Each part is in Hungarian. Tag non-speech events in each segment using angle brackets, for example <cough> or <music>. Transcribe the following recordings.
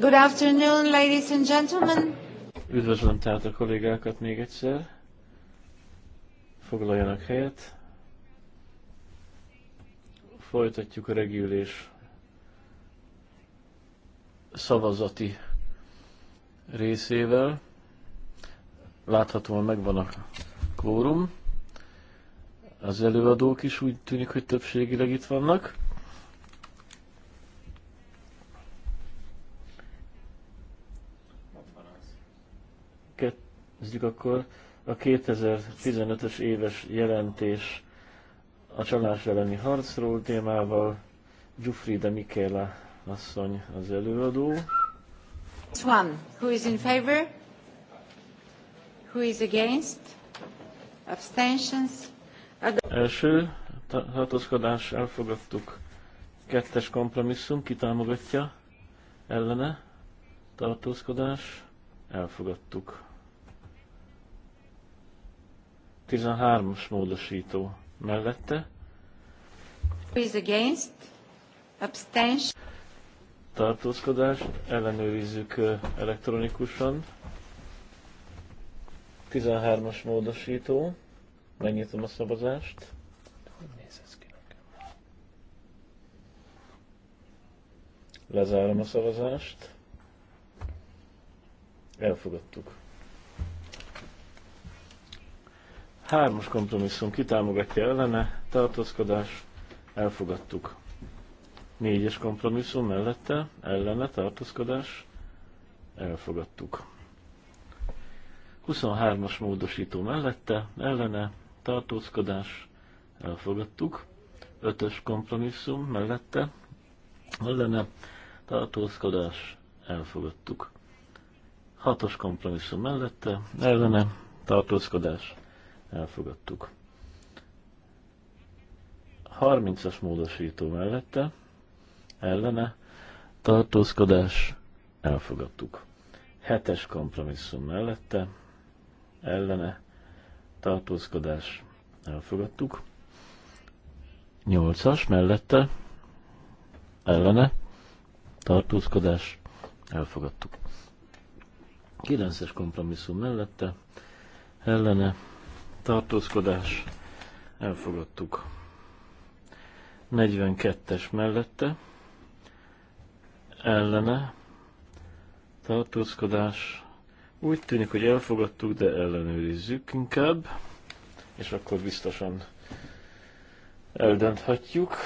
Good afternoon, ladies and gentlemen. Üdvözlöm tehát a kollégákat még egyszer. Foglaljanak helyet. Folytatjuk a regülés szavazati részével. Láthatóan megvan a kórum. Az előadók is úgy tűnik, hogy többségileg itt vannak. nézzük, akkor a 2015-ös éves jelentés a csalás elleni harcról témával Giuffrida Michela asszony az előadó. One, who is in favor? Who is against? Abstentions? Ad Első tartózkodás elfogadtuk. Kettes kompromisszum kitámogatja ellene tartózkodás elfogadtuk. 13-as módosító mellette. Is against. Abstention. Tartózkodás. Ellenőrizzük elektronikusan. 13-as módosító. Megnyitom a szavazást. Lezárom a szavazást. Elfogadtuk. Hármas kompromisszum kitámogatja ellene, tartózkodás, elfogadtuk. Négyes kompromisszum mellette, ellene, tartózkodás, elfogadtuk. 23-as módosító mellette, ellene, tartózkodás, elfogadtuk. 5-ös kompromisszum mellette, ellene, tartózkodás, elfogadtuk. 6-os kompromisszum mellette, ellene, tartózkodás, elfogadtuk. 30-as módosító mellette, ellene, tartózkodás, elfogadtuk. 7-es kompromisszum mellette, ellene, tartózkodás, elfogadtuk. 8-as mellette, ellene, tartózkodás, elfogadtuk. 9-es kompromisszum mellette, ellene, tartózkodás, elfogadtuk. 42-es mellette, ellene, tartózkodás, úgy tűnik, hogy elfogadtuk, de ellenőrizzük inkább, és akkor biztosan eldönthatjuk.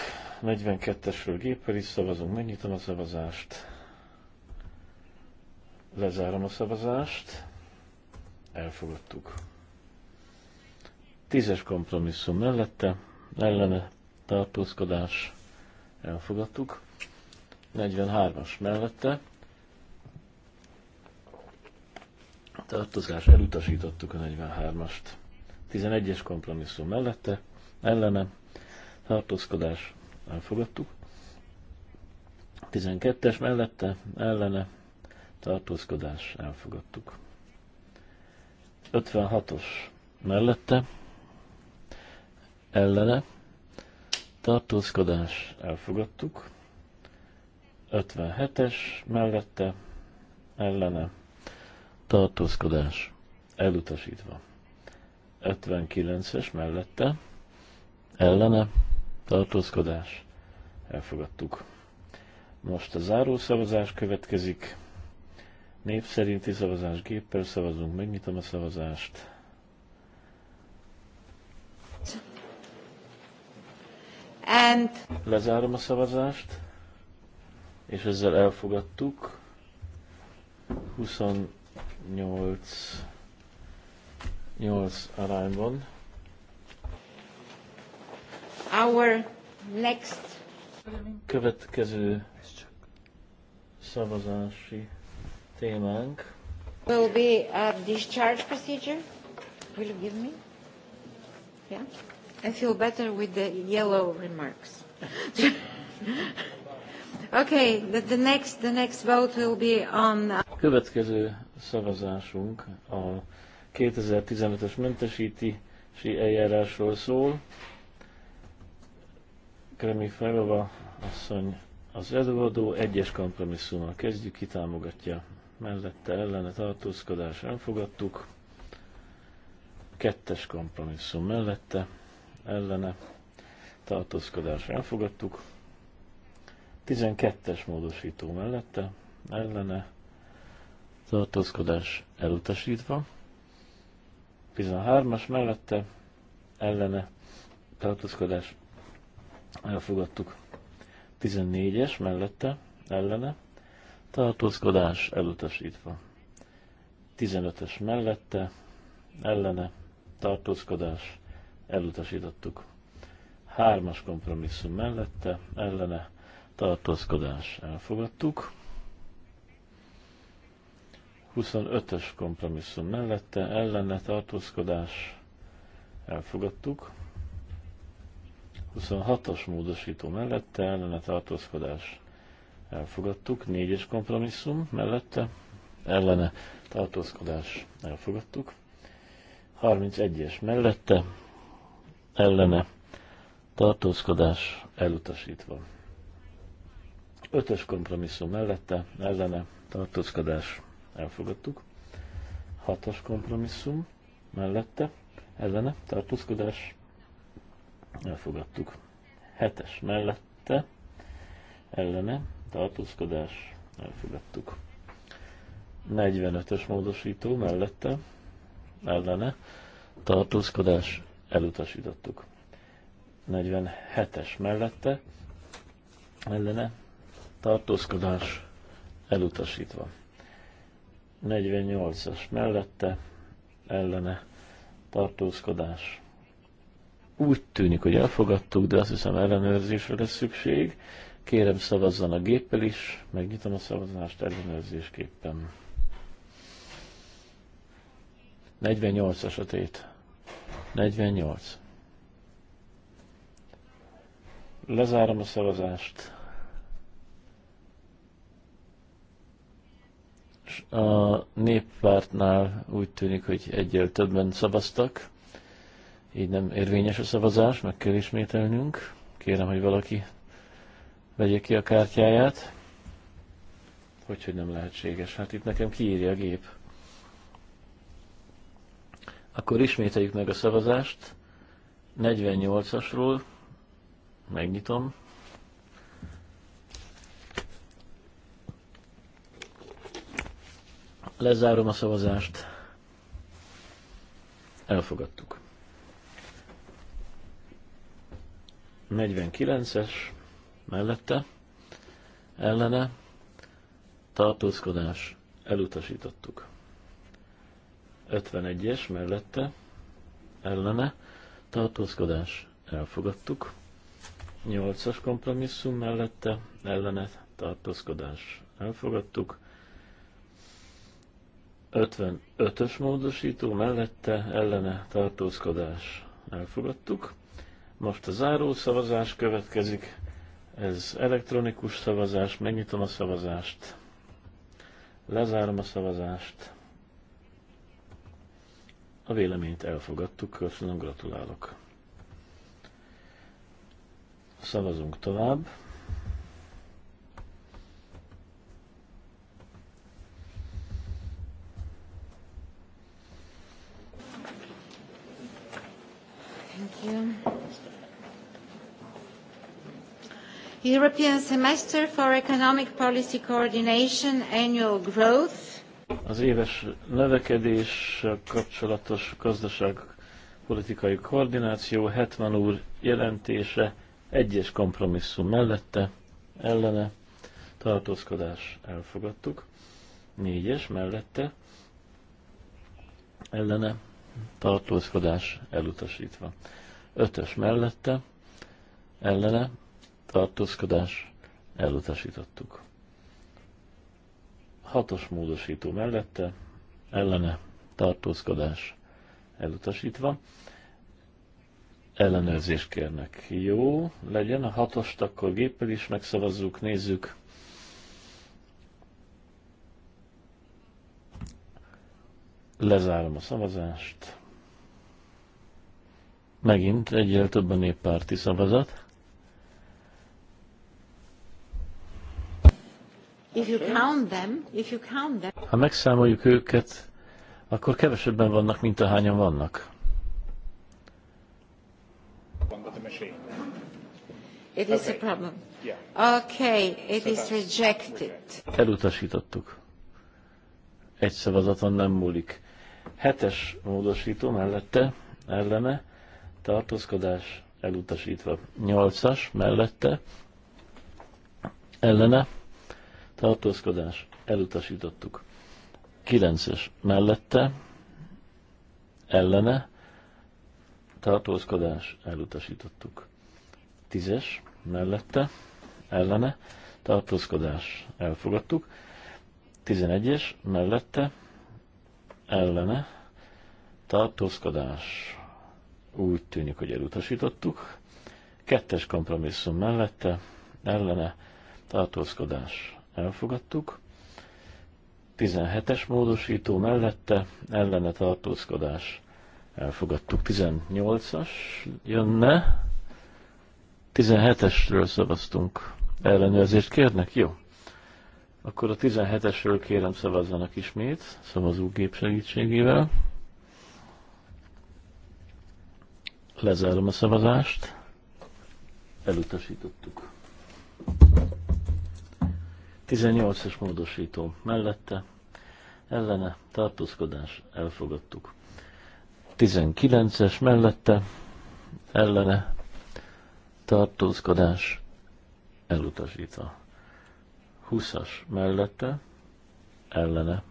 42-esről géppel is szavazunk, megnyitom a szavazást, lezárom a szavazást, elfogadtuk. Tízes kompromisszum mellette, ellene tartózkodás elfogadtuk. 43-as mellette tartozás elutasítottuk a 43-ast. 11-es kompromisszum mellette, ellene tartózkodás elfogadtuk. 12-es mellette, ellene tartózkodás elfogadtuk. 56-os mellette, ellene, tartózkodás elfogadtuk, 57-es mellette, ellene, tartózkodás elutasítva, 59-es mellette, ellene, tartózkodás elfogadtuk. Most a záró szavazás következik. Népszerinti szerinti szavazás géppel szavazunk, megnyitom a szavazást. And... Lezárom a szavazást, és ezzel elfogadtuk. 28 8 arányban. Our next következő szavazási témánk will be a discharge procedure. Will you give me? Yeah. I feel better with the yellow remarks. <laughs> okay, the, the, next, the next vote will be on... Uh, Következő szavazásunk a 2015-ös mentesítési eljárásról szól. Kremi Fajlova asszony az előadó, egyes kompromisszummal kezdjük, kitámogatja mellette ellene tartózkodás elfogadtuk, kettes kompromisszum mellette ellene tartózkodás elfogadtuk. 12-es módosító mellette ellene tartózkodás elutasítva. 13-as mellette ellene tartózkodás elfogadtuk. 14-es mellette ellene tartózkodás elutasítva. 15-es mellette ellene tartózkodás elutasítottuk. Hármas kompromisszum mellette, ellene tartózkodás elfogadtuk. 25-ös kompromisszum mellette, ellene tartózkodás elfogadtuk. 26-os módosító mellette, ellene tartózkodás elfogadtuk. 4-es kompromisszum mellette, ellene tartózkodás elfogadtuk. 31-es mellette, ellene tartózkodás elutasítva. Ötös kompromisszum mellette ellene tartózkodás elfogadtuk. Hatos kompromisszum mellette ellene tartózkodás elfogadtuk. Hetes mellette ellene tartózkodás elfogadtuk. 45-ös módosító mellette ellene tartózkodás elutasítottuk. 47-es mellette ellene tartózkodás elutasítva. 48-as mellette ellene tartózkodás. Úgy tűnik, hogy elfogadtuk, de azt hiszem ellenőrzésre lesz szükség. Kérem szavazzon a géppel is, megnyitom a szavazást ellenőrzésképpen. 48-as a tét. 48. Lezárom a szavazást. a néppártnál úgy tűnik, hogy egyel többen szavaztak, így nem érvényes a szavazás, meg kell ismételnünk. Kérem, hogy valaki vegye ki a kártyáját. hogyhogy hogy nem lehetséges. Hát itt nekem kiírja a gép. Akkor ismételjük meg a szavazást. 48-asról megnyitom. Lezárom a szavazást. Elfogadtuk. 49-es mellette, ellene, tartózkodás, elutasítottuk. 51-es mellette ellene tartózkodás elfogadtuk. 8-as kompromisszum mellette ellene tartózkodás elfogadtuk. 55-ös módosító mellette ellene tartózkodás elfogadtuk. Most a záró szavazás következik. Ez elektronikus szavazás, megnyitom a szavazást, lezárom a szavazást. A véleményt elfogadtuk, köszönöm, gratulálok. Szavazunk tovább. European Semester for Economic Policy Coordination Annual Growth az éves növekedés kapcsolatos gazdaságpolitikai koordináció, 70 úr jelentése, egyes kompromisszum mellette, ellene, tartózkodás elfogadtuk, négyes mellette, ellene, tartózkodás elutasítva, ötös mellette, ellene, tartózkodás elutasítottuk. Hatos módosító mellette, ellene tartózkodás elutasítva. Ellenőrzést kérnek. Jó, legyen a hatost, akkor géppel is megszavazzuk, nézzük. Lezárom a szavazást. Megint egyel több a néppárti szavazat. Ha megszámoljuk őket, akkor kevesebben vannak, mint ahányan vannak. It is a problem. Okay, it is rejected. Elutasítottuk. Egy szavazaton nem múlik. Hetes módosító mellette, ellene, tartózkodás elutasítva. Nyolcas mellette, ellene, tartózkodás, elutasítottuk. kilences mellette, ellene, tartózkodás, elutasítottuk. tízes mellette, ellene, tartózkodás, elfogadtuk. tizenegyes mellette, ellene, tartózkodás, úgy tűnik, hogy elutasítottuk. Kettes kompromisszum mellette, ellene, tartózkodás, elfogadtuk. 17-es módosító mellette ellene tartózkodás elfogadtuk. 18-as jönne. 17-esről szavaztunk. Ellenőrzést kérnek? Jó. Akkor a 17-esről kérem szavazzanak ismét, szavazógép segítségével. Lezárom a szavazást. Elutasítottuk. 18-as módosító mellette, ellene tartózkodás elfogadtuk. 19-es mellette, ellene tartózkodás elutasítva. 20-as mellette, ellene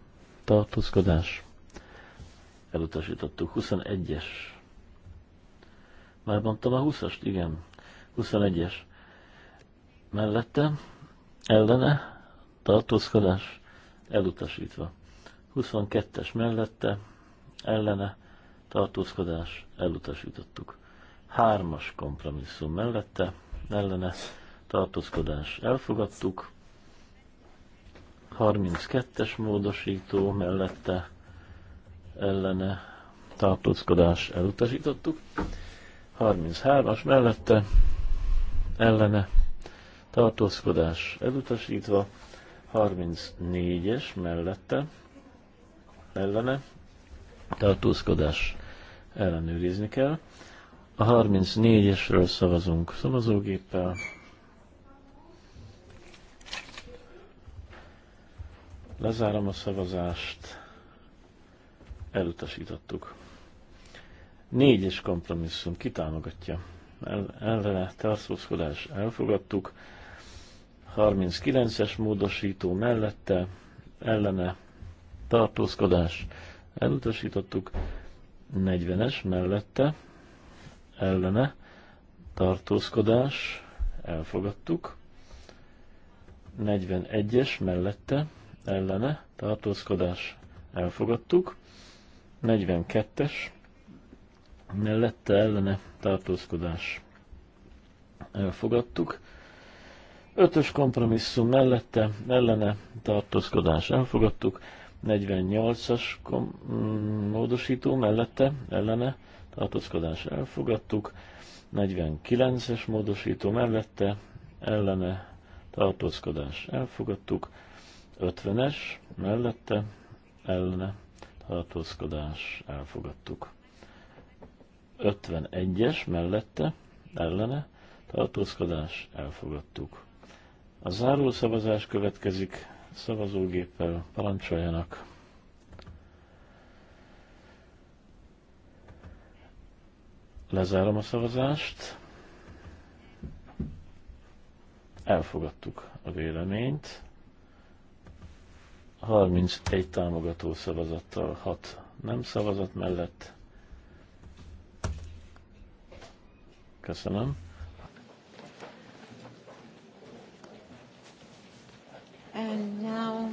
tartózkodás elutasítottuk. 21-es. Már mondtam a 20-ast? Igen. 21-es. Mellette, ellene tartózkodás elutasítva. 22-es mellette ellene tartózkodás elutasítottuk. 3-as kompromisszum mellette ellene tartózkodás elfogadtuk. 32-es módosító mellette ellene tartózkodás elutasítottuk. 33-as mellette ellene tartózkodás elutasítva. 34-es mellette, ellene, tartózkodás ellenőrizni kell. A 34-esről szavazunk szavazógéppel. Lezárom a szavazást. Elutasítottuk. Négyes kompromisszum kitámogatja. ellene tartózkodás elfogadtuk. 39-es módosító mellette ellene tartózkodás elutasítottuk, 40-es mellette ellene tartózkodás elfogadtuk, 41-es mellette ellene tartózkodás elfogadtuk, 42-es mellette ellene tartózkodás elfogadtuk, Ötös kompromisszum mellette, ellene tartózkodás elfogadtuk. 48-as mm, módosító mellette, ellene tartózkodás elfogadtuk. 49-es módosító mellette, ellene tartózkodás elfogadtuk. 50-es mellette, ellene tartózkodás elfogadtuk. 51-es mellette, ellene tartózkodás elfogadtuk. A záró szavazás következik szavazógéppel. Parancsoljanak! Lezárom a szavazást. Elfogadtuk a véleményt. 31 támogató szavazattal, 6 nem szavazat mellett. Köszönöm. And now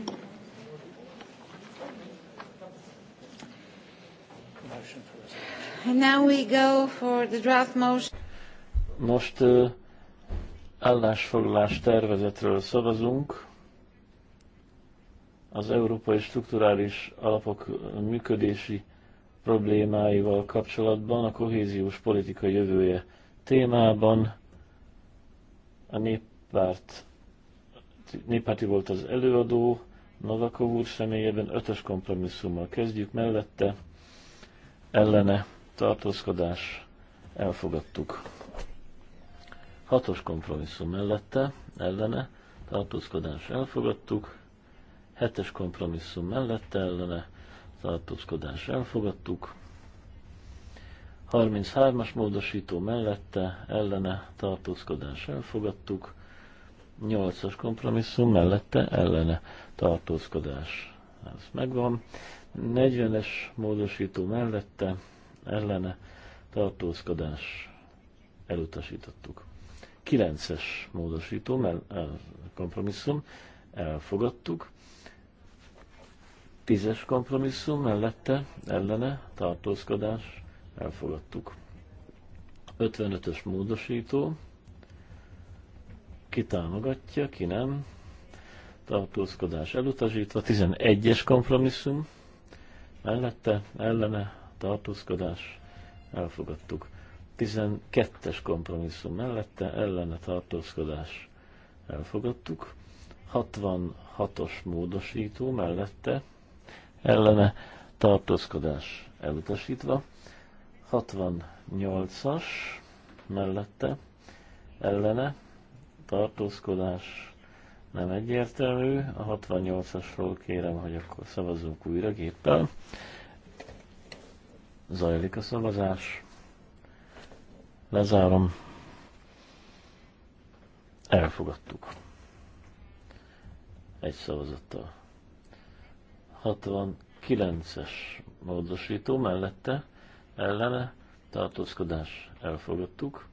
And now we go for the draft motion. Most uh, állásfoglalás tervezetről szavazunk. Az európai strukturális alapok működési problémáival kapcsolatban a kohéziós politika jövője témában a néppárt néppárti volt az előadó, Novakov úr személyében ötös kompromisszummal kezdjük, mellette ellene tartózkodás elfogadtuk. Hatos kompromisszum mellette, ellene tartózkodás elfogadtuk, hetes kompromisszum mellette, ellene tartózkodás elfogadtuk, 33-as módosító mellette, ellene tartózkodás elfogadtuk, nyolcas kompromisszum mellette ellene tartózkodás. Ez megvan. 40-es módosító mellette ellene tartózkodás elutasítottuk. 9-es módosító mell- eh, kompromisszum elfogadtuk. 10-es kompromisszum mellette ellene tartózkodás elfogadtuk. 55-ös módosító ki támogatja, ki nem. Tartózkodás elutasítva. 11-es kompromisszum. Mellette, ellene, tartózkodás. Elfogadtuk. 12-es kompromisszum mellette, ellene tartózkodás. Elfogadtuk. 66-os módosító mellette, ellene tartózkodás elutasítva. 68-as mellette, ellene tartózkodás nem egyértelmű. A 68-asról kérem, hogy akkor szavazzunk újra géppel. Zajlik a szavazás. Lezárom. Elfogadtuk. Egy szavazattal. 69-es módosító mellette, ellene, tartózkodás elfogadtuk.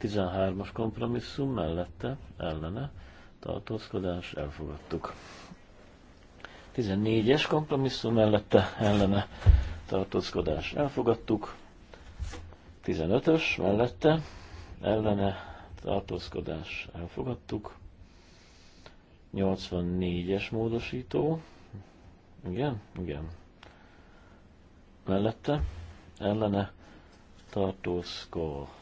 13-as kompromisszum mellette, ellene, tartózkodás, elfogadtuk. 14-es kompromisszum mellette, ellene, tartózkodás, elfogadtuk. 15-ös mellette, ellene, tartózkodás, elfogadtuk. 84-es módosító, igen, igen. Mellette, ellene, tartózkodás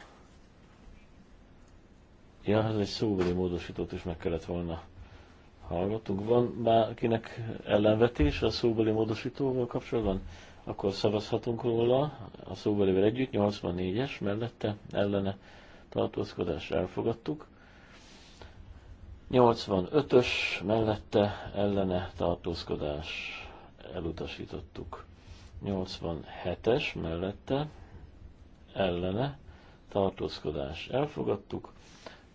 Ja, ez hát egy szóbeli módosítót is meg kellett volna hallgatunk. Van bárkinek ellenvetés a szóbeli módosítóval kapcsolatban? Akkor szavazhatunk róla a szóbelivel együtt, 84-es mellette ellene tartózkodás elfogadtuk. 85-ös mellette ellene tartózkodás elutasítottuk. 87-es mellette ellene tartózkodás elfogadtuk.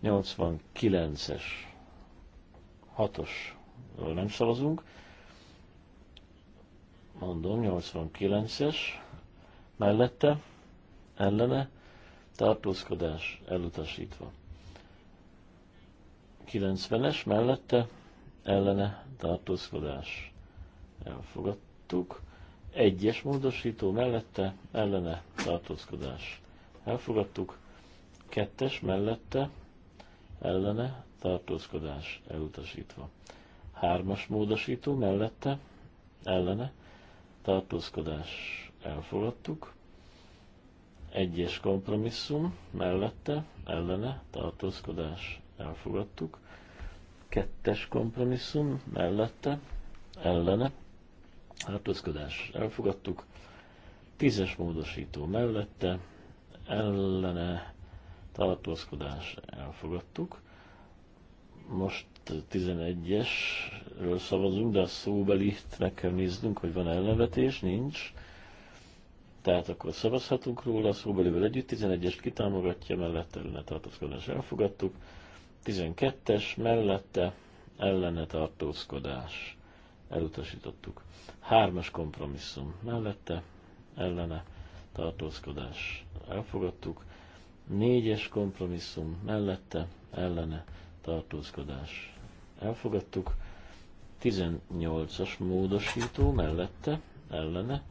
89-es, 6-osról nem szavazunk. Mondom, 89-es, mellette, ellene, tartózkodás elutasítva. 90-es, mellette, ellene, tartózkodás elfogadtuk. Egyes módosító mellette, ellene, tartózkodás elfogadtuk. Kettes mellette, ellene tartózkodás elutasítva. Hármas módosító mellette ellene tartózkodás elfogadtuk. Egyes kompromisszum mellette ellene tartózkodás elfogadtuk. Kettes kompromisszum mellette ellene tartózkodás elfogadtuk. Tízes módosító mellette ellene tartózkodás elfogadtuk. Most 11-esről szavazunk, de a szóbelit meg kell néznünk, hogy van ellenvetés, nincs. Tehát akkor szavazhatunk róla a szóbelivel együtt, 11-est kitámogatja, mellette ellene tartózkodás elfogadtuk, 12-es mellette ellene tartózkodás elutasítottuk. 3-as kompromisszum mellette ellene tartózkodás elfogadtuk, Négyes kompromisszum mellette ellene tartózkodás. Elfogadtuk. 18-as módosító mellette ellene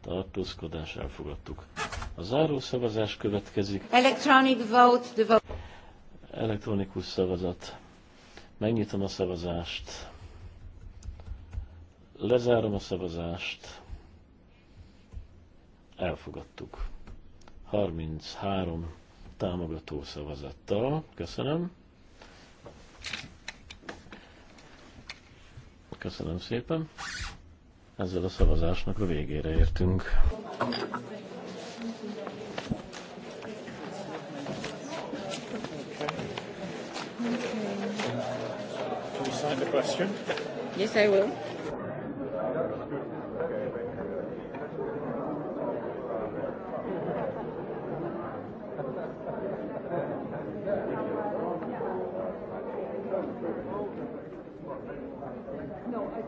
tartózkodás. Elfogadtuk. A záró szavazás következik. Electronic vote, the vote. Elektronikus szavazat. Megnyitom a szavazást. Lezárom a szavazást. Elfogadtuk. 33 támogató szavazattal. Köszönöm. Köszönöm szépen. Ezzel a szavazásnak a végére értünk. Okay. Can you sign the question? Yes, I will. No, I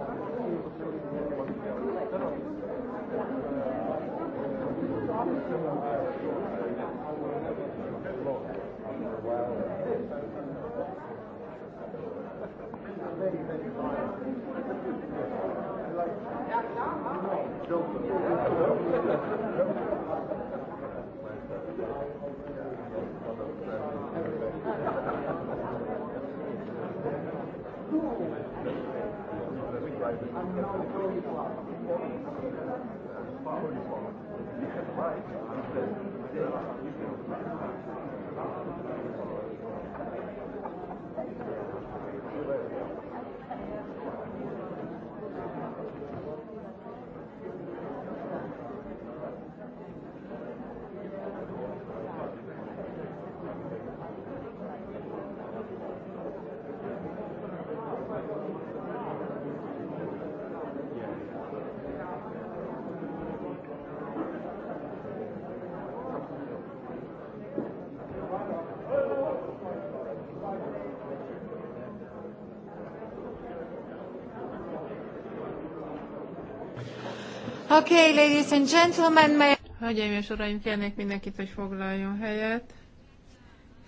Okay, ladies and gentlemen, may... Hölgyeim és uraim, kérnék mindenkit, hogy foglaljon helyet.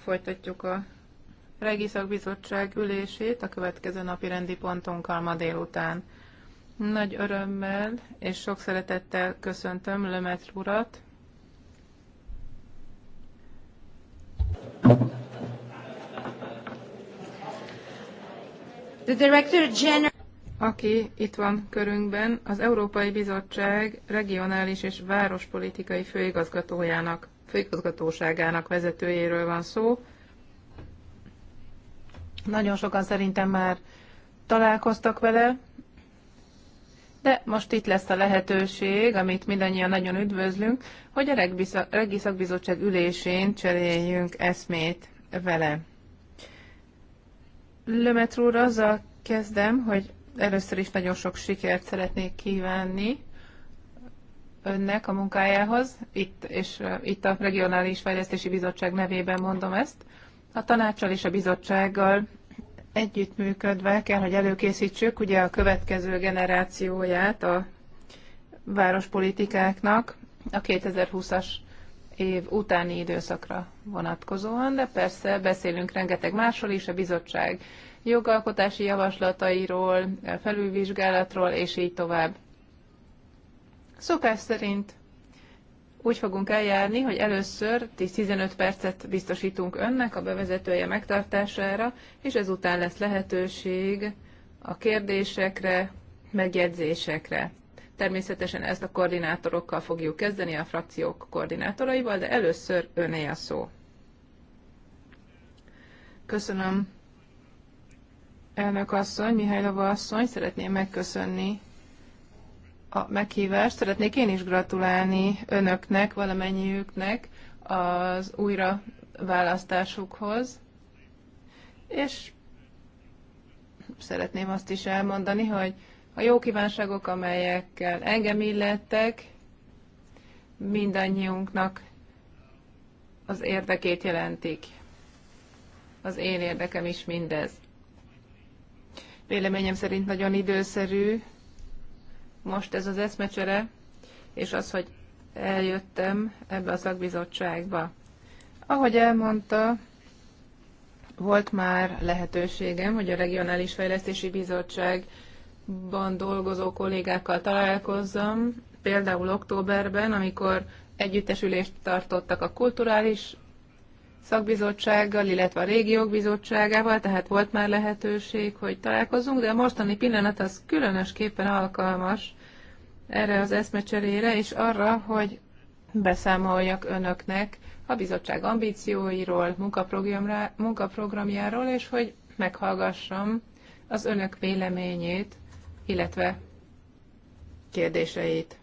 Folytatjuk a Regi Szakbizottság ülését a következő napi rendi pontunkkal ma délután. Nagy örömmel és sok szeretettel köszöntöm Lömetr urat. The Director General aki itt van körünkben, az Európai Bizottság regionális és várospolitikai főigazgatójának, főigazgatóságának vezetőjéről van szó. Nagyon sokan szerintem már találkoztak vele, de most itt lesz a lehetőség, amit mindannyian nagyon üdvözlünk, hogy a Regi Szakbizottság ülésén cseréljünk eszmét vele. Lömetrúr azzal kezdem, hogy Először is nagyon sok sikert szeretnék kívánni önnek a munkájához, itt, és itt a Regionális Fejlesztési Bizottság nevében mondom ezt. A tanácsal és a bizottsággal együttműködve kell, hogy előkészítsük ugye a következő generációját a várospolitikáknak a 2020-as év utáni időszakra vonatkozóan, de persze beszélünk rengeteg másról is, a bizottság jogalkotási javaslatairól, felülvizsgálatról, és így tovább. Szokás szerint úgy fogunk eljárni, hogy először 10-15 percet biztosítunk önnek a bevezetője megtartására, és ezután lesz lehetőség a kérdésekre, megjegyzésekre. Természetesen ezt a koordinátorokkal fogjuk kezdeni, a frakciók koordinátoraival, de először öné a szó. Köszönöm Elnök asszony, Mihálylova asszony, szeretném megköszönni a meghívást. Szeretnék én is gratulálni önöknek, valamennyiüknek az újra választásukhoz. És szeretném azt is elmondani, hogy a jó kívánságok, amelyekkel engem illettek, mindannyiunknak az érdekét jelentik. Az én érdekem is mindez. Véleményem szerint nagyon időszerű most ez az eszmecsere, és az, hogy eljöttem ebbe a szakbizottságba. Ahogy elmondta, volt már lehetőségem, hogy a Regionális Fejlesztési Bizottságban dolgozó kollégákkal találkozzam, például októberben, amikor együttesülést tartottak a kulturális szakbizottsággal, illetve a régiók bizottságával, tehát volt már lehetőség, hogy találkozunk, de a mostani pillanat az különösképpen alkalmas erre az eszmecserére, és arra, hogy beszámoljak önöknek a bizottság ambícióiról, munkaprogramjáról, és hogy meghallgassam az önök véleményét, illetve kérdéseit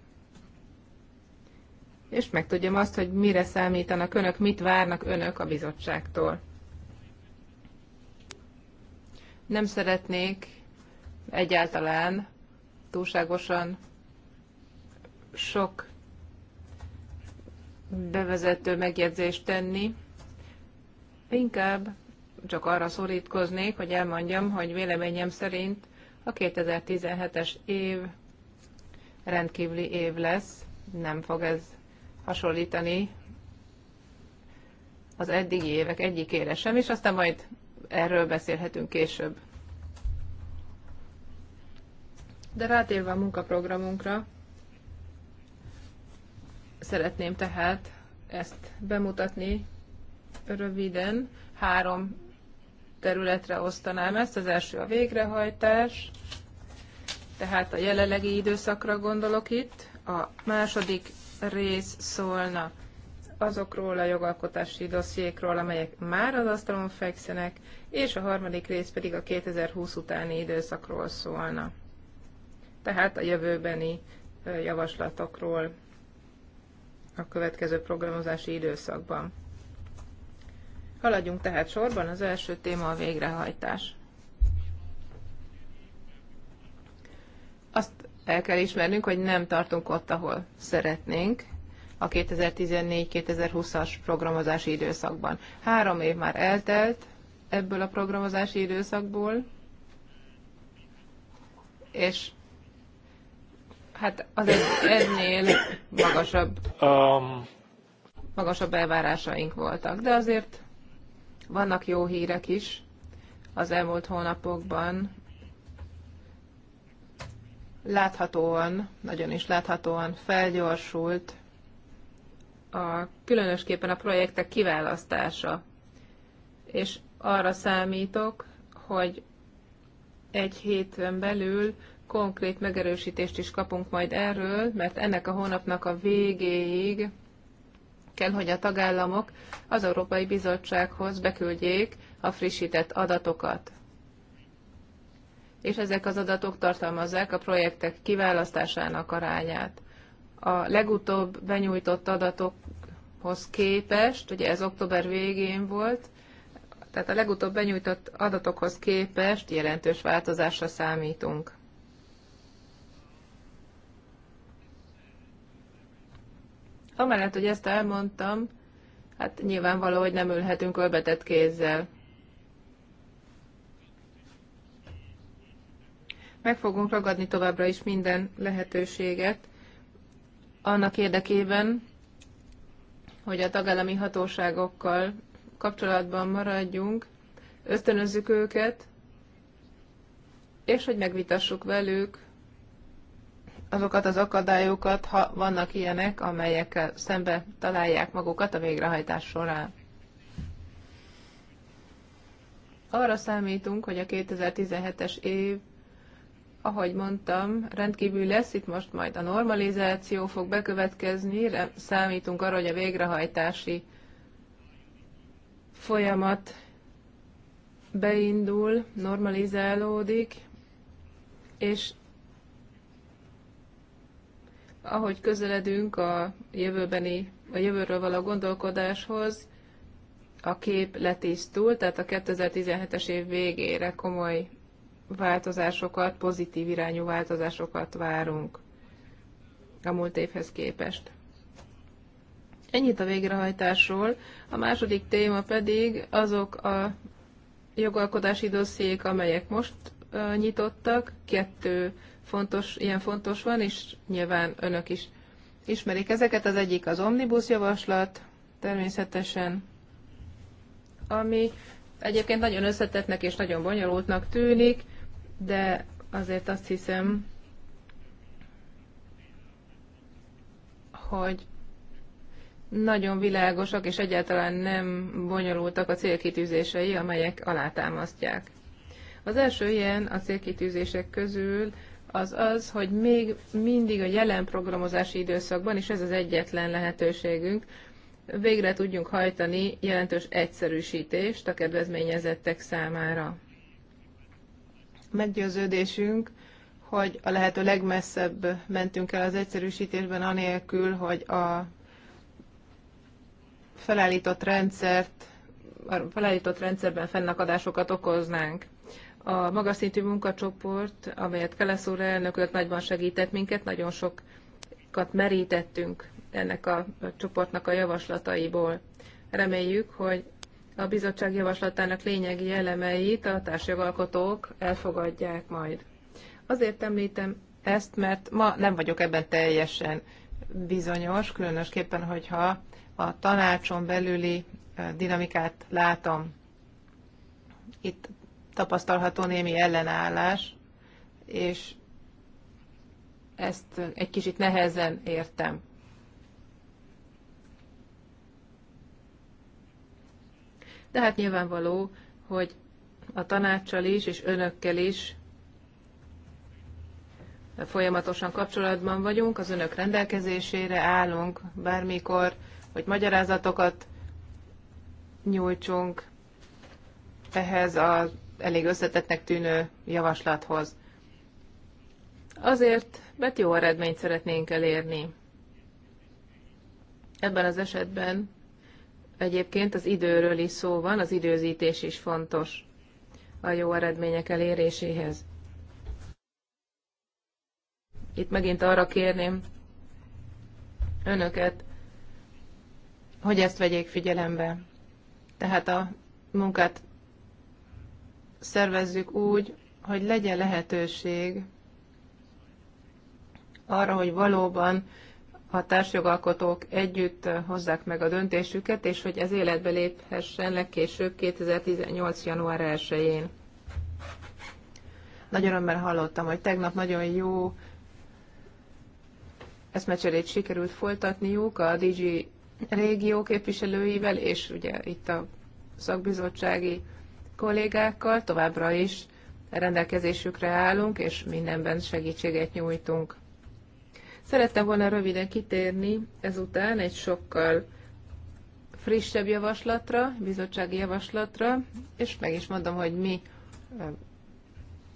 és megtudjam azt, hogy mire számítanak önök, mit várnak önök a bizottságtól. Nem szeretnék egyáltalán túlságosan sok bevezető megjegyzést tenni. Inkább csak arra szorítkoznék, hogy elmondjam, hogy véleményem szerint a 2017-es év rendkívüli év lesz, nem fog ez hasonlítani az eddigi évek egyikére sem, és aztán majd erről beszélhetünk később. De rátérve a munkaprogramunkra, szeretném tehát ezt bemutatni röviden. Három területre osztanám ezt. Az első a végrehajtás, tehát a jelenlegi időszakra gondolok itt. A második rész szólna azokról a jogalkotási dossziékról, amelyek már az asztalon fekszenek, és a harmadik rész pedig a 2020 utáni időszakról szólna. Tehát a jövőbeni javaslatokról a következő programozási időszakban. Haladjunk tehát sorban, az első téma a végrehajtás. Azt el kell ismernünk, hogy nem tartunk ott, ahol szeretnénk a 2014-2020-as programozási időszakban. Három év már eltelt ebből a programozási időszakból, és hát az egy, ennél magasabb, um. magasabb elvárásaink voltak. De azért vannak jó hírek is az elmúlt hónapokban láthatóan, nagyon is láthatóan felgyorsult a, különösképpen a projektek kiválasztása. És arra számítok, hogy egy héten belül konkrét megerősítést is kapunk majd erről, mert ennek a hónapnak a végéig kell, hogy a tagállamok az Európai Bizottsághoz beküldjék a frissített adatokat és ezek az adatok tartalmazzák a projektek kiválasztásának arányát. A legutóbb benyújtott adatokhoz képest, ugye ez október végén volt, tehát a legutóbb benyújtott adatokhoz képest jelentős változásra számítunk. Amellett, hogy ezt elmondtam, hát nyilvánvaló, hogy nem ülhetünk ölbetett kézzel. Meg fogunk ragadni továbbra is minden lehetőséget annak érdekében, hogy a tagállami hatóságokkal kapcsolatban maradjunk, ösztönözzük őket, és hogy megvitassuk velük azokat az akadályokat, ha vannak ilyenek, amelyekkel szembe találják magukat a végrehajtás során. Arra számítunk, hogy a 2017-es év ahogy mondtam, rendkívül lesz itt most majd a normalizáció fog bekövetkezni, számítunk arra, hogy a végrehajtási folyamat beindul, normalizálódik, és ahogy közeledünk a jövőbeni, a jövőről való gondolkodáshoz, a kép letisztul, tehát a 2017-es év végére komoly változásokat, pozitív irányú változásokat várunk a múlt évhez képest. Ennyit a végrehajtásról. A második téma pedig azok a jogalkotási dossziék, amelyek most nyitottak. Kettő fontos, ilyen fontos van, és nyilván önök is ismerik ezeket. Az egyik az omnibus javaslat, természetesen, ami egyébként nagyon összetettnek és nagyon bonyolultnak tűnik, de azért azt hiszem, hogy nagyon világosak és egyáltalán nem bonyolultak a célkitűzései, amelyek alátámasztják. Az első ilyen a célkitűzések közül az az, hogy még mindig a jelen programozási időszakban, és ez az egyetlen lehetőségünk, végre tudjunk hajtani jelentős egyszerűsítést a kedvezményezettek számára meggyőződésünk, hogy a lehető legmesszebb mentünk el az egyszerűsítésben, anélkül, hogy a felállított rendszert, a felállított rendszerben fennakadásokat okoznánk. A magas szintű munkacsoport, amelyet Kelesz úr elnököt nagyban segített minket, nagyon sokat merítettünk ennek a csoportnak a javaslataiból. Reméljük, hogy a bizottság javaslatának lényegi elemeit a társjogalkotók elfogadják majd. Azért említem ezt, mert ma nem vagyok ebben teljesen bizonyos, különösképpen, hogyha a tanácson belüli dinamikát látom. Itt tapasztalható némi ellenállás, és ezt egy kicsit nehezen értem. de hát nyilvánvaló, hogy a tanácssal is és önökkel is folyamatosan kapcsolatban vagyunk, az önök rendelkezésére állunk bármikor, hogy magyarázatokat nyújtsunk ehhez az elég összetettnek tűnő javaslathoz. Azért, mert jó eredményt szeretnénk elérni. Ebben az esetben Egyébként az időről is szó van, az időzítés is fontos a jó eredmények eléréséhez. Itt megint arra kérném önöket, hogy ezt vegyék figyelembe. Tehát a munkát szervezzük úgy, hogy legyen lehetőség arra, hogy valóban a társjogalkotók együtt hozzák meg a döntésüket, és hogy ez életbe léphessen legkésőbb 2018. január 1-én. Nagyon örömmel hallottam, hogy tegnap nagyon jó eszmecserét sikerült folytatniuk a DG régió képviselőivel, és ugye itt a szakbizottsági kollégákkal továbbra is rendelkezésükre állunk, és mindenben segítséget nyújtunk. Szerettem volna röviden kitérni ezután egy sokkal frissebb javaslatra, bizottsági javaslatra, és meg is mondom, hogy mi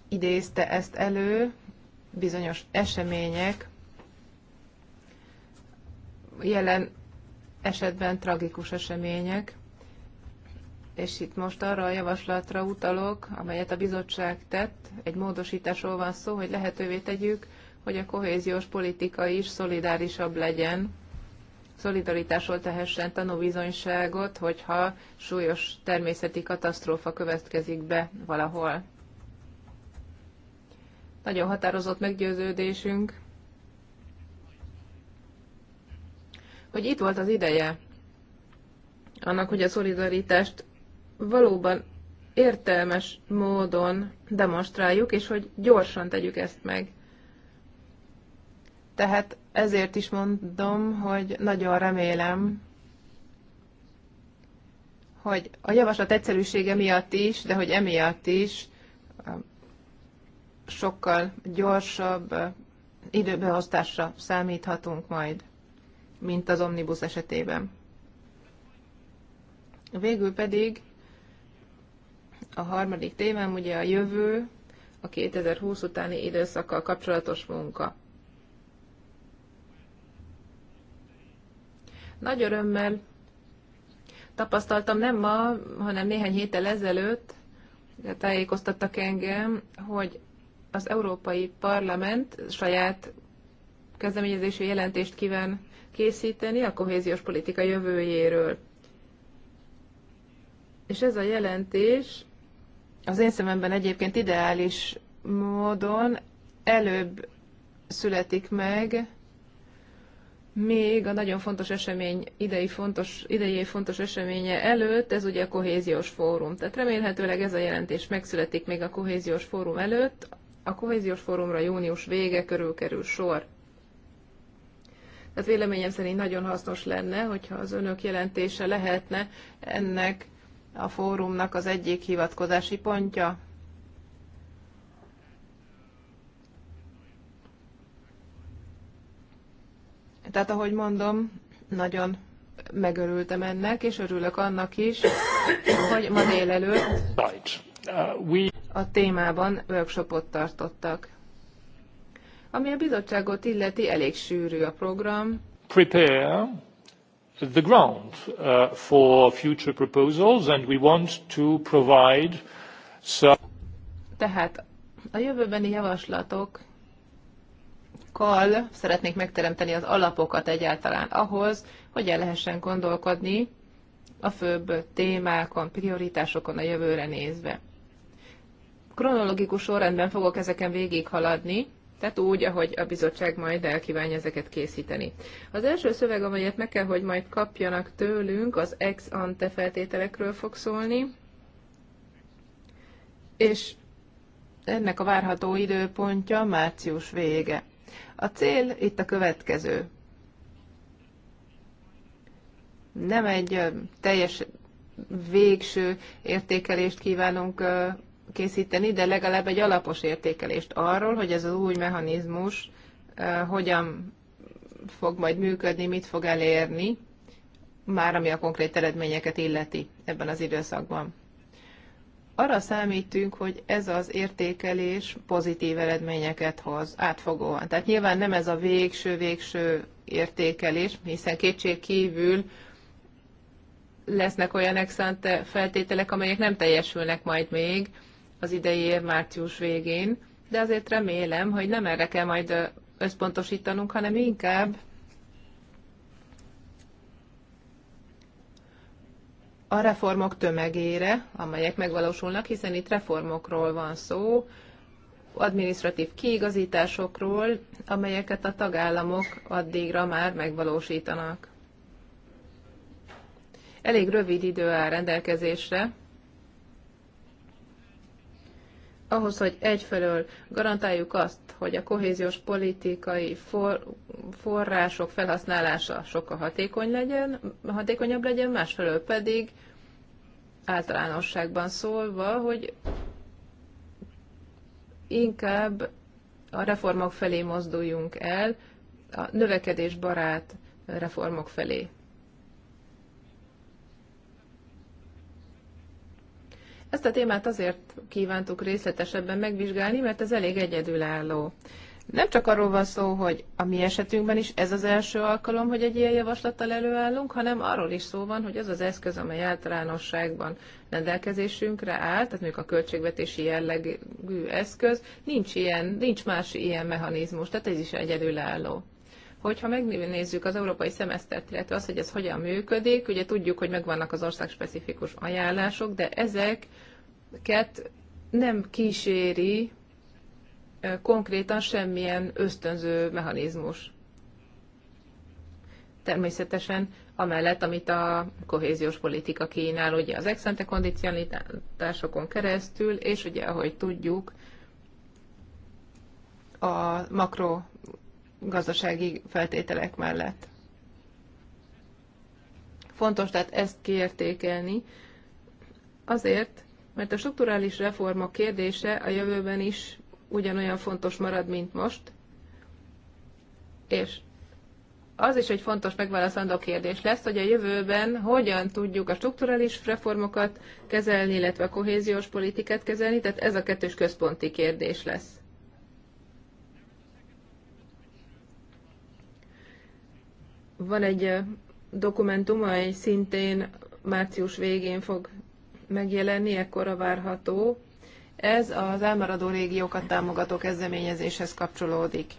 idézte ezt elő, bizonyos események jelen esetben tragikus események, és itt most arra a javaslatra utalok, amelyet a bizottság tett, egy módosításról van szó, hogy lehetővé tegyük hogy a kohéziós politika is szolidárisabb legyen, szolidaritásról tehessen tanúbizonyságot, hogyha súlyos természeti katasztrófa következik be valahol. Nagyon határozott meggyőződésünk, hogy itt volt az ideje annak, hogy a szolidaritást valóban értelmes módon demonstráljuk, és hogy gyorsan tegyük ezt meg. Tehát ezért is mondom, hogy nagyon remélem, hogy a javaslat egyszerűsége miatt is, de hogy emiatt is sokkal gyorsabb időbeosztásra számíthatunk majd, mint az omnibus esetében. Végül pedig a harmadik témám ugye a jövő, a 2020 utáni időszakkal kapcsolatos munka. Nagy örömmel tapasztaltam nem ma, hanem néhány héttel ezelőtt tájékoztattak engem, hogy az Európai Parlament saját kezdeményezésű jelentést kíván készíteni a kohéziós politika jövőjéről. És ez a jelentés az én szememben egyébként ideális módon előbb születik meg, még a nagyon fontos esemény, idei fontos, idei fontos eseménye előtt, ez ugye a kohéziós fórum. Tehát remélhetőleg ez a jelentés megszületik még a kohéziós fórum előtt. A kohéziós fórumra június vége körül kerül sor. Tehát véleményem szerint nagyon hasznos lenne, hogyha az önök jelentése lehetne ennek a fórumnak az egyik hivatkozási pontja. Tehát ahogy mondom, nagyon megörültem ennek, és örülök annak is, hogy ma délelőtt uh, a témában workshopot tartottak. Ami a bizottságot illeti, elég sűrű a program. Prepare the ground uh, for future proposals, and we want to provide some... Tehát a jövőbeni javaslatok alapokkal szeretnék megteremteni az alapokat egyáltalán ahhoz, hogy el lehessen gondolkodni a főbb témákon, prioritásokon a jövőre nézve. Kronológikus sorrendben fogok ezeken végighaladni, tehát úgy, ahogy a bizottság majd elkívánja ezeket készíteni. Az első szöveg, amelyet meg kell, hogy majd kapjanak tőlünk, az ex ante feltételekről fog szólni, és ennek a várható időpontja március vége. A cél itt a következő. Nem egy teljes végső értékelést kívánunk készíteni, de legalább egy alapos értékelést arról, hogy ez az új mechanizmus hogyan fog majd működni, mit fog elérni, már ami a konkrét eredményeket illeti ebben az időszakban. Arra számítünk, hogy ez az értékelés pozitív eredményeket hoz átfogóan. Tehát nyilván nem ez a végső-végső értékelés, hiszen kétség kívül lesznek olyan exant feltételek, amelyek nem teljesülnek majd még az idei év március végén, de azért remélem, hogy nem erre kell majd összpontosítanunk, hanem inkább a reformok tömegére, amelyek megvalósulnak, hiszen itt reformokról van szó, administratív kiigazításokról, amelyeket a tagállamok addigra már megvalósítanak. Elég rövid idő áll rendelkezésre, ahhoz, hogy egyfelől garantáljuk azt, hogy a kohéziós politikai for, források felhasználása sokkal hatékony legyen, hatékonyabb legyen, másfelől pedig általánosságban szólva, hogy inkább a reformok felé mozduljunk el, a növekedésbarát reformok felé. Ezt a témát azért kívántuk részletesebben megvizsgálni, mert ez elég egyedülálló. Nem csak arról van szó, hogy a mi esetünkben is ez az első alkalom, hogy egy ilyen javaslattal előállunk, hanem arról is szó van, hogy az az eszköz, amely általánosságban rendelkezésünkre áll, tehát mondjuk a költségvetési jellegű eszköz, nincs, ilyen, nincs más ilyen mechanizmus, tehát ez is egyedülálló hogyha megnézzük az európai szemesztert, illetve azt, hogy ez hogyan működik, ugye tudjuk, hogy megvannak az országspecifikus ajánlások, de ezek embereket nem kíséri konkrétan semmilyen ösztönző mechanizmus. Természetesen amellett, amit a kohéziós politika kínál, ugye az exente kondicionalitásokon keresztül, és ugye, ahogy tudjuk, a makro gazdasági feltételek mellett. Fontos tehát ezt kiértékelni, azért, mert a strukturális reforma kérdése a jövőben is ugyanolyan fontos marad, mint most, és az is egy fontos megválaszolandó kérdés lesz, hogy a jövőben hogyan tudjuk a strukturális reformokat kezelni, illetve a kohéziós politikát kezelni, tehát ez a kettős központi kérdés lesz. Van egy dokumentum, amely szintén március végén fog megjelenni, ekkora várható. Ez az elmaradó régiókat támogató kezdeményezéshez kapcsolódik.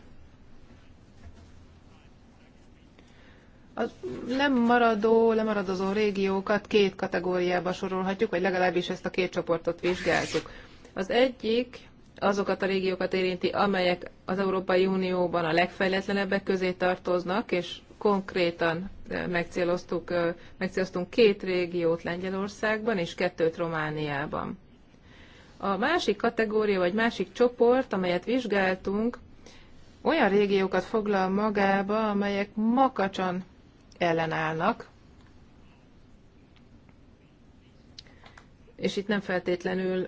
A lemaradó, lemaradozó régiókat két kategóriába sorolhatjuk, vagy legalábbis ezt a két csoportot vizsgáltuk. Az egyik azokat a régiókat érinti, amelyek az Európai Unióban a legfejletlenebbek közé tartoznak, és konkrétan eh, megcéloztuk, eh, megcéloztunk két régiót Lengyelországban és kettőt Romániában. A másik kategória vagy másik csoport, amelyet vizsgáltunk, olyan régiókat foglal magába, amelyek makacsan ellenállnak, és itt nem feltétlenül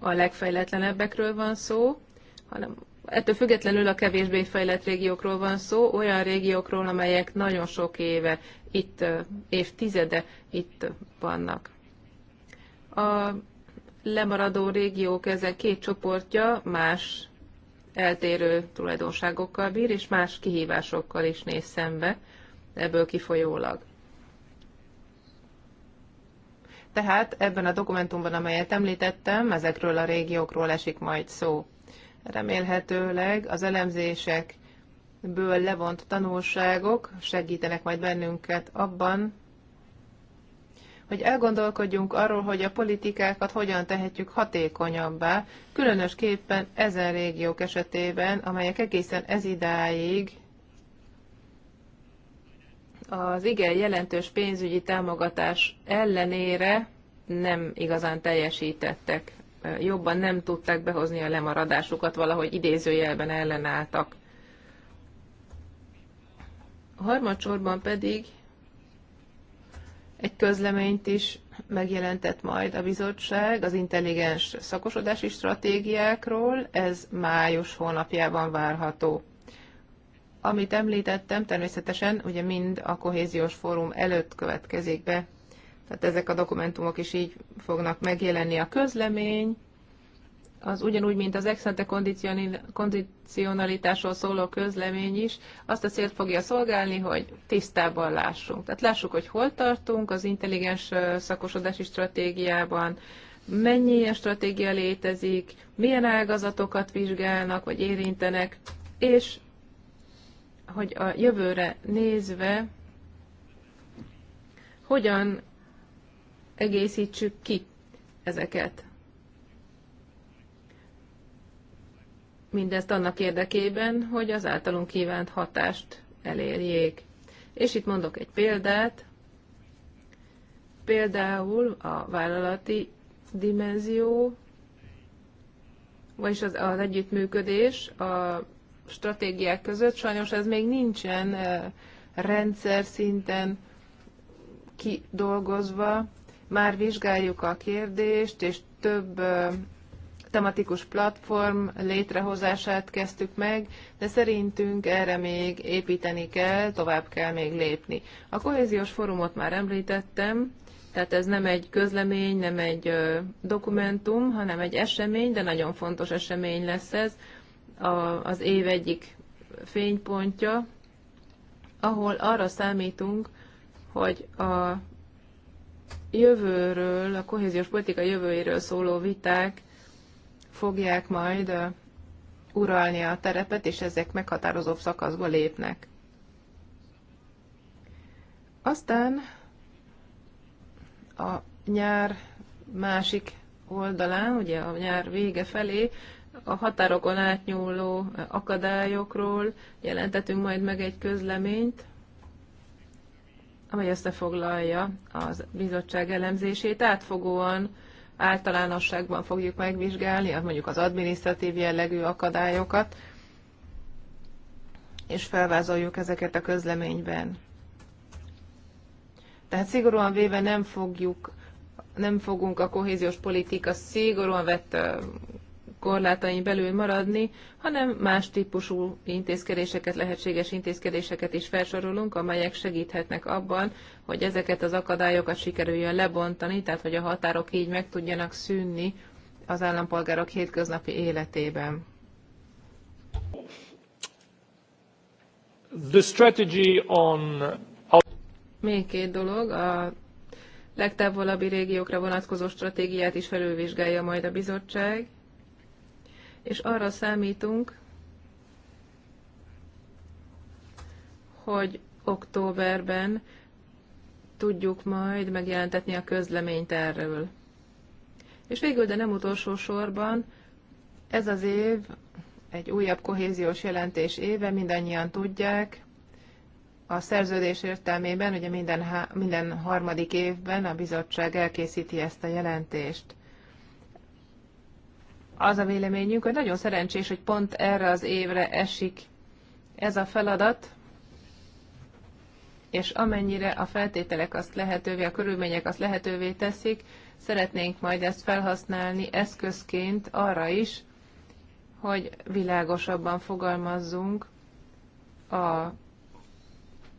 a legfejletlenebbekről van szó, hanem Ettől függetlenül a kevésbé fejlett régiókról van szó, olyan régiókról, amelyek nagyon sok éve, itt évtizede itt vannak. A lemaradó régiók ezen két csoportja más eltérő tulajdonságokkal bír, és más kihívásokkal is néz szembe ebből kifolyólag. Tehát ebben a dokumentumban, amelyet említettem, ezekről a régiókról esik majd szó remélhetőleg az elemzésekből levont tanulságok segítenek majd bennünket abban, hogy elgondolkodjunk arról, hogy a politikákat hogyan tehetjük hatékonyabbá, különösképpen ezen régiók esetében, amelyek egészen ez idáig az igen jelentős pénzügyi támogatás ellenére nem igazán teljesítettek jobban nem tudták behozni a lemaradásukat, valahogy idézőjelben ellenálltak. A harmadsorban pedig egy közleményt is megjelentett majd a bizottság az intelligens szakosodási stratégiákról, ez május hónapjában várható. Amit említettem, természetesen ugye mind a kohéziós fórum előtt következik be tehát ezek a dokumentumok is így fognak megjelenni. A közlemény az ugyanúgy, mint az exante kondicionalitásról szóló közlemény is, azt a célt fogja szolgálni, hogy tisztában lássunk. Tehát lássuk, hogy hol tartunk az intelligens szakosodási stratégiában, mennyi ilyen stratégia létezik, milyen ágazatokat vizsgálnak vagy érintenek, és hogy a jövőre nézve hogyan egészítsük ki ezeket. Mindezt annak érdekében, hogy az általunk kívánt hatást elérjék. És itt mondok egy példát, például a vállalati dimenzió, vagyis az, az együttműködés a stratégiák között, sajnos ez még nincsen rendszer szinten kidolgozva, már vizsgáljuk a kérdést, és több tematikus platform létrehozását kezdtük meg, de szerintünk erre még építeni kell, tovább kell még lépni. A kohéziós fórumot már említettem, tehát ez nem egy közlemény, nem egy dokumentum, hanem egy esemény, de nagyon fontos esemény lesz ez, a, az év egyik fénypontja, ahol arra számítunk, hogy a jövőről, a kohéziós politika jövőjéről szóló viták fogják majd uralni a terepet, és ezek meghatározó szakaszba lépnek. Aztán a nyár másik oldalán, ugye a nyár vége felé, a határokon átnyúló akadályokról jelentetünk majd meg egy közleményt, amely összefoglalja az bizottság elemzését. Átfogóan általánosságban fogjuk megvizsgálni az mondjuk az adminisztratív jellegű akadályokat, és felvázoljuk ezeket a közleményben. Tehát szigorúan véve nem fogjuk nem fogunk a kohéziós politika szigorúan vett korlátain belül maradni, hanem más típusú intézkedéseket, lehetséges intézkedéseket is felsorolunk, amelyek segíthetnek abban, hogy ezeket az akadályokat sikerüljön lebontani, tehát hogy a határok így meg tudjanak szűnni az állampolgárok hétköznapi életében. The strategy on... Még két dolog, a legtávolabbi régiókra vonatkozó stratégiát is felülvizsgálja majd a bizottság, és arra számítunk, hogy októberben tudjuk majd megjelentetni a közleményt erről. És végül, de nem utolsó sorban, ez az év egy újabb kohéziós jelentés éve, mindannyian tudják. A szerződés értelmében ugye minden, minden harmadik évben a bizottság elkészíti ezt a jelentést az a véleményünk, hogy nagyon szerencsés, hogy pont erre az évre esik ez a feladat, és amennyire a feltételek azt lehetővé, a körülmények azt lehetővé teszik, szeretnénk majd ezt felhasználni eszközként arra is, hogy világosabban fogalmazzunk a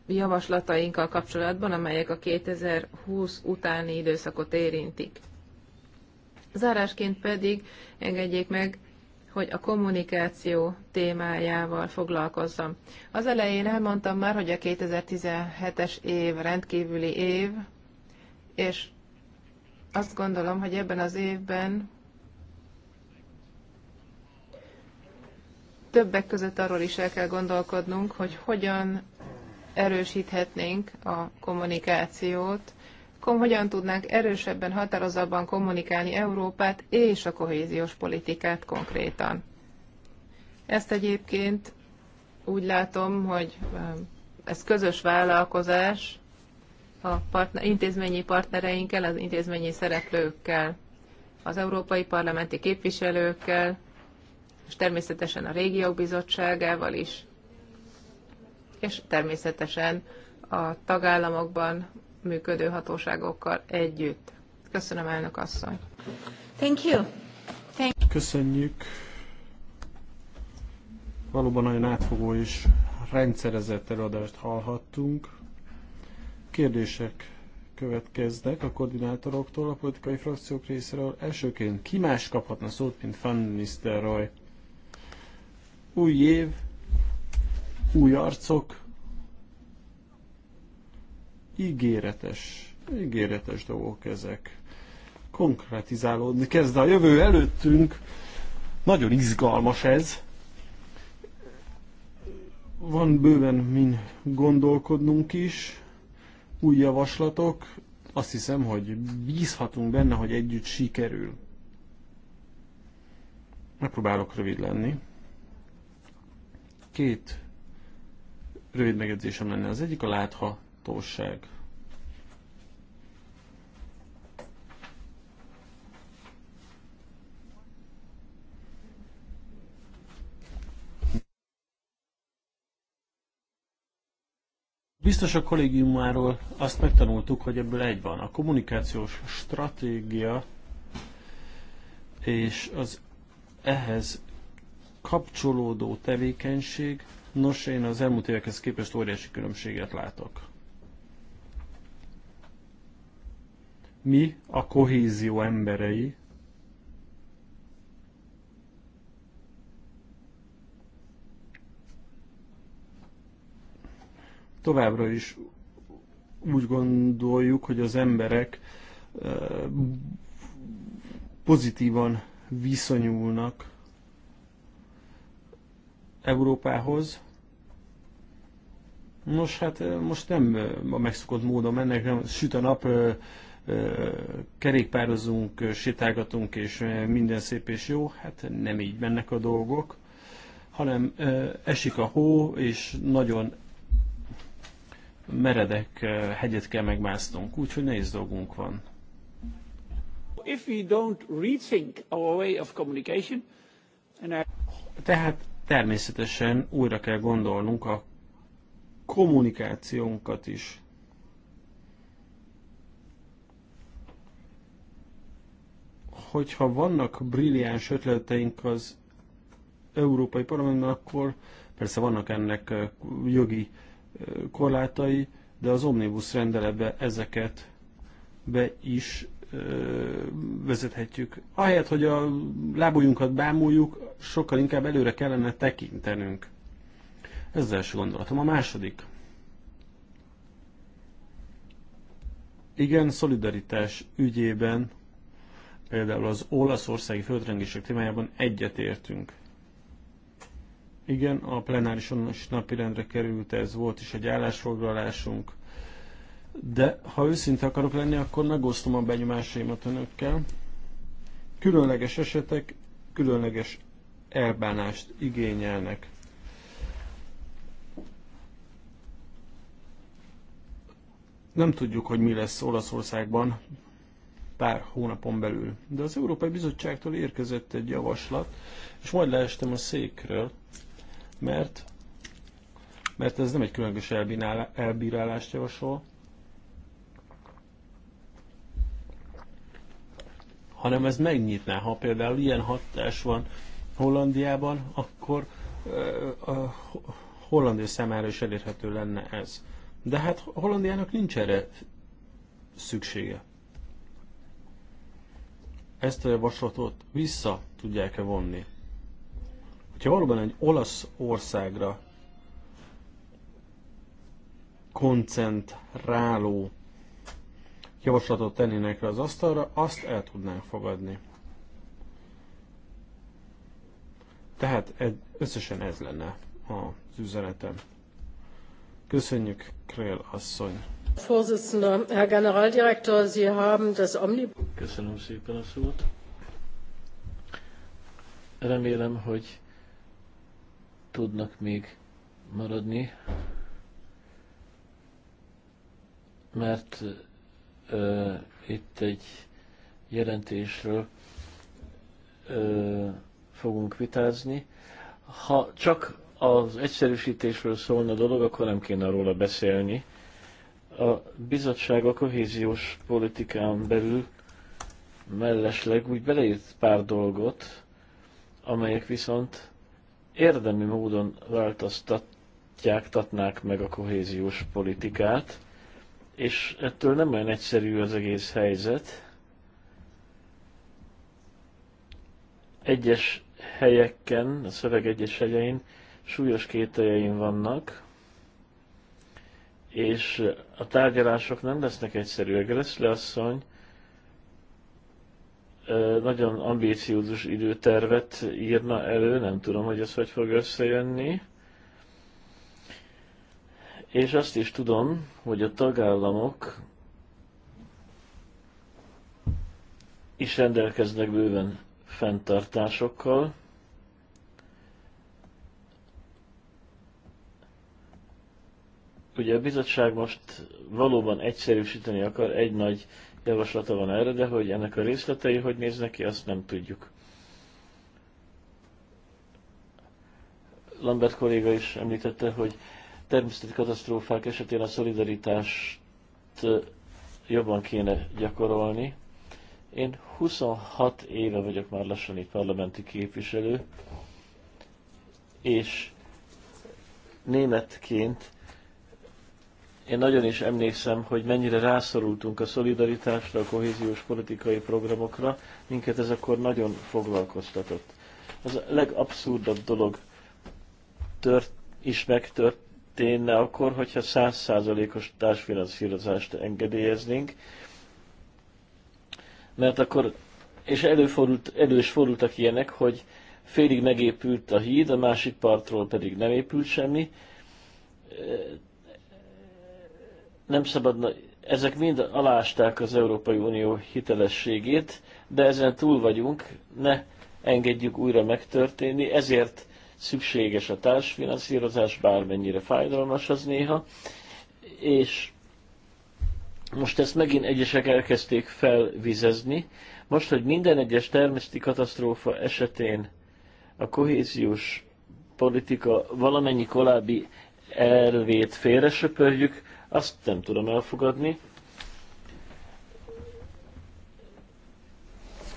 javaslatainkkal kapcsolatban, amelyek a 2020 utáni időszakot érintik. Zárásként pedig engedjék meg, hogy a kommunikáció témájával foglalkozzam. Az elején elmondtam már, hogy a 2017-es év rendkívüli év, és azt gondolom, hogy ebben az évben többek között arról is el kell gondolkodnunk, hogy hogyan erősíthetnénk a kommunikációt, akkor hogyan tudnánk erősebben, határozottabban kommunikálni Európát és a kohéziós politikát konkrétan. Ezt egyébként úgy látom, hogy um, ez közös vállalkozás a partner, intézményi partnereinkkel, az intézményi szereplőkkel, az európai parlamenti képviselőkkel, és természetesen a régiók bizottságával is, és természetesen a tagállamokban működő hatóságokkal együtt. Köszönöm, elnök asszony. Thank you. Thank Köszönjük. Valóban nagyon átfogó és rendszerezett előadást hallhattunk. Kérdések következnek a koordinátoroktól, a politikai frakciók részéről. Elsőként ki más kaphatna szót, mint Van Nistelrooy? Új év, új arcok, ígéretes, ígéretes dolgok ezek. Konkretizálódni kezd a jövő előttünk. Nagyon izgalmas ez. Van bőven min gondolkodnunk is, új javaslatok. Azt hiszem, hogy bízhatunk benne, hogy együtt sikerül. Megpróbálok rövid lenni. Két rövid megjegyzésem lenne. Az egyik a látha láthatóság. Biztos a kollégiumáról azt megtanultuk, hogy ebből egy van. A kommunikációs stratégia és az ehhez kapcsolódó tevékenység. Nos, én az elmúlt évekhez képest óriási különbséget látok. mi a kohézió emberei, továbbra is úgy gondoljuk, hogy az emberek pozitívan viszonyulnak Európához. Nos, hát most nem a megszokott módon mennek, nem süt a nap, kerékpározunk, sétálgatunk, és minden szép és jó. Hát nem így mennek a dolgok, hanem esik a hó, és nagyon meredek hegyet kell megmásznunk, úgyhogy nehéz dolgunk van. If we don't rethink our way of communication, and I... Tehát természetesen újra kell gondolnunk a kommunikációnkat is. hogyha vannak brilliáns ötleteink az Európai Parlamentben, akkor persze vannak ennek jogi korlátai, de az Omnibus rendeletbe ezeket be is vezethetjük. Ahelyett, hogy a lábujunkat bámuljuk, sokkal inkább előre kellene tekintenünk. Ez az első gondolatom. A második. Igen, szolidaritás ügyében például az olaszországi földrengések témájában egyetértünk. Igen, a plenárison is napirendre került, ez volt is egy állásfoglalásunk, de ha őszinte akarok lenni, akkor megosztom a benyomásaimat önökkel. Különleges esetek különleges elbánást igényelnek. Nem tudjuk, hogy mi lesz Olaszországban, pár hónapon belül. De az Európai Bizottságtól érkezett egy javaslat, és majd leestem a székről, mert, mert ez nem egy különleges elbírálást javasol, hanem ez megnyitná. Ha például ilyen hatás van Hollandiában, akkor a uh, Hollandia számára is elérhető lenne ez. De hát Hollandiának nincs erre szüksége ezt a javaslatot vissza tudják-e vonni. Hogyha valóban egy olasz országra koncentráló javaslatot tennének az asztalra, azt el tudnánk fogadni. Tehát ez, összesen ez lenne az üzenetem. Köszönjük, Krél asszony. Vorsitzender, Herr Generaldirektor, Sie haben das Köszönöm szépen a szót. Remélem, hogy tudnak még maradni, mert ö, itt egy jelentésről ö, fogunk vitázni. Ha csak az egyszerűsítésről szólna a dolog, akkor nem kéne róla beszélni. A bizottság a kohéziós politikán belül mellesleg úgy beleírt pár dolgot, amelyek viszont érdemi módon változtatják, tatnák meg a kohéziós politikát, és ettől nem olyan egyszerű az egész helyzet. Egyes helyeken, a szöveg egyes helyein súlyos kételjeim vannak, és a tárgyalások nem lesznek egyszerűek. Gressle asszony nagyon ambíciózus időtervet írna elő, nem tudom, hogy ez hogy fog összejönni. És azt is tudom, hogy a tagállamok is rendelkeznek bőven fenntartásokkal, Ugye a bizottság most valóban egyszerűsíteni akar, egy nagy javaslata van erre, de hogy ennek a részletei hogy néznek ki, azt nem tudjuk. Lambert kolléga is említette, hogy természeti katasztrófák esetén a szolidaritást jobban kéne gyakorolni. Én 26 éve vagyok már lassan itt parlamenti képviselő, és németként én nagyon is emlékszem, hogy mennyire rászorultunk a szolidaritásra, a kohéziós politikai programokra, minket ez akkor nagyon foglalkoztatott. Az a legabszurdabb dolog tört, is megtörténne akkor, hogyha százszázalékos társfinanszírozást engedélyeznénk, mert akkor, és előfordult, elő is fordultak ilyenek, hogy félig megépült a híd, a másik partról pedig nem épült semmi, nem szabadna, ezek mind alásták az Európai Unió hitelességét, de ezen túl vagyunk, ne engedjük újra megtörténni, ezért szükséges a társfinanszírozás, bármennyire fájdalmas az néha, és most ezt megint egyesek elkezdték felvizezni. Most, hogy minden egyes természeti katasztrófa esetén a kohéziós politika valamennyi korábbi elvét félresöpörjük, azt nem tudom elfogadni.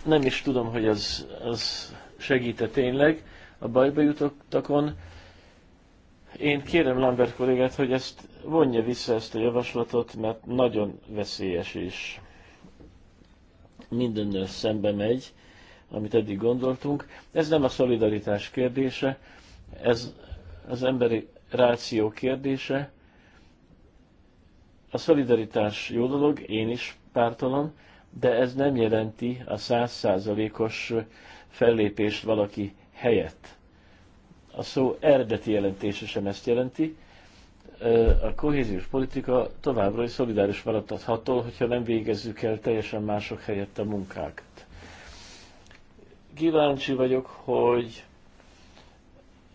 Nem is tudom, hogy az, az segíte tényleg a bajba jutottakon. Én kérem Lambert kollégát, hogy ezt vonja vissza ezt a javaslatot, mert nagyon veszélyes is. Mindennel szembe megy, amit eddig gondoltunk. Ez nem a szolidaritás kérdése, ez az emberi ráció kérdése, a szolidaritás jó dolog, én is pártolom, de ez nem jelenti a százszázalékos fellépést valaki helyett. A szó eredeti jelentése sem ezt jelenti. A kohéziós politika továbbra is szolidáris maradható, hogyha nem végezzük el teljesen mások helyett a munkákat. Kíváncsi vagyok, hogy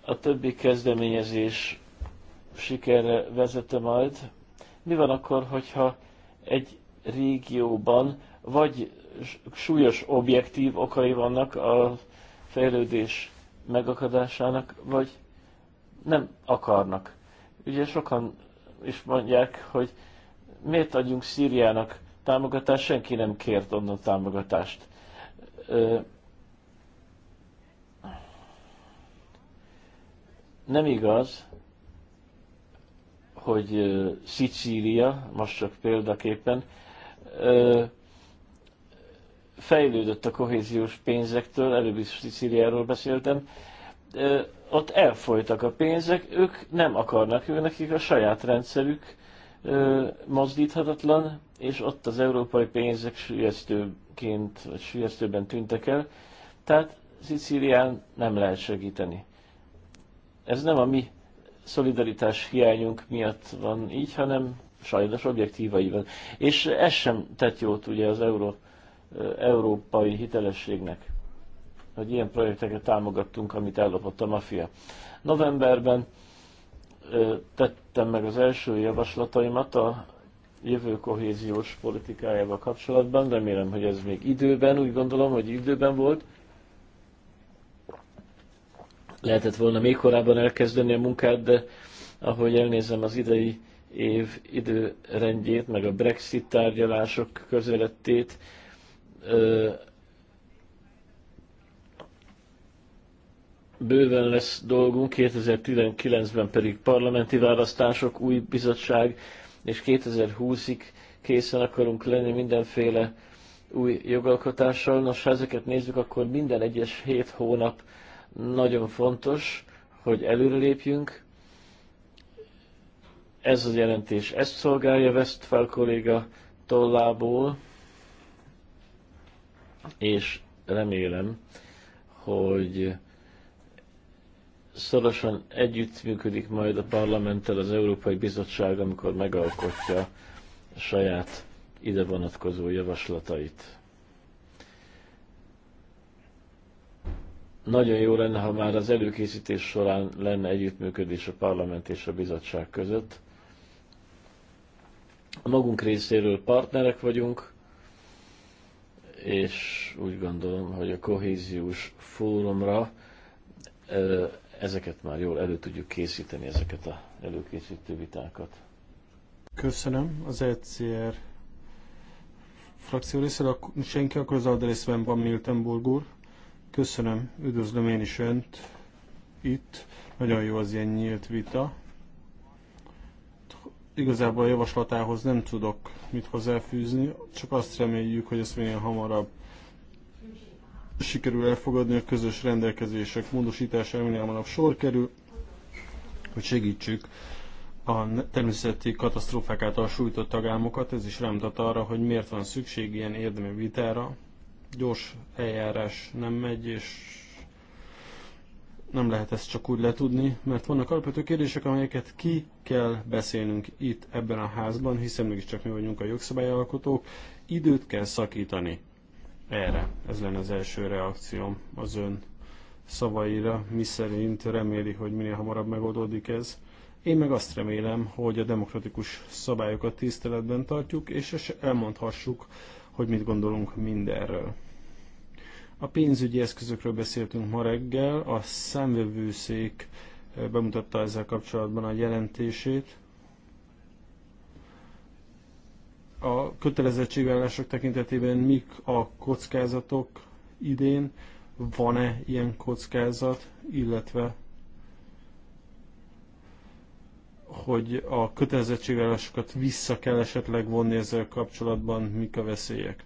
a többi kezdeményezés sikerre vezete majd, mi van akkor, hogyha egy régióban vagy súlyos objektív okai vannak a fejlődés megakadásának, vagy nem akarnak. Ugye sokan is mondják, hogy miért adjunk Szíriának támogatást, senki nem kért onnan támogatást. Nem igaz, hogy Szicília, most csak példaképpen, fejlődött a kohéziós pénzektől, előbb is Szicíliáról beszéltem, ott elfolytak a pénzek, ők nem akarnak, ők nekik a saját rendszerük mozdíthatatlan, és ott az európai pénzek sülyeztőként, vagy sülyeztőben tűntek el, tehát Szicílián nem lehet segíteni. Ez nem a mi szolidaritás hiányunk miatt van így, hanem sajnos objektívaiban. És ez sem tett jót ugye az euró, európai hitelességnek, hogy ilyen projekteket támogattunk, amit ellopott a mafia. Novemberben tettem meg az első javaslataimat a jövő kohéziós politikájával kapcsolatban, remélem, hogy ez még időben, úgy gondolom, hogy időben volt, lehetett volna még korábban elkezdeni a munkát, de ahogy elnézem az idei év időrendjét, meg a Brexit tárgyalások közelettét, bőven lesz dolgunk, 2019-ben pedig parlamenti választások, új bizottság, és 2020-ig készen akarunk lenni mindenféle új jogalkotással. Nos, ha ezeket nézzük, akkor minden egyes hét hónap nagyon fontos, hogy előrelépjünk. Ez a jelentés ezt szolgálja Westphal kolléga tollából, és remélem, hogy szorosan együttműködik majd a parlamenttel az Európai Bizottság, amikor megalkotja a saját ide vonatkozó javaslatait. nagyon jó lenne, ha már az előkészítés során lenne együttműködés a parlament és a bizottság között. A magunk részéről partnerek vagyunk, és úgy gondolom, hogy a kohéziós fórumra ezeket már jól elő tudjuk készíteni, ezeket a előkészítő vitákat. Köszönöm az ECR frakció részéről. Senki, akkor az adresszben van Miltenburg úr. Köszönöm, üdvözlöm én is Önt itt. Nagyon jó az ilyen nyílt vita. Igazából a javaslatához nem tudok mit hozzáfűzni, csak azt reméljük, hogy ezt minél hamarabb sikerül elfogadni a közös rendelkezések módosítása, minél hamarabb sor kerül, hogy segítsük a természeti katasztrófák által sújtott tagállamokat. Ez is rámutat arra, hogy miért van szükség ilyen érdemi vitára, gyors eljárás nem megy, és nem lehet ezt csak úgy letudni, mert vannak alapvető kérdések, amelyeket ki kell beszélnünk itt ebben a házban, hiszen mégiscsak mi vagyunk a jogszabályalkotók, időt kell szakítani erre. Ez lenne az első reakcióm az ön szavaira, miszerint reméli, hogy minél hamarabb megoldódik ez. Én meg azt remélem, hogy a demokratikus szabályokat tiszteletben tartjuk, és elmondhassuk hogy mit gondolunk mindenről. A pénzügyi eszközökről beszéltünk ma reggel, a számvevőszék eh, bemutatta ezzel kapcsolatban a jelentését. A kötelezettségvállások tekintetében mik a kockázatok idén, van-e ilyen kockázat, illetve hogy a kötelezettségvállalásokat vissza kell esetleg vonni ezzel kapcsolatban, mik a veszélyek.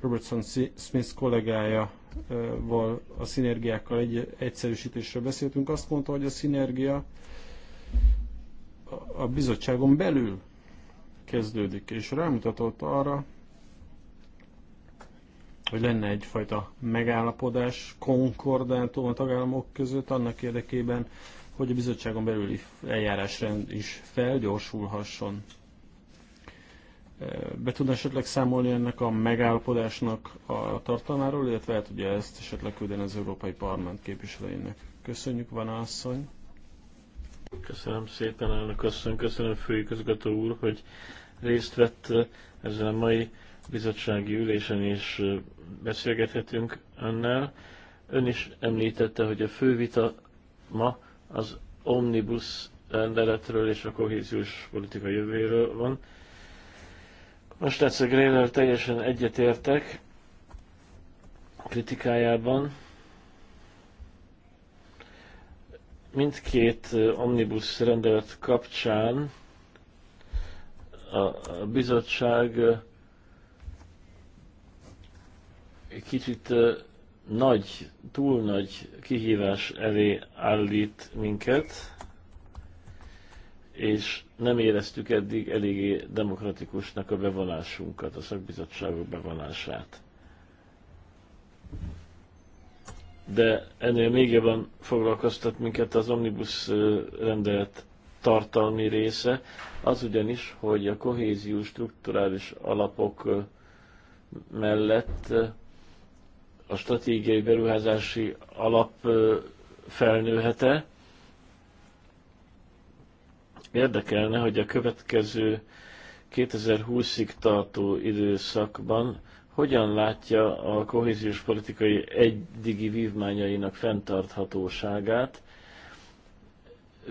Robertson Smith kollégájával a szinergiákkal egy egyszerűsítésre beszéltünk. Azt mondta, hogy a szinergia a bizottságon belül kezdődik, és rámutatott arra, hogy lenne egyfajta megállapodás, konkordátum a tagállamok között annak érdekében, hogy a bizottságon belüli eljárásrend is felgyorsulhasson. Be tudna esetleg számolni ennek a megállapodásnak a tartalmáról, illetve lehet tudja ezt esetleg küldeni az Európai Parlament képviselőinek. Köszönjük, Van asszony! Köszönöm szépen, elnök asszony, köszönöm főigazgató úr, hogy részt vett ezen a mai bizottsági ülésen, és beszélgethetünk önnel. Ön is említette, hogy a fővita ma az omnibus rendeletről és a kohéziós politika jövőjéről van. Most egyszer Greiner teljesen egyetértek kritikájában. Mindkét omnibus rendelet kapcsán a bizottság kicsit nagy, túl nagy kihívás elé állít minket, és nem éreztük eddig eléggé demokratikusnak a bevonásunkat, a szakbizottságok bevonását. De ennél még jobban foglalkoztat minket az omnibus rendelet tartalmi része, az ugyanis, hogy a kohéziós strukturális alapok mellett a stratégiai beruházási alap felnőhete. Érdekelne, hogy a következő 2020-ig tartó időszakban hogyan látja a kohéziós politikai eddigi vívmányainak fenntarthatóságát.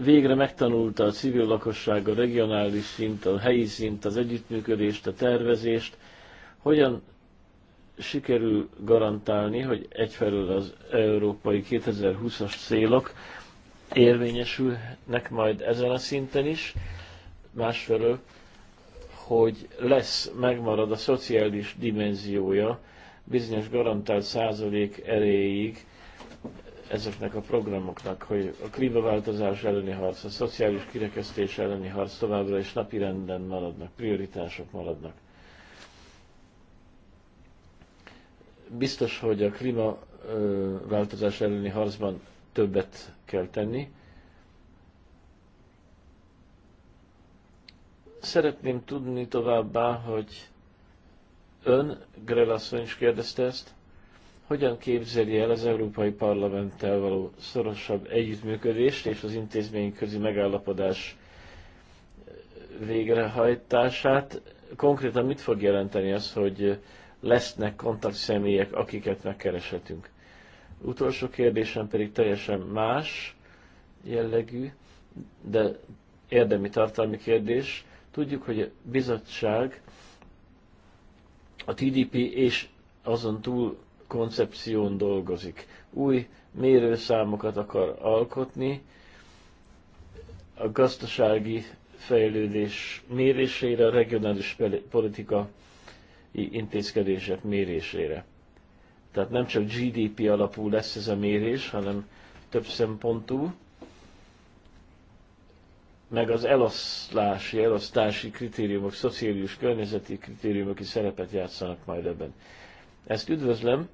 Végre megtanulta a civil lakosság, a regionális szint, a helyi szint, az együttműködést, a tervezést. Hogyan sikerül garantálni, hogy egyfelől az európai 2020-as célok érvényesülnek majd ezen a szinten is, másfelől, hogy lesz, megmarad a szociális dimenziója bizonyos garantált százalék erejéig ezeknek a programoknak, hogy a klímaváltozás elleni harc, a szociális kirekesztés elleni harc továbbra is napirenden maradnak, prioritások maradnak. Biztos, hogy a klímaváltozás elleni harcban többet kell tenni. Szeretném tudni továbbá, hogy ön, Grelasszony is kérdezte ezt, hogyan képzeli el az Európai Parlamenttel való szorosabb együttműködést és az közi megállapodás végrehajtását? Konkrétan mit fog jelenteni az, hogy lesznek kontaktszemélyek, akiket megkereshetünk. Utolsó kérdésem pedig teljesen más jellegű, de érdemi tartalmi kérdés. Tudjuk, hogy a bizottság a TDP és azon túl koncepción dolgozik. Új mérőszámokat akar alkotni, a gazdasági fejlődés mérésére, a regionális politika intézkedések mérésére. Tehát nem csak GDP alapú lesz ez a mérés, hanem több szempontú, meg az eloszlási, elosztási kritériumok, szociális, környezeti kritériumok is szerepet játszanak majd ebben. Ezt üdvözlöm,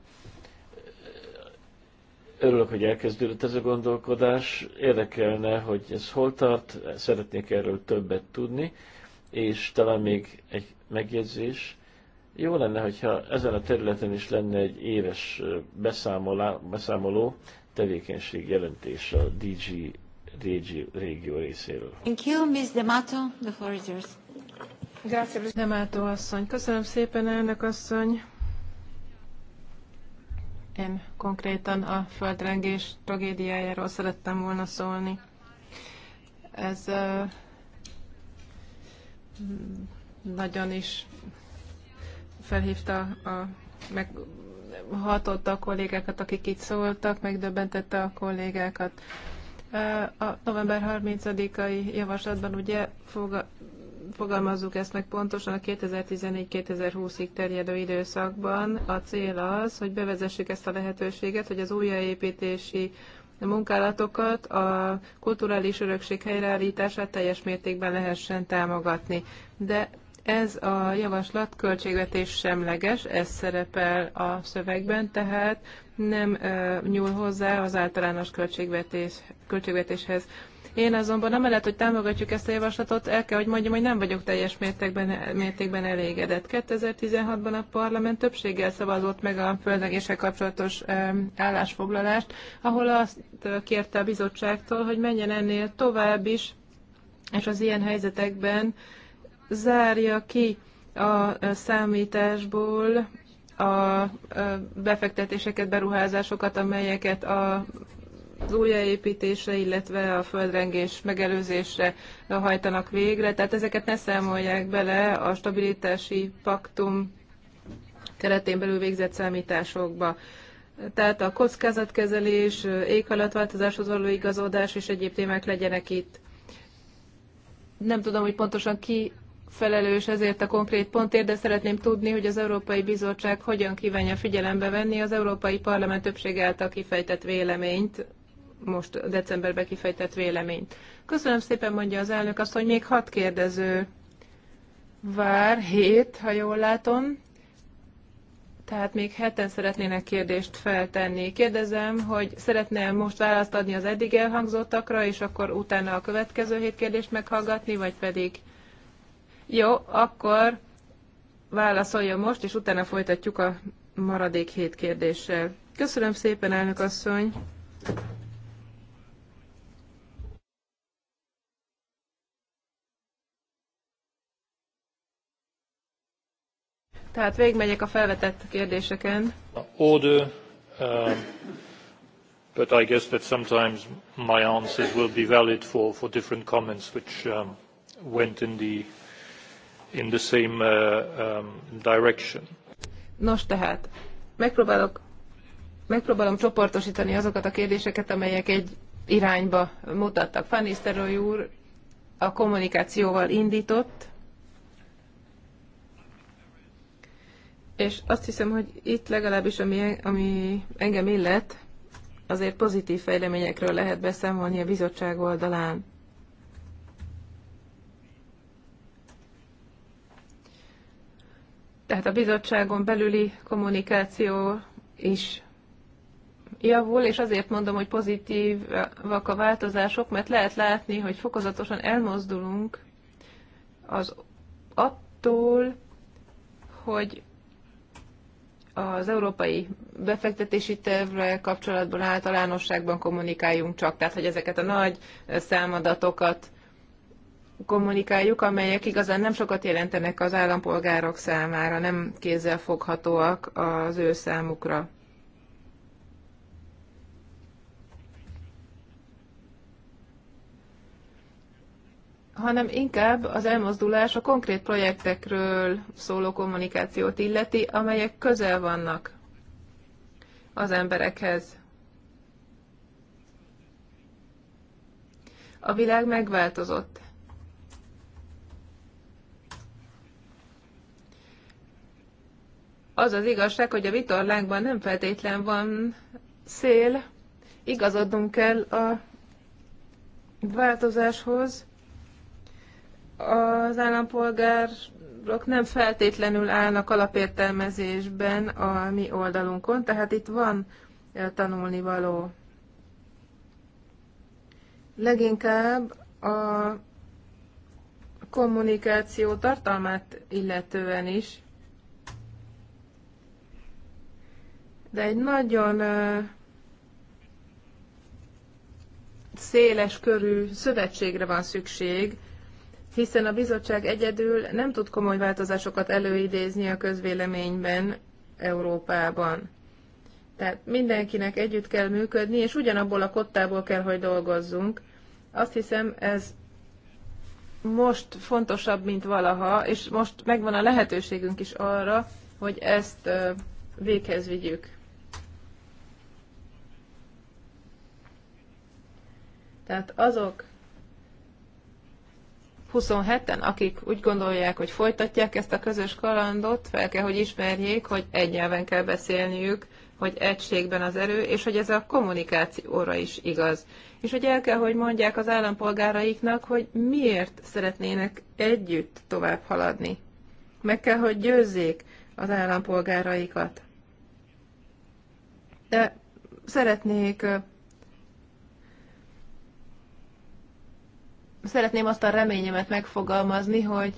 örülök, hogy elkezdődött ez a gondolkodás, érdekelne, hogy ez hol tart, szeretnék erről többet tudni, és talán még egy megjegyzés, jó lenne, hogyha ezen a területen is lenne egy éves beszámoló, beszámoló tevékenység jelentés a DG régi, régió részéről. Thank you, Ms. D'Amato. The floor is yours. D'Amato asszony. Köszönöm szépen, elnök asszony. Én konkrétan a földrengés tragédiájáról szerettem volna szólni. Ez uh, nagyon is felhívta a meg hatotta a kollégákat, akik itt szóltak, megdöbbentette a kollégákat. A november 30-ai javaslatban ugye foga, fogalmazzuk ezt meg pontosan a 2014-2020-ig terjedő időszakban. A cél az, hogy bevezessük ezt a lehetőséget, hogy az újjáépítési munkálatokat, a kulturális örökség helyreállítását teljes mértékben lehessen támogatni. De ez a javaslat költségvetés semleges, ez szerepel a szövegben, tehát nem nyúl hozzá az általános költségvetés, költségvetéshez. Én azonban amellett, hogy támogatjuk ezt a javaslatot, el kell, hogy mondjam, hogy nem vagyok teljes mértékben, mértékben elégedett. 2016-ban a parlament többséggel szavazott meg a földegéssel kapcsolatos állásfoglalást, ahol azt kérte a bizottságtól, hogy menjen ennél tovább is, és az ilyen helyzetekben zárja ki a számításból a befektetéseket, beruházásokat, amelyeket a az újjáépítésre, illetve a földrengés megelőzésre hajtanak végre. Tehát ezeket ne számolják bele a stabilitási paktum keretén belül végzett számításokba. Tehát a kockázatkezelés, éghajlatváltozáshoz való igazodás és egyéb témák legyenek itt. Nem tudom, hogy pontosan ki felelős ezért a konkrét pontért, de szeretném tudni, hogy az Európai Bizottság hogyan kívánja figyelembe venni az Európai Parlament többség által kifejtett véleményt, most decemberben kifejtett véleményt. Köszönöm szépen, mondja az elnök azt, hogy még hat kérdező vár, hét, ha jól látom. Tehát még heten szeretnének kérdést feltenni. Kérdezem, hogy szeretne most választ adni az eddig elhangzottakra, és akkor utána a következő hét kérdést meghallgatni, vagy pedig jó, akkor válaszoljon most, és utána folytatjuk a maradék hét kérdéssel. Köszönöm szépen, elnök asszony! Tehát végigmegyek a felvetett kérdéseken. Order, um, but I guess that sometimes my answers will be valid for, for different comments which um, went in the in the same uh, um, direction. Nos tehát, megpróbálok, megpróbálom csoportosítani azokat a kérdéseket, amelyek egy irányba mutattak. Fanny Steroy úr a kommunikációval indított, és azt hiszem, hogy itt legalábbis, ami, ami engem illet, azért pozitív fejleményekről lehet beszámolni a bizottság oldalán. tehát a bizottságon belüli kommunikáció is javul, és azért mondom, hogy pozitívak a változások, mert lehet látni, hogy fokozatosan elmozdulunk az attól, hogy az európai befektetési tervre kapcsolatban általánosságban kommunikáljunk csak, tehát hogy ezeket a nagy számadatokat kommunikáljuk, amelyek igazán nem sokat jelentenek az állampolgárok számára, nem foghatóak az ő számukra. hanem inkább az elmozdulás a konkrét projektekről szóló kommunikációt illeti, amelyek közel vannak az emberekhez. A világ megváltozott. Az az igazság, hogy a vitorlánkban nem feltétlen van szél, igazodnunk kell a változáshoz. Az állampolgárok nem feltétlenül állnak alapértelmezésben a mi oldalunkon, tehát itt van eh, tanulnivaló. Leginkább a kommunikáció tartalmát illetően is de egy nagyon széles körű szövetségre van szükség, hiszen a bizottság egyedül nem tud komoly változásokat előidézni a közvéleményben Európában. Tehát mindenkinek együtt kell működni, és ugyanabból a kottából kell, hogy dolgozzunk. Azt hiszem, ez most fontosabb, mint valaha, és most megvan a lehetőségünk is arra, hogy ezt véghez vigyük. Tehát azok 27-en, akik úgy gondolják, hogy folytatják ezt a közös kalandot, fel kell, hogy ismerjék, hogy egy nyelven kell beszélniük, hogy egységben az erő, és hogy ez a kommunikációra is igaz. És hogy el kell, hogy mondják az állampolgáraiknak, hogy miért szeretnének együtt tovább haladni. Meg kell, hogy győzzék az állampolgáraikat. De szeretnék szeretném azt a reményemet megfogalmazni, hogy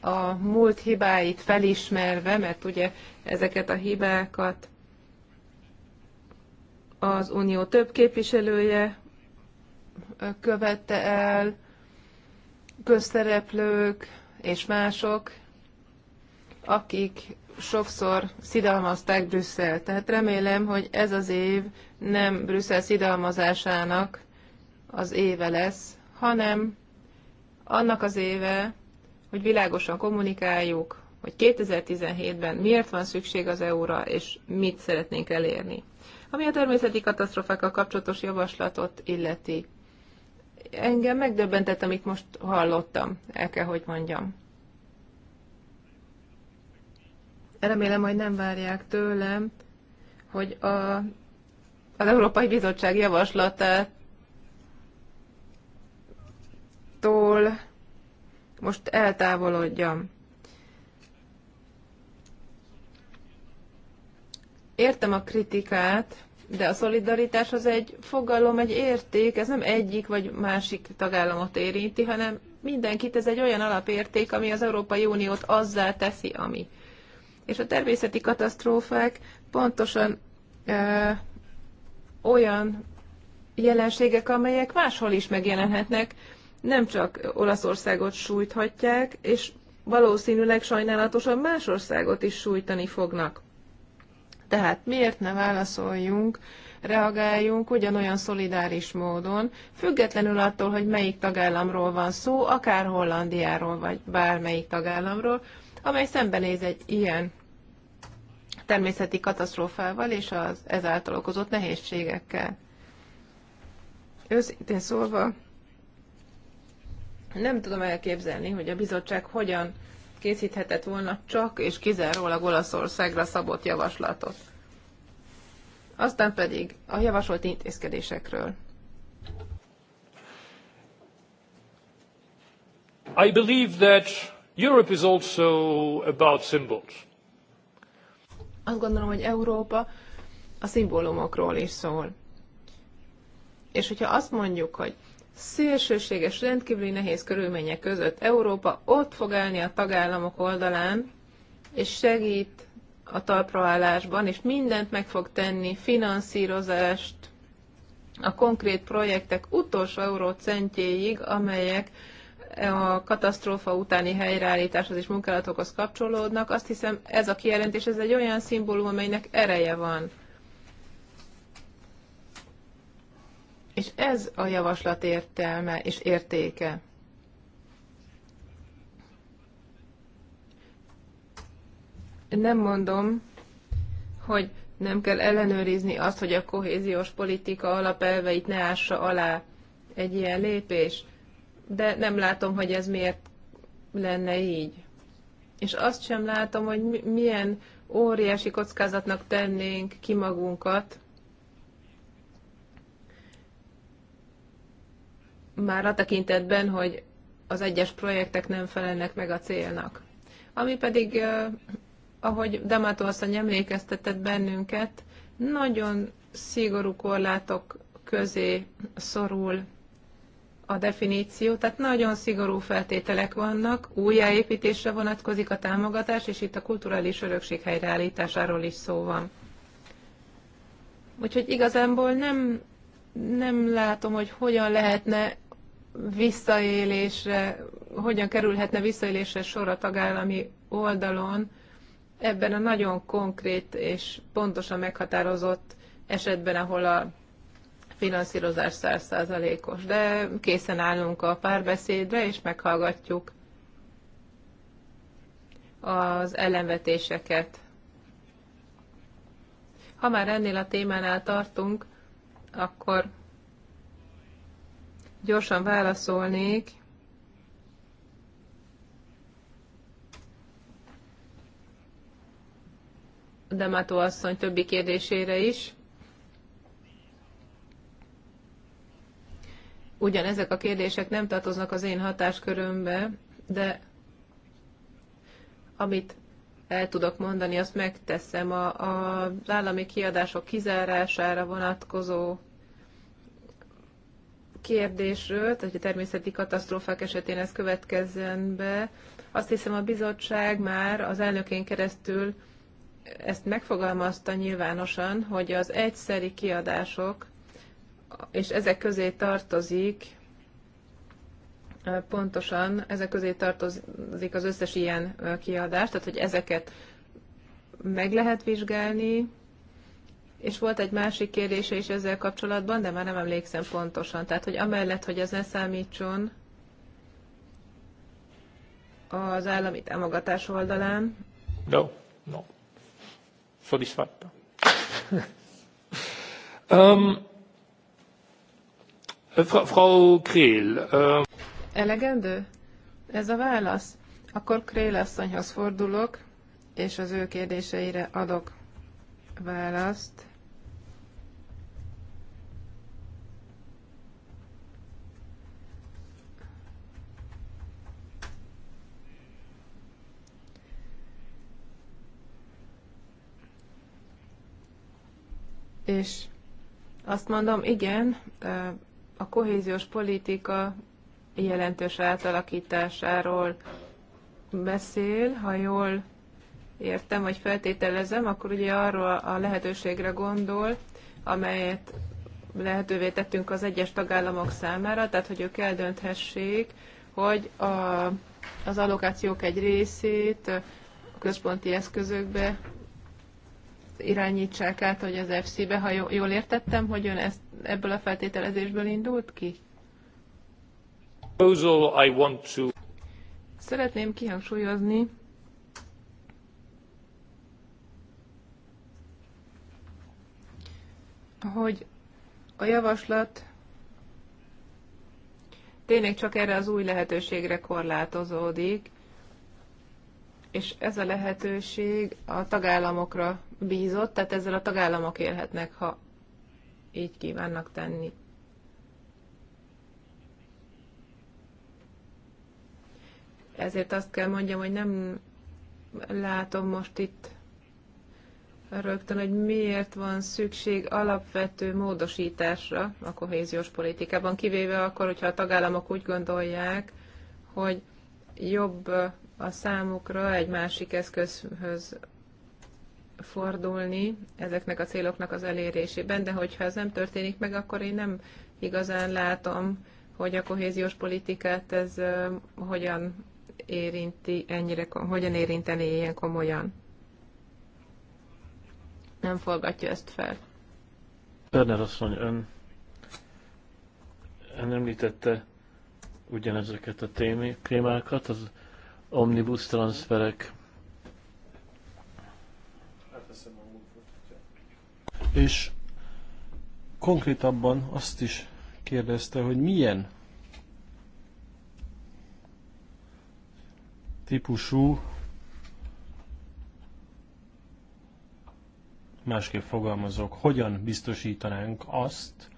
a múlt hibáit felismerve, mert ugye ezeket a hibákat az unió több képviselője követte el, közszereplők és mások, akik sokszor szidalmazták Brüsszel. Tehát remélem, hogy ez az év nem Brüsszel szidalmazásának az éve lesz, hanem annak az éve, hogy világosan kommunikáljuk, hogy 2017-ben miért van szükség az EU-ra, és mit szeretnénk elérni. Ami a természeti katasztrofákkal kapcsolatos javaslatot illeti. Engem megdöbbentett, amit most hallottam, el kell, hogy mondjam. Remélem, hogy nem várják tőlem, hogy a, az Európai Bizottság javaslatát témától most eltávolodjam. Értem a kritikát, de a szolidaritás az egy fogalom, egy érték, ez nem egyik vagy másik tagállamot érinti, hanem mindenkit, ez egy olyan alapérték, ami az Európai Uniót azzá teszi, ami. És a természeti katasztrófák pontosan ö, olyan jelenségek, amelyek máshol is megjelenhetnek, nem csak Olaszországot sújthatják, és valószínűleg sajnálatosan más országot is sújtani fognak. Tehát miért ne válaszoljunk, reagáljunk ugyanolyan szolidáris módon, függetlenül attól, hogy melyik tagállamról van szó, akár Hollandiáról, vagy bármelyik tagállamról, amely szembenéz egy ilyen természeti katasztrófával és az ezáltal okozott nehézségekkel. Őszintén szólva, nem tudom elképzelni, hogy a bizottság hogyan készíthetett volna csak és kizárólag Olaszországra szabott javaslatot. Aztán pedig a javasolt intézkedésekről. I believe that Europe is also about symbols. Azt gondolom, hogy Európa a szimbólumokról is szól. És hogyha azt mondjuk, hogy szélsőséges, rendkívüli nehéz körülmények között Európa ott fog állni a tagállamok oldalán, és segít a talpraállásban, és mindent meg fog tenni, finanszírozást, a konkrét projektek utolsó eurócentjéig, amelyek a katasztrófa utáni helyreállításhoz és munkálatokhoz kapcsolódnak. Azt hiszem, ez a kijelentés, ez egy olyan szimbólum, amelynek ereje van. És ez a javaslat értelme és értéke. Nem mondom, hogy nem kell ellenőrizni azt, hogy a kohéziós politika alapelveit ne ássa alá egy ilyen lépés, de nem látom, hogy ez miért lenne így. És azt sem látom, hogy milyen óriási kockázatnak tennénk ki magunkat, már a tekintetben, hogy az egyes projektek nem felelnek meg a célnak. Ami pedig, ahogy Damato asszony emlékeztetett bennünket, nagyon szigorú korlátok közé szorul a definíció, tehát nagyon szigorú feltételek vannak, újjáépítésre vonatkozik a támogatás, és itt a kulturális örökség helyreállításáról is szó van. Úgyhogy igazából nem, nem látom, hogy hogyan lehetne visszaélésre, hogyan kerülhetne visszaélésre sor a tagállami oldalon ebben a nagyon konkrét és pontosan meghatározott esetben, ahol a finanszírozás százszázalékos. De készen állunk a párbeszédre, és meghallgatjuk az ellenvetéseket. Ha már ennél a témánál tartunk, akkor Gyorsan válaszolnék. Demato asszony többi kérdésére is. Ugyan ezek a kérdések nem tartoznak az én hatáskörömbe, de amit el tudok mondani, azt megteszem. A, a, az állami kiadások kizárására vonatkozó kérdésről, tehát hogy a természeti katasztrófák esetén ez következzen be, azt hiszem a bizottság már az elnökén keresztül ezt megfogalmazta nyilvánosan, hogy az egyszeri kiadások, és ezek közé tartozik pontosan, ezek közé tartozik az összes ilyen kiadás, tehát hogy ezeket meg lehet vizsgálni, és volt egy másik kérdése is ezzel kapcsolatban, de már nem emlékszem pontosan. Tehát, hogy amellett, hogy ez ne számítson az állami támogatás oldalán. No, no. Soddisfatta. <laughs> um, Frau Krél. Um... Elegendő? Ez a válasz? Akkor Krél asszonyhoz fordulok, és az ő kérdéseire adok választ. És azt mondom, igen, a kohéziós politika jelentős átalakításáról beszél, ha jól értem, vagy feltételezem, akkor ugye arról a lehetőségre gondol, amelyet lehetővé tettünk az egyes tagállamok számára, tehát hogy ők eldönthessék, hogy a, az allokációk egy részét a központi eszközökbe irányítsák át, hogy az FC-be, ha jól értettem, hogy ön ezt, ebből a feltételezésből indult ki? Szeretném kihangsúlyozni, hogy a javaslat tényleg csak erre az új lehetőségre korlátozódik, és ez a lehetőség a tagállamokra bízott, tehát ezzel a tagállamok érhetnek, ha így kívánnak tenni. Ezért azt kell mondjam, hogy nem látom most itt rögtön, hogy miért van szükség alapvető módosításra a kohéziós politikában, kivéve akkor, hogyha a tagállamok úgy gondolják, hogy jobb a számukra egy másik eszközhöz fordulni ezeknek a céloknak az elérésében, de hogyha ez nem történik meg, akkor én nem igazán látom, hogy a kohéziós politikát ez hogyan érinti ennyire, hogyan érinteni ilyen komolyan. Nem forgatja ezt fel. Berner asszony, ön, ön említette ugyanezeket a témákat, az omnibus transferek és konkrétabban azt is kérdezte, hogy milyen típusú másképp fogalmazok, hogyan biztosítanánk azt,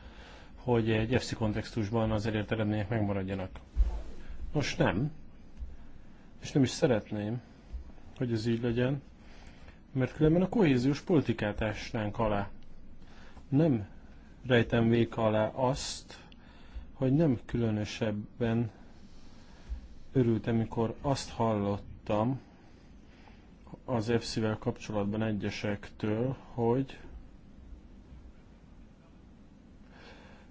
hogy egy FC kontextusban az elért eredmények megmaradjanak. Most nem, és nem is szeretném, hogy ez így legyen mert különben a kohéziós politikát esnénk alá. Nem rejtem vék alá azt, hogy nem különösebben örültem, amikor azt hallottam az EFSZ-vel kapcsolatban egyesektől, hogy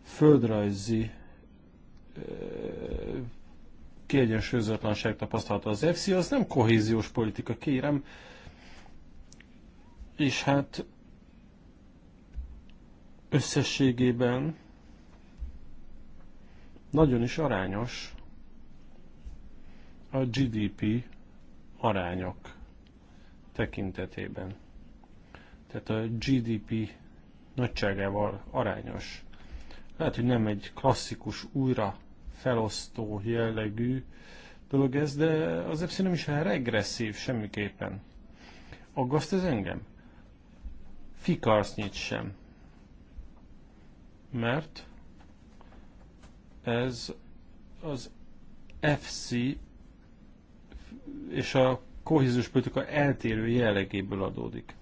földrajzi kiegyensúlyozatlanság tapasztalata az EFSZ, az nem kohéziós politika, kérem, és hát összességében nagyon is arányos a GDP arányok tekintetében. Tehát a GDP nagyságával arányos. Lehet, hogy nem egy klasszikus újra felosztó jellegű dolog ez, de azért nem is regresszív semmiképpen. Aggaszt ez engem? fikarsznyit sem. Mert ez az FC és a kohézus politika eltérő jellegéből adódik.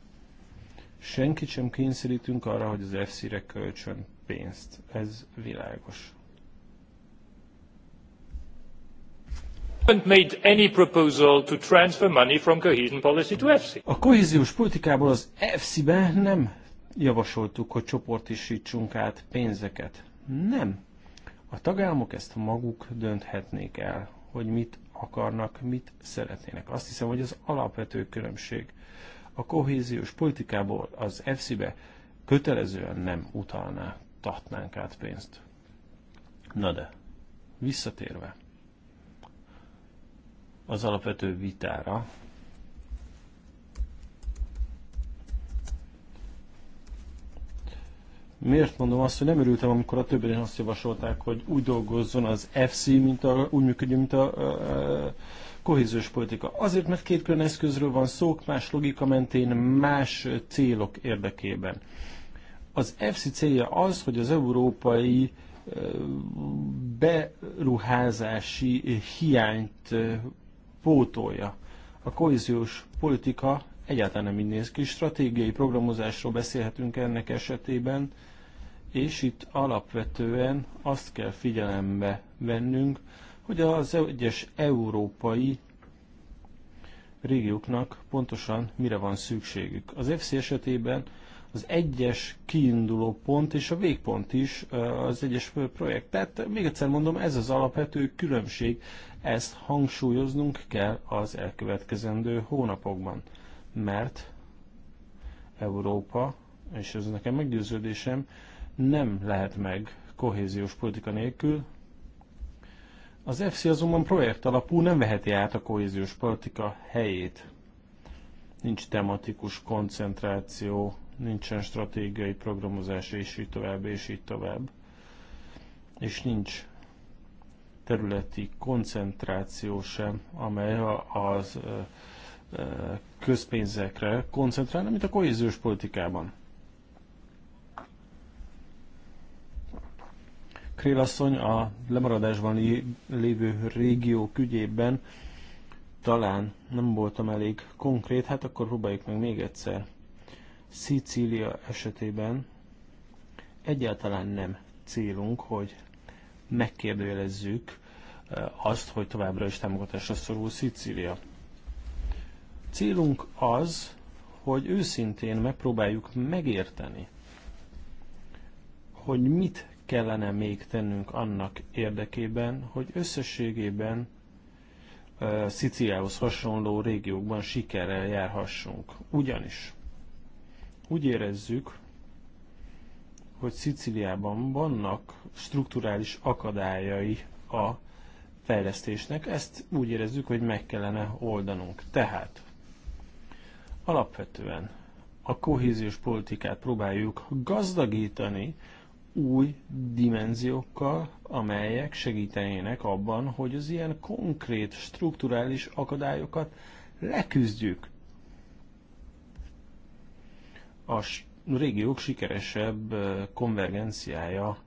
Senkit sem kényszerítünk arra, hogy az FC-re költsön pénzt. Ez világos. A kohéziós politikából az EFSI-be nem javasoltuk, hogy csoportisítsunk át pénzeket. Nem. A tagállamok ezt maguk dönthetnék el, hogy mit akarnak, mit szeretnének. Azt hiszem, hogy az alapvető különbség a kohéziós politikából az EFSI-be kötelezően nem utalná, tartnánk át pénzt. Na de, visszatérve az alapvető vitára. Miért mondom azt, hogy nem örültem, amikor a többen azt javasolták, hogy úgy dolgozzon az FC, mint a, úgy működjön, mint a, a, a kohéziós politika. Azért, mert két külön eszközről van szó, más logika mentén, más célok érdekében. Az FC célja az, hogy az európai beruházási hiányt pótolja. A kohéziós politika egyáltalán nem így néz ki. Stratégiai programozásról beszélhetünk ennek esetében, és itt alapvetően azt kell figyelembe vennünk, hogy az egyes európai régióknak pontosan mire van szükségük. Az FC esetében az egyes kiinduló pont és a végpont is az egyes projekt. Tehát még egyszer mondom, ez az alapvető különbség ezt hangsúlyoznunk kell az elkövetkezendő hónapokban, mert Európa, és ez nekem meggyőződésem, nem lehet meg kohéziós politika nélkül. Az FC azonban projekt alapú nem veheti át a kohéziós politika helyét. Nincs tematikus koncentráció, nincsen stratégiai programozás, és így tovább, és így tovább. És nincs területi koncentráció sem, amely az közpénzekre koncentrálna, mint a kohéziós politikában. Krélasszony a lemaradásban lévő régió ügyében talán nem voltam elég konkrét, hát akkor próbáljuk meg még egyszer. Szicília esetében egyáltalán nem célunk, hogy megkérdőjelezzük eh, azt, hogy továbbra is támogatásra szorul Szicília. Célunk az, hogy őszintén megpróbáljuk megérteni, hogy mit kellene még tennünk annak érdekében, hogy összességében uh, hasonló régiókban sikerrel járhassunk. Ugyanis úgy érezzük, hogy Sziciliában vannak strukturális akadályai a fejlesztésnek, ezt úgy érezzük, hogy meg kellene oldanunk. Tehát alapvetően a kohéziós politikát próbáljuk gazdagítani új dimenziókkal, amelyek segítenének abban, hogy az ilyen konkrét strukturális akadályokat leküzdjük. A régiók sikeresebb konvergenciája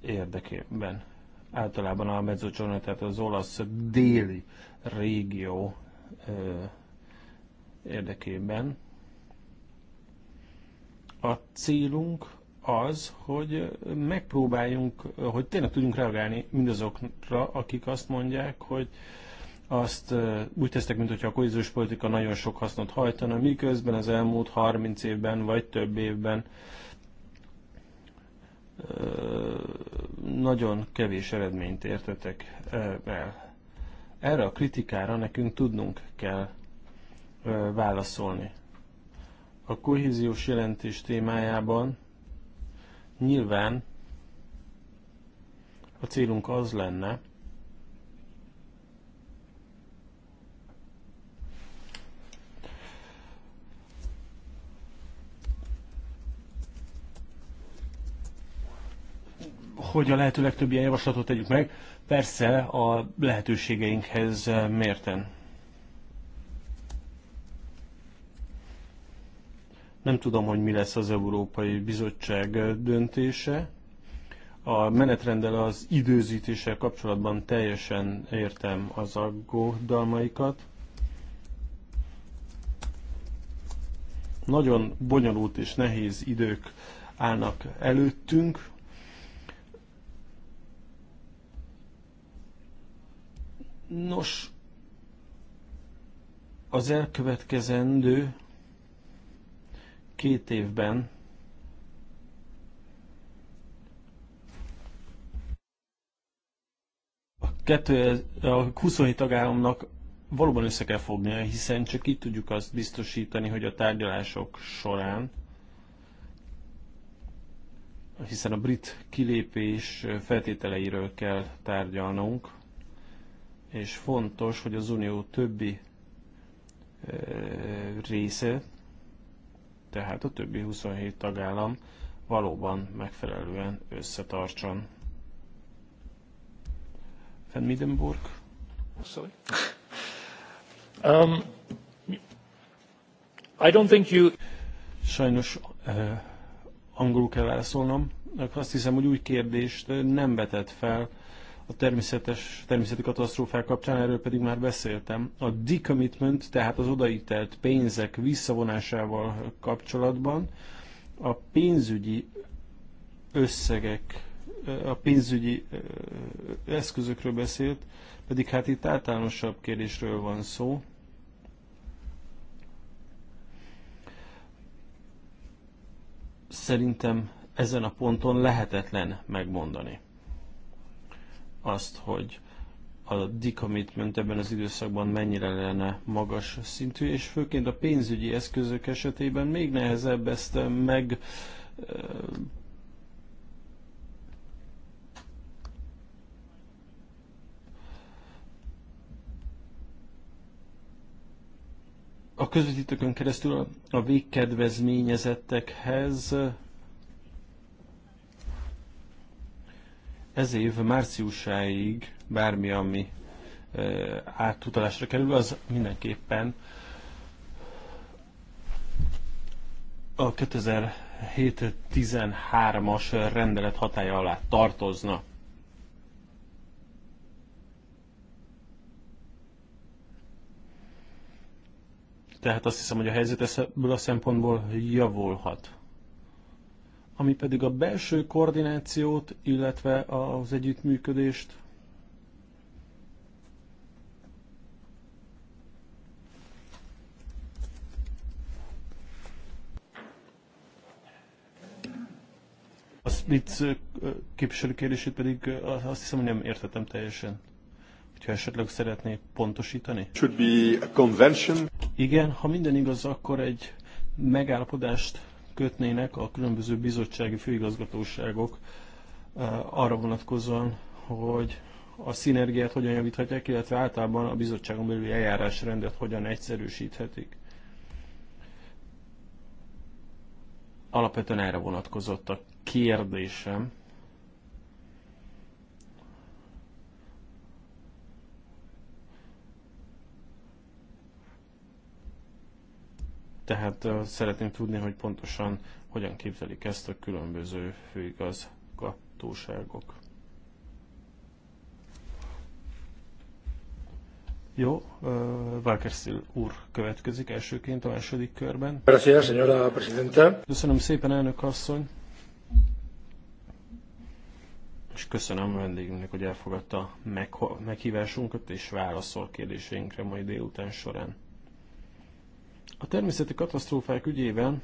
érdekében. Általában a mezzogiorno, tehát az olasz déli régió érdekében. A célunk az, hogy megpróbáljunk, hogy tényleg tudjunk reagálni mindazokra, akik azt mondják, hogy azt úgy tesztek, mintha a kohéziós politika nagyon sok hasznot hajtana, miközben az elmúlt 30 évben vagy több évben nagyon kevés eredményt értetek el. Erre a kritikára nekünk tudnunk kell válaszolni. A kohéziós jelentés témájában nyilván a célunk az lenne, hogy a lehető legtöbb ilyen javaslatot tegyük meg, persze a lehetőségeinkhez eh, mérten. Nem tudom, hogy mi lesz az Európai Bizottság eh, döntése. A menetrendel az időzítéssel kapcsolatban teljesen értem az aggódalmaikat. Nagyon bonyolult és nehéz idők állnak előttünk. Nos, az elkövetkezendő két évben a, kettő, a 27 tagállamnak valóban össze kell fognia, hiszen csak így tudjuk azt biztosítani, hogy a tárgyalások során hiszen a brit kilépés feltételeiről kell tárgyalnunk és fontos, hogy az Unió többi része, tehát a többi 27 tagállam valóban megfelelően összetartson. Van Middenburg? Sorry. Um, I don't think you... Sajnos uh, angolul kell válaszolnom. Azt hiszem, hogy új kérdést nem vetett fel, a természetes, természeti katasztrófák kapcsán, erről pedig már beszéltem. A decommitment, tehát az odaítelt pénzek visszavonásával kapcsolatban a pénzügyi összegek, a pénzügyi eszközökről beszélt, pedig hát itt általánosabb kérdésről van szó. Szerintem ezen a ponton lehetetlen megmondani azt, hogy a decommitment ebben az időszakban mennyire lenne magas szintű, és főként a pénzügyi eszközök esetében még nehezebb ezt eh, meg eh, a közvetítőkön keresztül a végkedvezményezettekhez ez év márciusáig bármi, ami átutalásra kerül, az mindenképpen a 2007-13-as rendelet hatája alá tartozna. Tehát azt hiszem, hogy a helyzet ebből a szempontból javulhat ami pedig a belső koordinációt, illetve az együttműködést A Split képviselő kérdését pedig azt hiszem, hogy nem értettem teljesen. Hogyha esetleg szeretné pontosítani. Should be a convention. Igen, ha minden igaz, akkor egy megállapodást kötnének a különböző bizottsági főigazgatóságok eh, arra vonatkozóan, hogy a szinergiát hogyan javíthatják, illetve általában a bizottságon belüli eljárásrendet hogyan egyszerűsíthetik. Alapvetően erre vonatkozott a kérdésem. Tehát szeretném tudni, hogy pontosan hogyan képzelik ezt a különböző főigazgatóságok. Jó, Valkerszil úr következik elsőként a második körben. Köszönöm szépen, elnök asszony. És köszönöm a vendégünknek, hogy elfogadta meghívásunkat és válaszol kérdéseinkre mai délután során. A természeti katasztrófák ügyében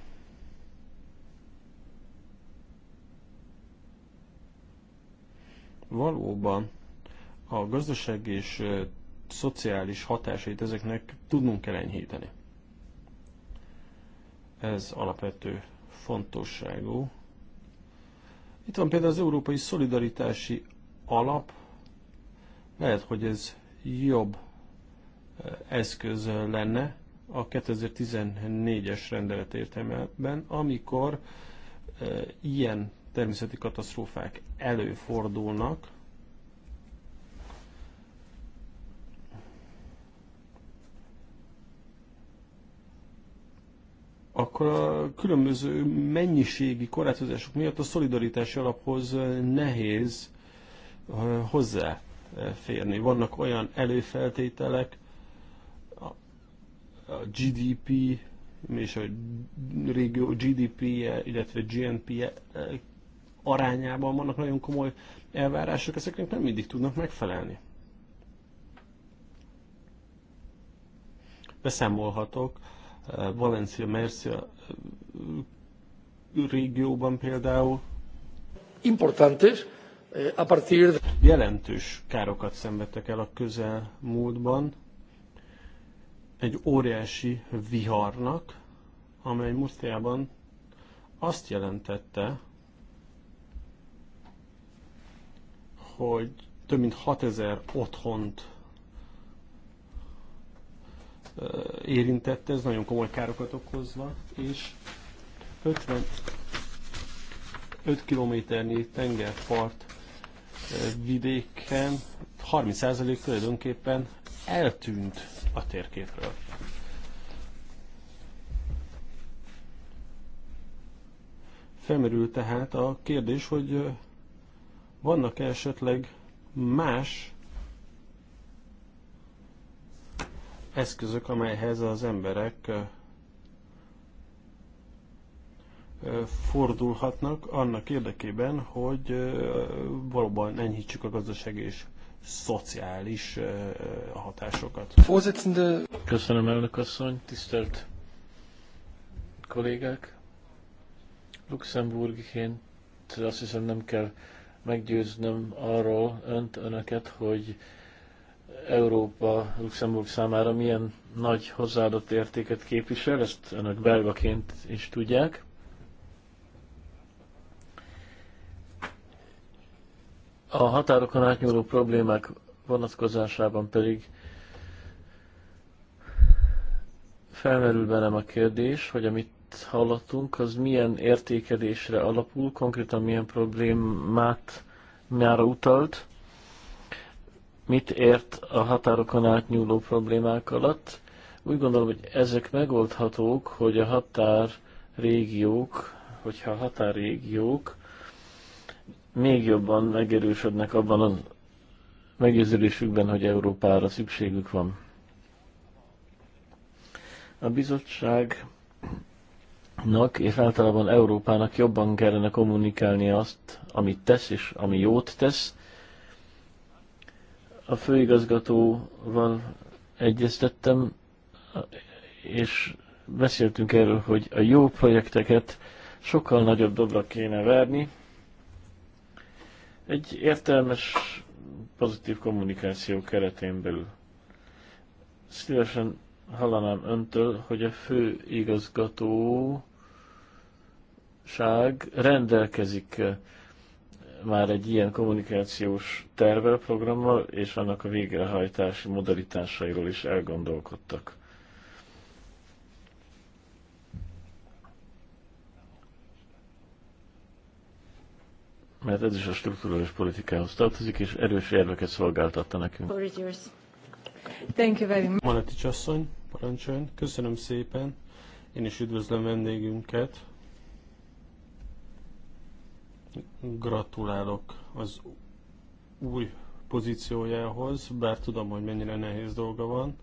valóban a gazdaság és szociális hatásait ezeknek tudnunk kell enyhíteni. Ez alapvető fontosságú. Itt van például az Európai Szolidaritási Alap. Lehet, hogy ez jobb eszköz lenne, a 2014-es rendelet értelmében, amikor e, ilyen természeti katasztrófák előfordulnak, akkor a különböző mennyiségi korlátozások miatt a szolidaritási alaphoz nehéz e, hozzáférni. E, Vannak olyan előfeltételek, a GDP és a régió gdp -je, illetve GNP -je arányában vannak nagyon komoly elvárások, ezeknek nem mindig tudnak megfelelni. Beszámolhatok eh, Valencia, Mercia eh, régióban például importantes eh, a partir de... Jelentős károkat szenvedtek el a közelmúltban, egy óriási viharnak, amely Murciában azt jelentette, hogy több mint 6000 otthont érintette, ez nagyon komoly károkat okozva, és 55 kilométernyi tengerpart vidéken 30% tulajdonképpen eltűnt a térképről. Felmerül tehát a kérdés, hogy vannak-e esetleg más eszközök, amelyhez az emberek fordulhatnak annak érdekében, hogy valóban enyhítsük a gazdasági és szociális hatásokat. Köszönöm, elnök asszony, tisztelt kollégák. Luxemburgiként azt hiszem nem kell meggyőznöm arról önt, önöket, hogy Európa Luxemburg számára milyen nagy hozzáadott értéket képvisel, ezt önök belgaként is tudják. A határokon átnyúló problémák vonatkozásában pedig felmerül velem a kérdés, hogy amit hallottunk, az milyen értékelésre alapul, konkrétan milyen problémát már utalt, mit ért a határokon átnyúló problémák alatt. Úgy gondolom, hogy ezek megoldhatók, hogy a határ régiók, hogyha a határrégiók még jobban megerősödnek abban a meggyőződésükben, hogy Európára szükségük van. A bizottságnak és általában Európának jobban kellene kommunikálni azt, amit tesz és ami jót tesz. A főigazgatóval egyeztettem, és beszéltünk erről, hogy a jó projekteket sokkal nagyobb dobra kéne verni, egy értelmes, pozitív kommunikáció keretén belül. Szívesen hallanám öntől, hogy a fő igazgató ság rendelkezik eh, már egy ilyen kommunikációs tervel, programmal, és annak a végrehajtási modalitásairól is elgondolkodtak. mert ez is a strukturális politikához tartozik, és erős érveket szolgáltatta nekünk. Thank you very much. Maletics asszony, parancsoljon. Köszönöm szépen. Én is üdvözlöm vendégünket. Gratulálok az új pozíciójához, bár tudom, hogy mennyire nehéz dolga van.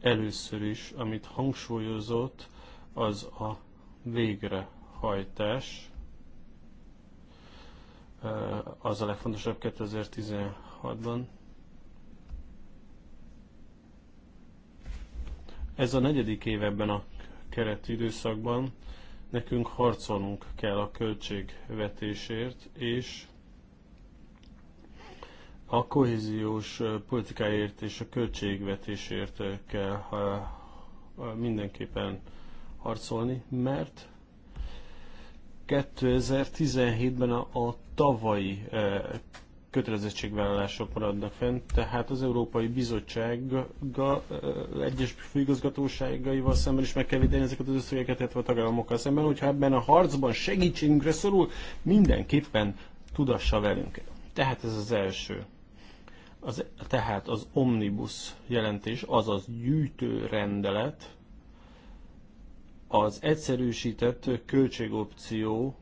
Először is, amit hangsúlyozott, az a végre hajtás. az a legfontosabb 2016-ban. Ez a negyedik év ebben a kereti időszakban. Nekünk harcolnunk kell a költségvetésért, és a kohéziós politikáért és a költségvetésért kell mindenképpen harcolni, mert 2017-ben a, a tavalyi e, kötelezettségvállalások maradnak fent, tehát az Európai Bizottsággal, e, egyes főigazgatóságaival szemben is meg kell védeni ezeket az összegeket, illetve a tagállamokkal szemben, hogyha ebben a harcban segítségünkre szorul, mindenképpen tudassa velünk. Tehát ez az első. Az, tehát az omnibus jelentés, azaz gyűjtő rendelet, az egyszerűsített költségopció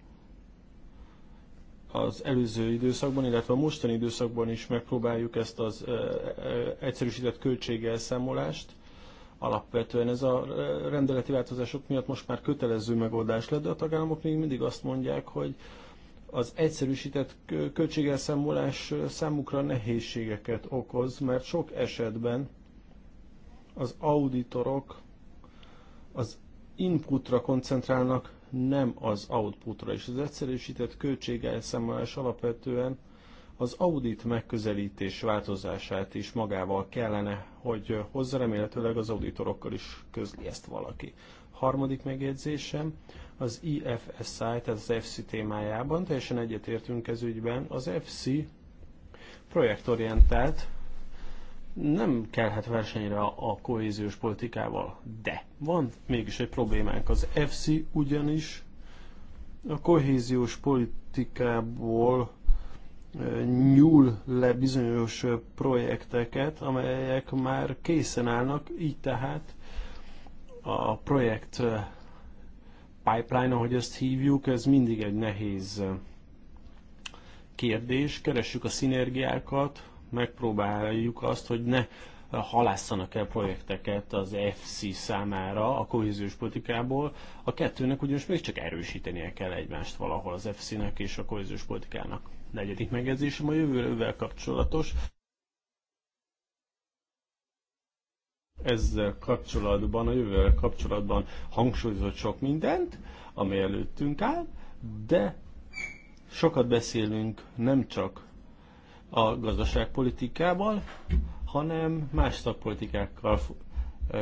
az előző időszakban, illetve a mostani időszakban is megpróbáljuk ezt az egyszerűsített költségelszámolást. Alapvetően ez a rendeleti változások miatt most már kötelező megoldás lett, de a tagállamok még mindig azt mondják, hogy az egyszerűsített költségelszámolás számukra nehézségeket okoz, mert sok esetben az auditorok az inputra koncentrálnak, nem az outputra, és az egyszerűsített költségelszámolás alapvetően az audit megközelítés változását is magával kellene, hogy hozza, remélhetőleg az auditorokkal is közli ezt valaki. Harmadik megjegyzésem, az IFSI, tehát az FC témájában, teljesen egyetértünk ez ügyben, az FC projektorientált, nem kellhet versenyre a kohéziós politikával, de van mégis egy problémánk. Az FC ugyanis a kohéziós politikából nyúl le bizonyos projekteket, amelyek már készen állnak, így tehát a projekt pipeline, ahogy ezt hívjuk, ez mindig egy nehéz kérdés. Keressük a szinergiákat, megpróbáljuk azt, hogy ne halásszanak el projekteket az FC számára a kohéziós politikából. A kettőnek ugyanis még csak erősítenie kell egymást valahol az FC-nek és a kohéziós politikának. Negyedik megjegyzésem a jövővel kapcsolatos. Ezzel kapcsolatban, a jövővel kapcsolatban hangsúlyozott sok mindent, ami előttünk áll, de sokat beszélünk nem csak a gazdaságpolitikával, hanem más szakpolitikákkal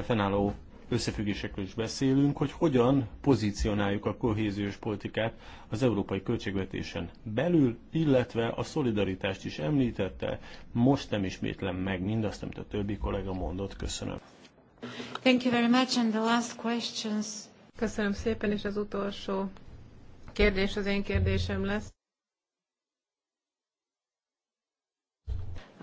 fennálló összefüggésekről is beszélünk, hogy hogyan pozícionáljuk a kohéziós politikát az európai költségvetésen belül, illetve a szolidaritást is említette. Most nem ismétlem meg mindazt, amit a többi kollega mondott. Köszönöm. Thank you very much. And the last questions. Köszönöm szépen, és az utolsó kérdés az én kérdésem lesz.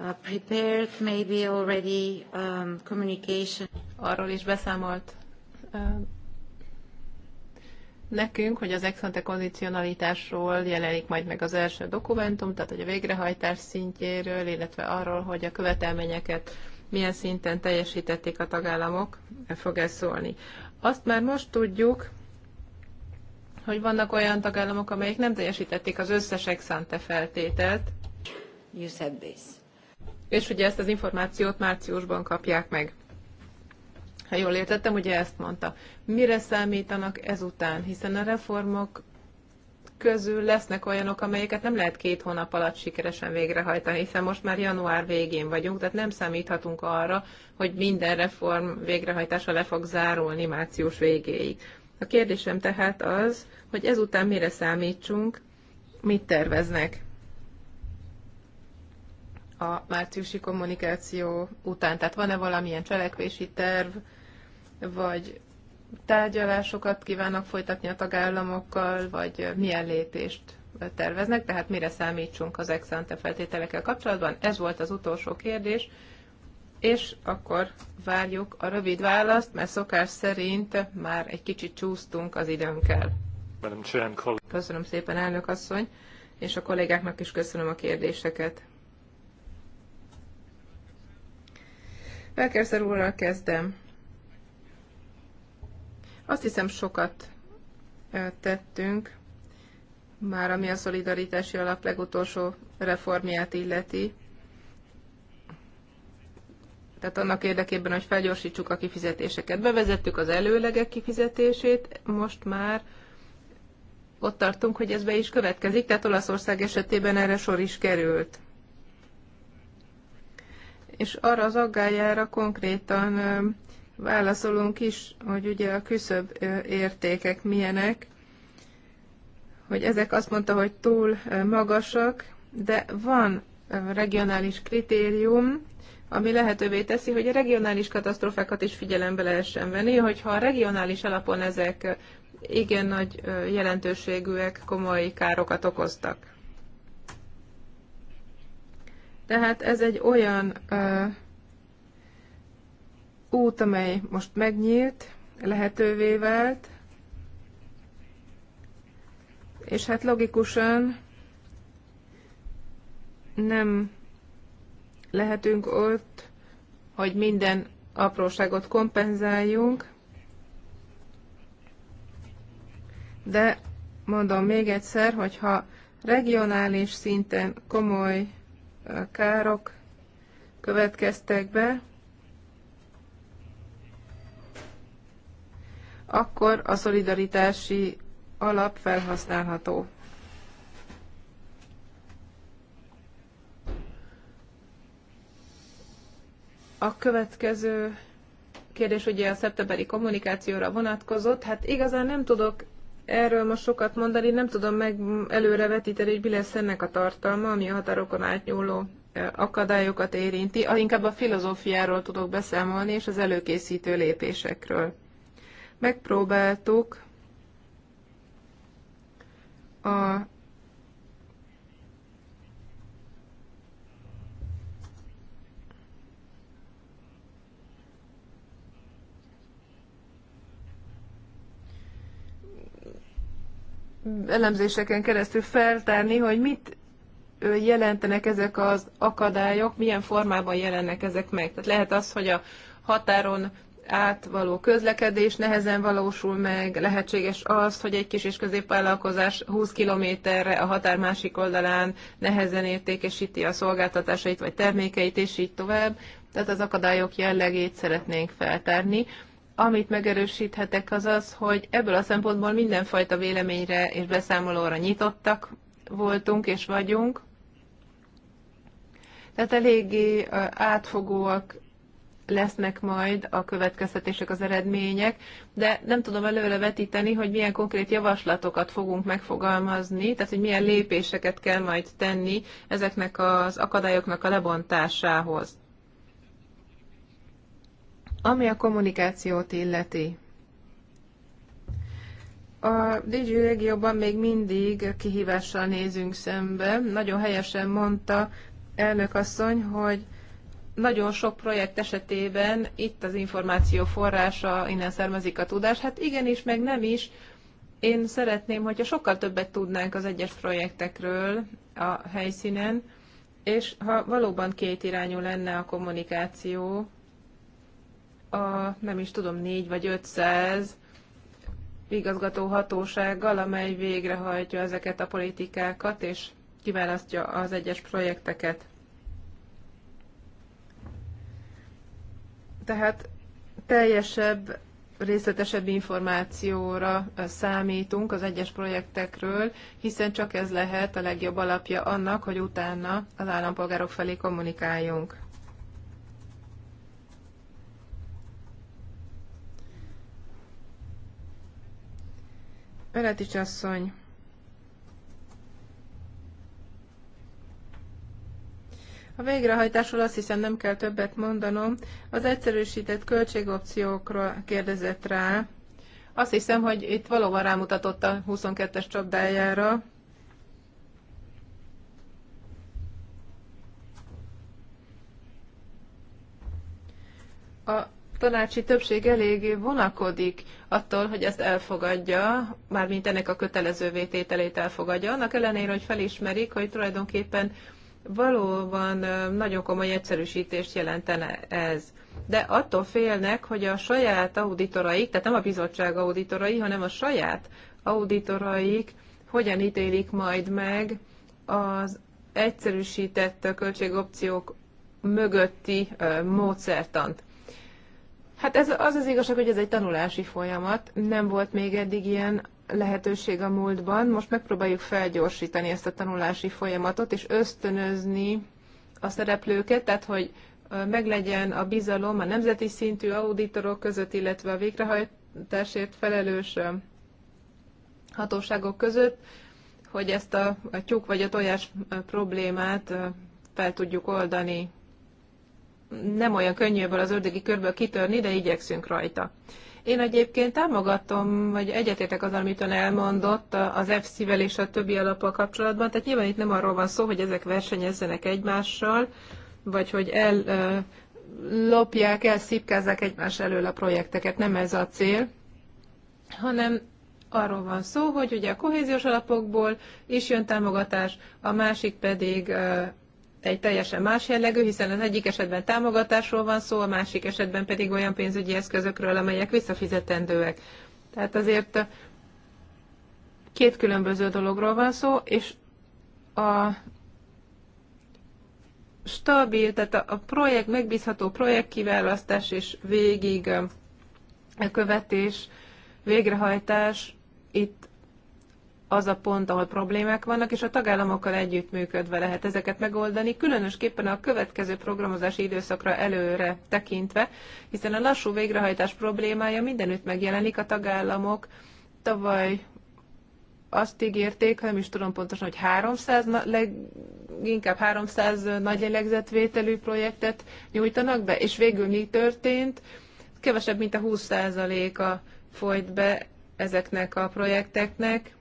Uh, prepared maybe already um, communication. Arról is beszámolt um, nekünk, hogy az ex-ante kondicionalitásról jelenik majd meg az első dokumentum, tehát hogy a végrehajtás szintjéről, illetve arról, hogy a követelményeket milyen szinten teljesítették a tagállamok, fog ez szólni. Azt már most tudjuk, hogy vannak olyan tagállamok, amelyek nem teljesítették az összes ex-ante feltételt. You said this és ugye ezt az információt márciusban kapják meg. Ha jól értettem, ugye ezt mondta. Mire számítanak ezután? Hiszen a reformok közül lesznek olyanok, amelyeket nem lehet két hónap alatt sikeresen végrehajtani, hiszen most már január végén vagyunk, tehát nem számíthatunk arra, hogy minden reform végrehajtása le fog zárulni március végéig. A kérdésem tehát az, hogy ezután mire számítsunk, mit terveznek a márciusi kommunikáció után? Tehát van-e valamilyen cselekvési terv, vagy tárgyalásokat kívánnak folytatni a tagállamokkal, vagy milyen lépést terveznek, tehát mire számítsunk az ex ante feltételekkel kapcsolatban? Ez volt az utolsó kérdés, és akkor várjuk a rövid választ, mert szokás szerint már egy kicsit csúsztunk az időnkkel. Köszönöm szépen, elnök asszony, és a kollégáknak is köszönöm a kérdéseket. Elkerszer úrral kezdem. Azt hiszem sokat tettünk, már ami a szolidaritási alap legutolsó reformját illeti. Tehát annak érdekében, hogy felgyorsítsuk a kifizetéseket. Bevezettük az előlegek kifizetését, most már ott tartunk, hogy ez be is következik, tehát Olaszország esetében erre sor is került és arra az aggájára konkrétan válaszolunk is, hogy ugye a küszöbb értékek milyenek, hogy ezek azt mondta, hogy túl magasak, de van regionális kritérium, ami lehetővé teszi, hogy a regionális katasztrófákat is figyelembe lehessen venni, hogyha a regionális alapon ezek igen nagy jelentőségűek, komoly károkat okoztak. Tehát ez egy olyan ö, út, amely most megnyílt, lehetővé vált, és hát logikusan nem lehetünk ott, hogy minden apróságot kompenzáljunk, de mondom még egyszer, hogyha regionális szinten komoly károk következtek be, akkor a szolidaritási alap felhasználható. A következő kérdés ugye a szeptemberi kommunikációra vonatkozott. Hát igazán nem tudok erről most sokat mondani, nem tudom meg előrevetíteni, hogy mi lesz ennek a tartalma, ami a határokon átnyúló akadályokat érinti, inkább a filozófiáról tudok beszámolni, és az előkészítő lépésekről. Megpróbáltuk a elemzéseken keresztül feltárni, hogy mit jelentenek ezek az akadályok, milyen formában jelennek ezek meg. Tehát lehet az, hogy a határon átvaló közlekedés nehezen valósul meg, lehetséges az, hogy egy kis és középvállalkozás 20 kilométerre a határ másik oldalán nehezen értékesíti a szolgáltatásait vagy termékeit, és így tovább. Tehát az akadályok jellegét szeretnénk feltárni. Amit megerősíthetek az az, hogy ebből a szempontból mindenfajta véleményre és beszámolóra nyitottak voltunk és vagyunk. Tehát eléggé átfogóak lesznek majd a következtetések, az eredmények, de nem tudom előre vetíteni, hogy milyen konkrét javaslatokat fogunk megfogalmazni, tehát hogy milyen lépéseket kell majd tenni ezeknek az akadályoknak a lebontásához. Ami a kommunikációt illeti, a DG régióban még mindig kihívással nézünk szembe. Nagyon helyesen mondta asszony, hogy nagyon sok projekt esetében itt az információ forrása, innen származik a tudás. Hát igenis, meg nem is. Én szeretném, hogyha sokkal többet tudnánk az egyes projektekről a helyszínen, és ha valóban kétirányú lenne a kommunikáció, a, nem is tudom, 4 vagy 500 igazgató hatósággal, amely végrehajtja ezeket a politikákat, és kiválasztja az egyes projekteket. Tehát teljesebb, részletesebb információra számítunk az egyes projektekről, hiszen csak ez lehet a legjobb alapja annak, hogy utána az állampolgárok felé kommunikáljunk. Peletics asszony. A végrehajtásról azt hiszem nem kell többet mondanom. Az egyszerűsített költségopciókról kérdezett rá. Azt hiszem, hogy itt valóban rámutatott a 22-es csapdájára. A tanácsi többség eléggé vonakodik attól, hogy ezt elfogadja, mármint ennek a kötelező vétételét elfogadja, annak ellenére, hogy felismerik, hogy tulajdonképpen valóban nagyon komoly egyszerűsítést jelentene ez. De attól félnek, hogy a saját auditoraik, tehát nem a bizottság auditorai, hanem a saját auditoraik hogyan ítélik majd meg az egyszerűsített költségopciók mögötti módszertant. Hát ez, az az igazság, hogy ez egy tanulási folyamat. Nem volt még eddig ilyen lehetőség a múltban. Most megpróbáljuk felgyorsítani ezt a tanulási folyamatot, és ösztönözni a szereplőket, tehát hogy meglegyen a bizalom a nemzeti szintű auditorok között, illetve a végrehajtásért felelős hatóságok között, hogy ezt a, tyúk vagy a tojás problémát fel tudjuk oldani nem olyan könnyű ebből az ördögi körből kitörni, de igyekszünk rajta. Én egyébként támogatom, vagy egyetétek azzal, amit ön elmondott az EFSZ-vel és a többi alappal kapcsolatban. Tehát nyilván itt nem arról van szó, hogy ezek versenyezzenek egymással, vagy hogy el lopják, szipkázzák egymás elől a projekteket. Nem ez a cél, hanem arról van szó, hogy ugye a kohéziós alapokból is jön támogatás, a másik pedig egy teljesen más jellegű, hiszen az egyik esetben támogatásról van szó, a másik esetben pedig olyan pénzügyi eszközökről, amelyek visszafizetendőek. Tehát azért két különböző dologról van szó, és a stabil, tehát a projekt, megbízható projektkiválasztás és végig követés, végrehajtás az a pont, ahol problémák vannak, és a tagállamokkal együttműködve lehet ezeket megoldani, különösképpen a következő programozási időszakra előre tekintve, hiszen a lassú végrehajtás problémája mindenütt megjelenik, a tagállamok tavaly azt ígérték, nem is tudom pontosan, hogy 300, leginkább 300 nagy lélegzetvételű projektet nyújtanak be, és végül mi történt? Kevesebb, mint a 20%-a folyt be ezeknek a projekteknek,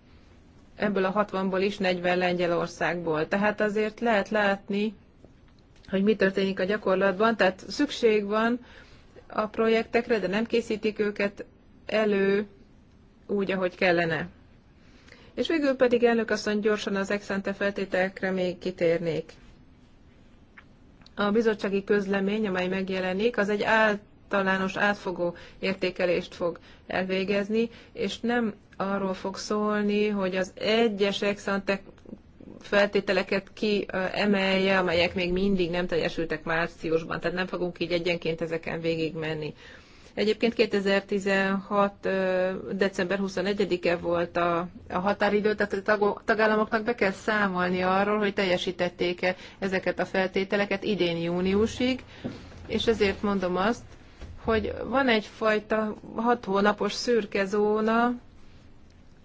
ebből a 60-ból is 40 Lengyelországból. Tehát azért lehet látni, hogy mi történik a gyakorlatban. Tehát szükség van a projektekre, de nem készítik őket elő úgy, ahogy kellene. És végül pedig elnök asszony gyorsan az exante feltételekre még kitérnék. A bizottsági közlemény, amely megjelenik, az egy általános átfogó értékelést fog elvégezni, és nem arról fog szólni, hogy az egyes exante feltételeket kiemelje, amelyek még mindig nem teljesültek márciusban, tehát nem fogunk így egyenként ezeken végigmenni. Egyébként 2016. december 21-e volt a, a határidő, tehát a tagállamoknak be kell számolni arról, hogy teljesítették-e ezeket a feltételeket idén júniusig, és ezért mondom azt, hogy van egyfajta hat hónapos szürke zóna,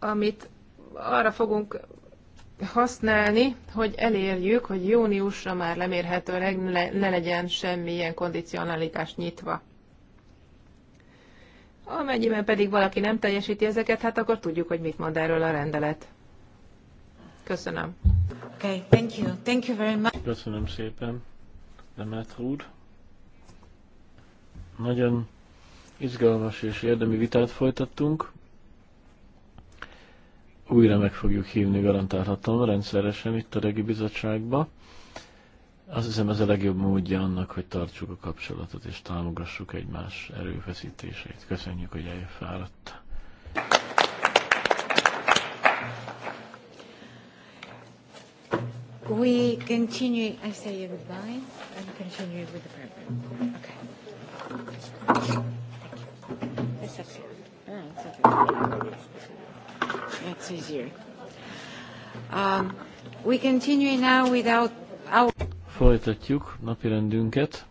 amit arra fogunk használni, hogy elérjük, hogy júniusra már lemérhetőleg ne legyen semmilyen kondicionalitás nyitva. Amennyiben pedig valaki nem teljesíti ezeket, hát akkor tudjuk, hogy mit mond erről a rendelet. Köszönöm. Okay, thank you. Thank you very much. Köszönöm szépen, Demet úr. Nagyon izgalmas és érdemi vitát folytattunk újra meg fogjuk hívni garantálhatom rendszeresen itt a regi bizottságba. Azt hiszem ez a legjobb módja annak, hogy tartsuk a kapcsolatot és támogassuk egymás erőfeszítéseit. Köszönjük, hogy eljött We continue, I say goodbye and continue with the program. Okay. Thank you. It's okay. Oh, it's okay. That's easier. Um, we continue now without our... Folytatjuk napirendünket.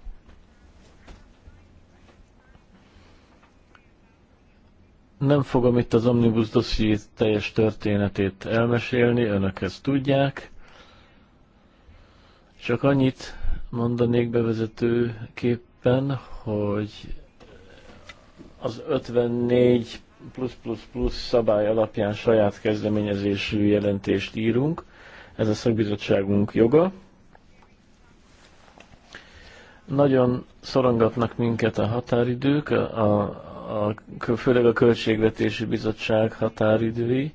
Nem fogom itt az Omnibus dosszié teljes történetét elmesélni, önök ezt tudják. Csak annyit mondanék bevezetőképpen, hogy az 54 plusz plusz plusz szabály alapján saját kezdeményezésű jelentést írunk. Ez a szakbizottságunk joga. Nagyon szorongatnak minket a határidők, a, a, főleg a Költségvetési Bizottság határidői,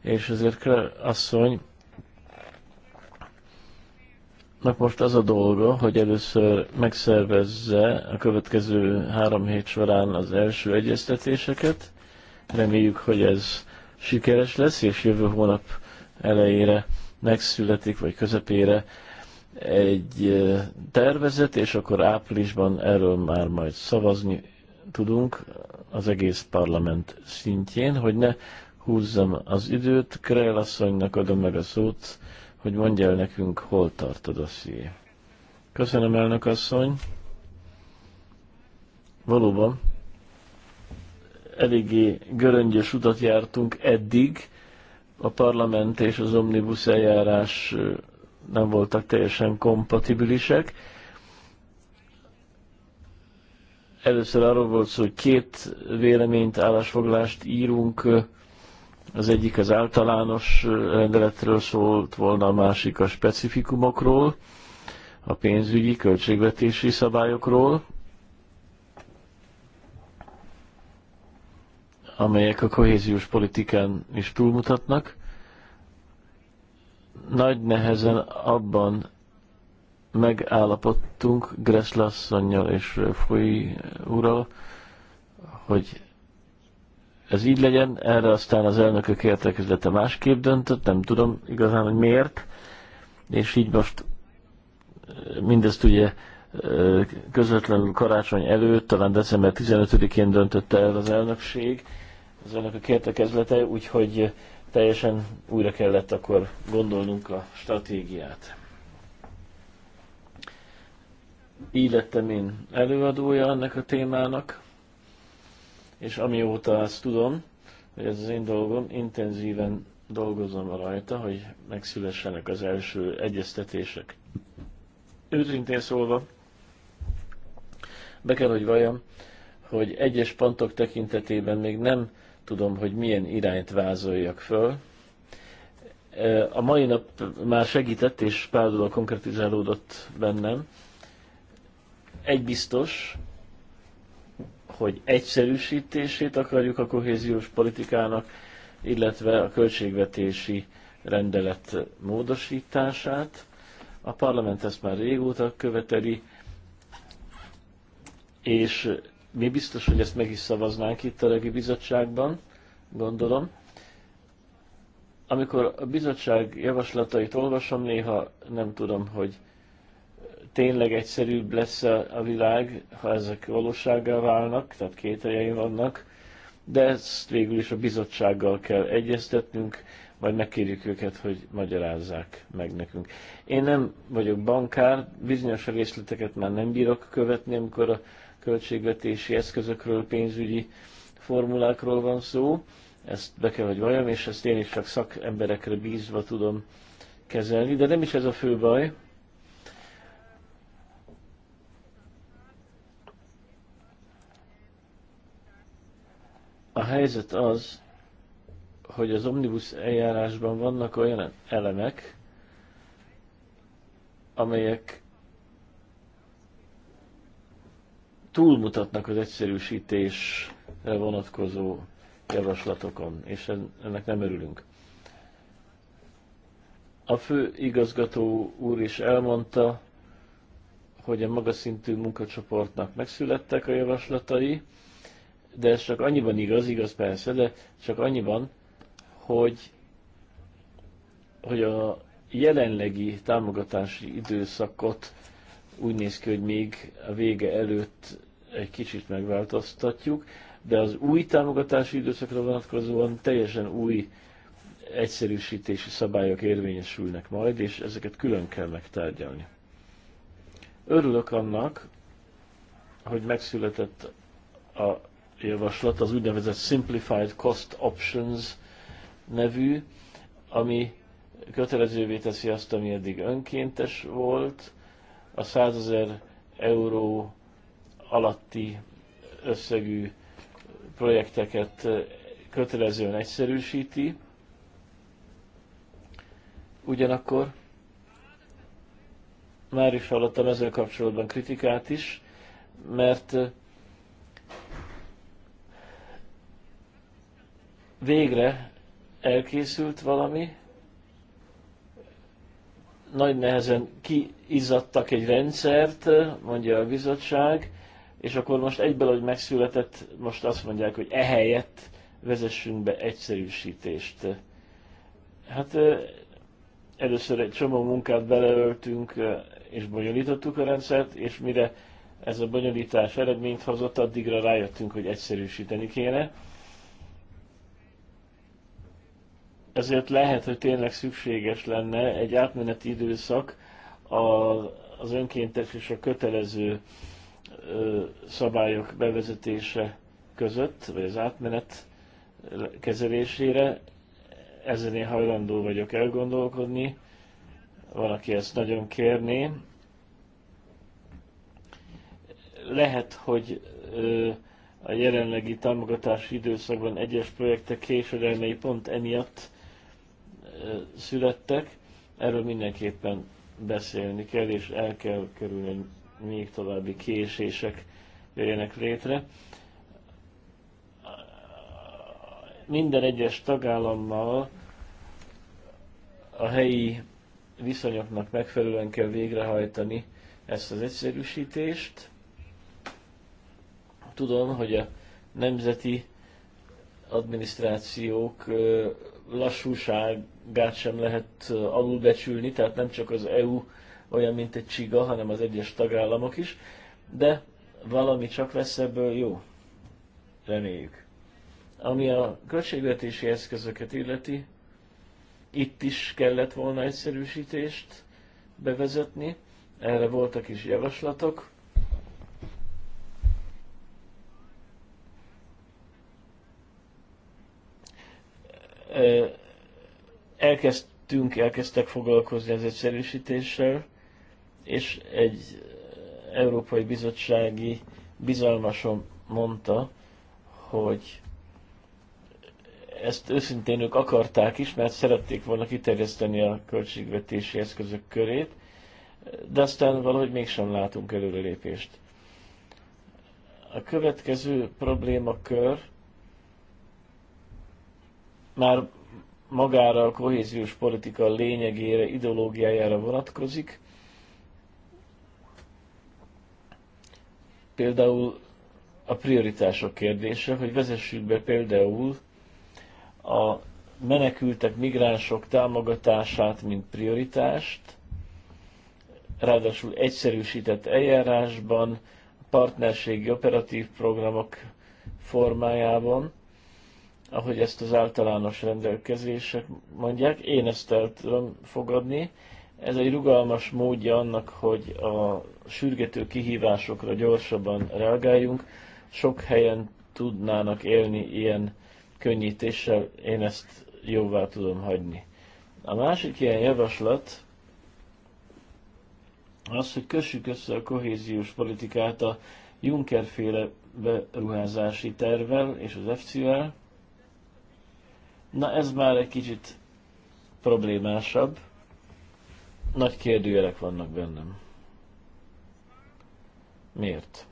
és ezért asszony Na most az a dolga, hogy először megszervezze a következő három hét során az első egyeztetéseket, Reméljük, hogy ez sikeres lesz, és jövő hónap elejére megszületik, vagy közepére egy tervezet, és akkor áprilisban erről már majd szavazni tudunk az egész parlament szintjén, hogy ne húzzam az időt. Krell asszonynak adom meg a szót, hogy mondja el nekünk, hol tart a dosszié. Köszönöm, elnök asszony. Valóban, eléggé göröngyös utat jártunk eddig, a parlament és az omnibus eljárás nem voltak teljesen kompatibilisek. Először arról volt szó, hogy két véleményt, állásfoglást írunk, az egyik az általános rendeletről szólt volna, a másik a specifikumokról, a pénzügyi, költségvetési szabályokról, amelyek a kohéziós politikán is túlmutatnak. Nagy nehezen abban megállapodtunk Gresslasszonynal és Fui úrral, hogy ez így legyen, erre aztán az elnökök értekezlete másképp döntött, nem tudom igazán, hogy miért, és így most eh, mindezt ugye eh, közvetlenül karácsony előtt, talán december 15-én döntötte el az elnökség, az a kértekezlete, úgyhogy eh, teljesen újra kellett akkor gondolnunk a stratégiát. Így lettem én előadója ennek a témának, és amióta azt tudom, hogy ez az én dolgom, intenzíven dolgozom rajta, hogy megszülessenek az első egyeztetések. Őszintén szólva, be kell, hogy valljam, hogy egyes pontok tekintetében még nem tudom, hogy milyen irányt vázoljak föl. A mai nap már segített, és pár dolog konkretizálódott bennem. Egy biztos, hogy egyszerűsítését akarjuk a kohéziós politikának, illetve a költségvetési rendelet módosítását. A parlament ezt már régóta követeli, és mi biztos, hogy ezt meg is szavaznánk itt a regi bizottságban, gondolom. Amikor a bizottság javaslatait olvasom, néha nem tudom, hogy tényleg egyszerűbb lesz a világ, ha ezek valósággal válnak, tehát kételjeim vannak, de ezt végül is a bizottsággal kell egyeztetnünk, majd megkérjük őket, hogy magyarázzák meg nekünk. Én nem vagyok bankár, bizonyos részleteket már nem bírok követni, amikor a költségvetési eszközökről, pénzügyi formulákról van szó. Ezt be kell, hogy valljam, és ezt én is csak szakemberekre bízva tudom kezelni, de nem is ez a fő baj. A helyzet az, hogy az omnibus eljárásban vannak olyan elemek, amelyek túlmutatnak az egyszerűsítésre vonatkozó javaslatokon, és ennek nem örülünk. A fő igazgató úr is elmondta, hogy a magas szintű munkacsoportnak megszülettek a javaslatai, de ez csak annyiban igaz, igaz persze, de csak annyiban, hogy, hogy a jelenlegi támogatási időszakot úgy néz ki, hogy még a vége előtt egy kicsit megváltoztatjuk, de az új támogatási időszakra vonatkozóan teljesen új egyszerűsítési szabályok érvényesülnek majd, és ezeket külön kell megtárgyalni. Örülök annak, hogy megszületett a javaslat, az úgynevezett Simplified Cost Options nevű, ami kötelezővé teszi azt, ami eddig önkéntes volt, a 100 ezer euró alatti összegű projekteket kötelezően egyszerűsíti, ugyanakkor már is hallottam ezzel kapcsolatban kritikát is, mert végre elkészült valami, nagy nehezen kiizzadtak egy rendszert, mondja a bizottság, és akkor most egyből, hogy megszületett, most azt mondják, hogy ehelyett vezessünk be egyszerűsítést. Hát először egy csomó munkát beleöltünk, és bonyolítottuk a rendszert, és mire ez a bonyolítás eredményt hozott, addigra rájöttünk, hogy egyszerűsíteni kéne ezért lehet, hogy tényleg szükséges lenne egy átmeneti időszak az önkéntes és a kötelező szabályok bevezetése között, vagy az átmenet kezelésére. Ezen én hajlandó vagyok elgondolkodni. Van, aki ezt nagyon kérné. Lehet, hogy a jelenlegi támogatási időszakban egyes projektek késedelmei pont emiatt születtek, erről mindenképpen beszélni kell, és el kell kerülni, hogy még további késések jöjjenek létre. Minden egyes tagállammal a helyi viszonyoknak megfelelően kell végrehajtani ezt az egyszerűsítést. Tudom, hogy a nemzeti adminisztrációk lassúság gát sem lehet alulbecsülni, tehát nem csak az EU olyan, mint egy csiga, hanem az egyes tagállamok is, de valami csak lesz ebből jó. Reméljük. Ami a költségvetési eszközöket illeti, itt is kellett volna egyszerűsítést bevezetni, erre voltak is javaslatok. Elkezdtünk, elkezdtek foglalkozni az egyszerűsítéssel, és egy eh, Európai Bizottsági bizalmasom mondta, hogy ezt őszintén ők akarták is, mert szerették volna kiterjeszteni a költségvetési eszközök körét, de aztán valahogy mégsem látunk előrelépést. A következő problémakör már magára a kohéziós politika lényegére, ideológiájára vonatkozik. Például a prioritások kérdése, hogy vezessük be például a menekültek, migránsok támogatását, mint prioritást, ráadásul egyszerűsített eljárásban, partnerségi operatív programok formájában, ahogy ezt az általános rendelkezések mondják. Én ezt el tudom fogadni. Ez egy rugalmas módja annak, hogy a sürgető kihívásokra gyorsabban reagáljunk. Sok helyen tudnának élni ilyen könnyítéssel, én ezt jóvá tudom hagyni. A másik ilyen javaslat az, hogy kössük össze a kohéziós politikát a Juncker féle beruházási tervvel és az FC-vel, Na ez már egy kicsit problémásabb. Nagy kérdőjelek vannak bennem. Miért?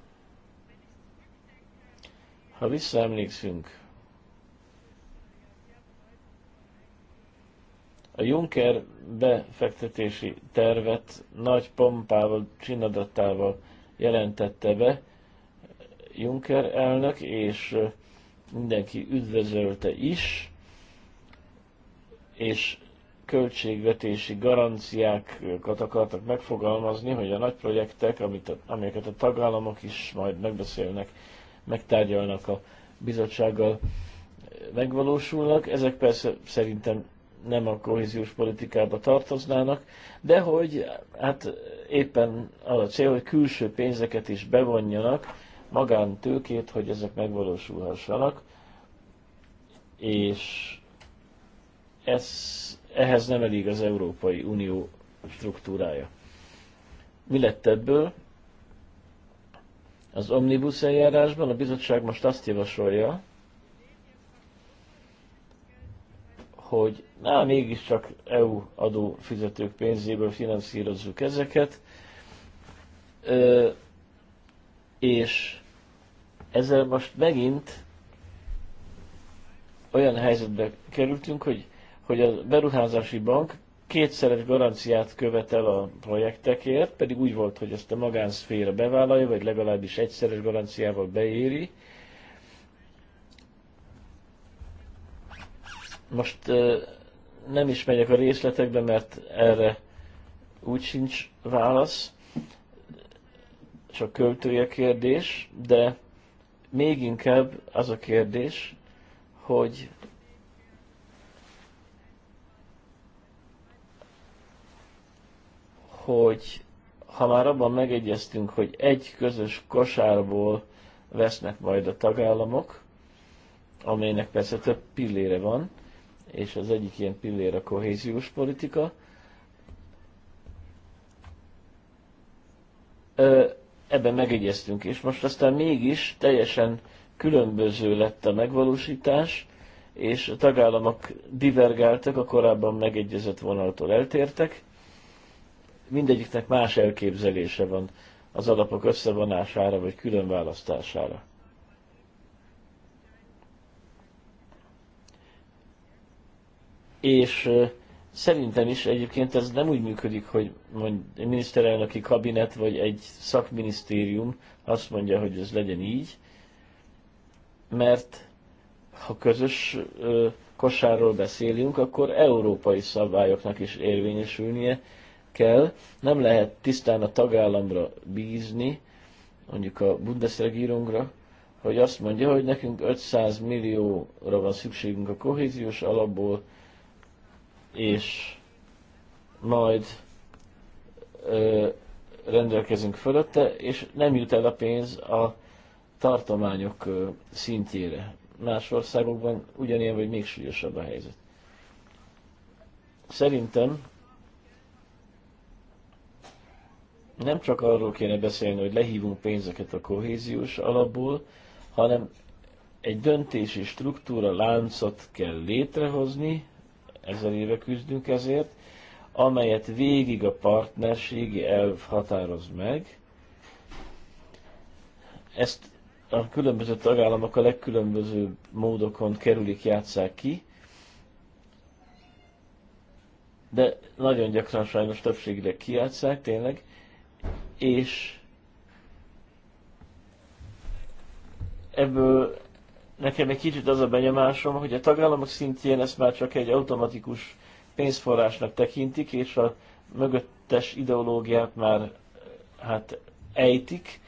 Ha visszaemlékszünk, a Juncker befektetési tervet nagy pompával, csinadattával jelentette be Juncker elnök, és mindenki üdvözölte is, és költségvetési garanciákat akartak megfogalmazni, hogy a nagy projektek, amit a, amelyeket a tagállamok is majd megbeszélnek, megtárgyalnak a bizottsággal, megvalósulnak. Ezek persze szerintem nem a kohéziós politikába tartoznának, de hogy hát éppen az a cél, hogy külső pénzeket is bevonjanak, magántőkét, hogy ezek megvalósulhassanak, és ez, ehhez nem elég az Európai Unió struktúrája. Mi lett ebből? Az omnibus eljárásban a bizottság most azt javasolja, hogy na, mégiscsak EU adófizetők pénzéből finanszírozzuk ezeket, ö, és ezzel most megint olyan helyzetbe kerültünk, hogy hogy a beruházási bank kétszeres garanciát követel a projektekért, pedig úgy volt, hogy ezt a magánszféra bevállalja, vagy legalábbis egyszeres garanciával beéri. Most nem is megyek a részletekbe, mert erre úgy sincs válasz, csak költője kérdés, de még inkább az a kérdés, hogy hogy ha már abban megegyeztünk, hogy egy közös kosárból vesznek majd a tagállamok, amelynek persze több pillére van, és az egyik ilyen pillér a kohéziós politika. Ebben megegyeztünk, és most aztán mégis teljesen különböző lett a megvalósítás, és a tagállamok divergáltak, a korábban megegyezett vonaltól eltértek, mindegyiknek más elképzelése van az alapok összevonására vagy különválasztására. És szerintem is egyébként ez nem úgy működik, hogy egy miniszterelnöki kabinet vagy egy szakminisztérium azt mondja, hogy ez legyen így, mert ha közös kosárról beszélünk, akkor európai szabályoknak is érvényesülnie kell, nem lehet tisztán a tagállamra bízni, mondjuk a Bundesregierungra, hogy azt mondja, hogy nekünk 500 millióra van szükségünk a kohéziós alapból, és majd ö, rendelkezünk fölötte, és nem jut el a pénz a tartományok ö, szintjére. Más országokban ugyanilyen vagy még súlyosabb a helyzet. Szerintem nem csak arról kéne beszélni, hogy lehívunk pénzeket a kohéziós alapból, hanem egy döntési struktúra láncot kell létrehozni, ezer éve küzdünk ezért, amelyet végig a partnerségi elv határoz meg. Ezt a különböző tagállamok a legkülönbözőbb módokon kerülik, játszák ki, de nagyon gyakran sajnos többségileg kiátszák tényleg, és ebből nekem egy kicsit az a benyomásom, hogy a tagállamok szintjén ezt már csak egy automatikus pénzforrásnak tekintik, és a mögöttes ideológiát már hát ejtik.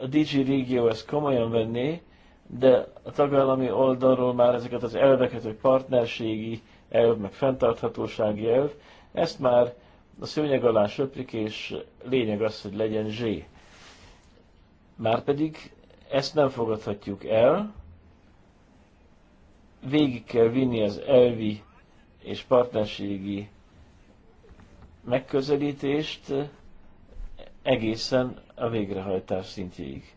A DG régió ezt komolyan venné, de a tagállami oldalról már ezeket az elveket, hogy partnerségi elv, meg fenntarthatósági elv, ezt már a szőnyeg alá söprik, és lényeg az, hogy legyen zsé. Márpedig ezt nem fogadhatjuk el, végig kell vinni az elvi és partnerségi megközelítést egészen a végrehajtás szintjéig.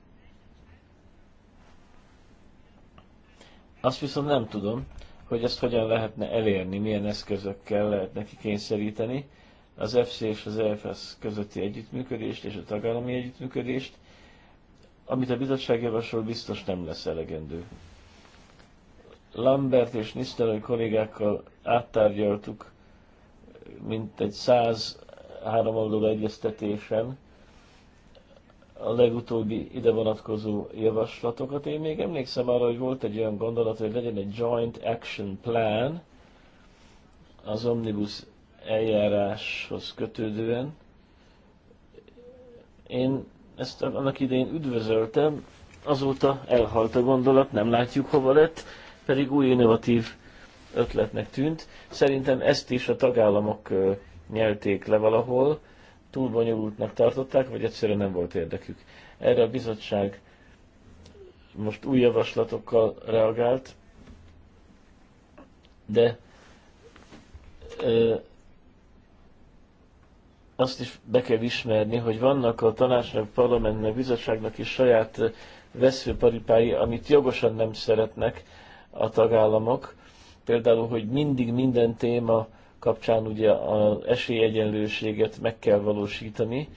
Azt viszont nem tudom, hogy ezt hogyan lehetne elérni, milyen eszközökkel lehet neki kényszeríteni, az FC és az EFS közötti együttműködést és a tagállami együttműködést, amit a bizottság javasol, biztos nem lesz elegendő. Lambert és Nisztelő kollégákkal áttárgyaltuk mint egy száz háromoldalú egyeztetésen a legutóbbi ide vonatkozó javaslatokat. Én még emlékszem arra, hogy volt egy olyan gondolat, hogy legyen egy joint action plan az Omnibus eljáráshoz kötődően. Én ezt annak idején üdvözöltem, azóta elhalt a gondolat, nem látjuk hova lett, pedig új innovatív ötletnek tűnt. Szerintem ezt is a tagállamok nyelték le valahol, túl bonyolultnak tartották, vagy egyszerűen nem volt érdekük. Erre a bizottság most új javaslatokkal reagált, de azt is be kell ismerni, hogy vannak a tanácsnak, parlamentnek, bizottságnak is saját veszőparipái, amit jogosan nem szeretnek a tagállamok. Például, hogy mindig minden téma kapcsán ugye az esélyegyenlőséget meg kell valósítani.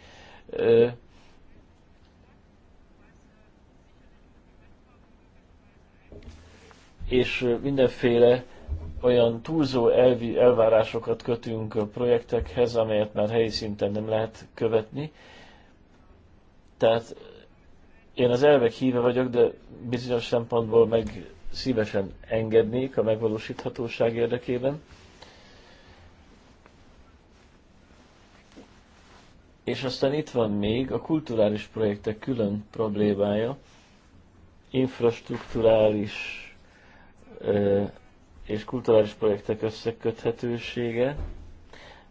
És mindenféle olyan túlzó elvi elvárásokat kötünk a projektekhez, amelyet már helyi szinten nem lehet követni. Tehát én az elvek híve vagyok, de bizonyos szempontból meg szívesen engednék a megvalósíthatóság érdekében. És aztán itt van még a kulturális projektek külön problémája, infrastruktúrális és kulturális projektek összeköthetősége.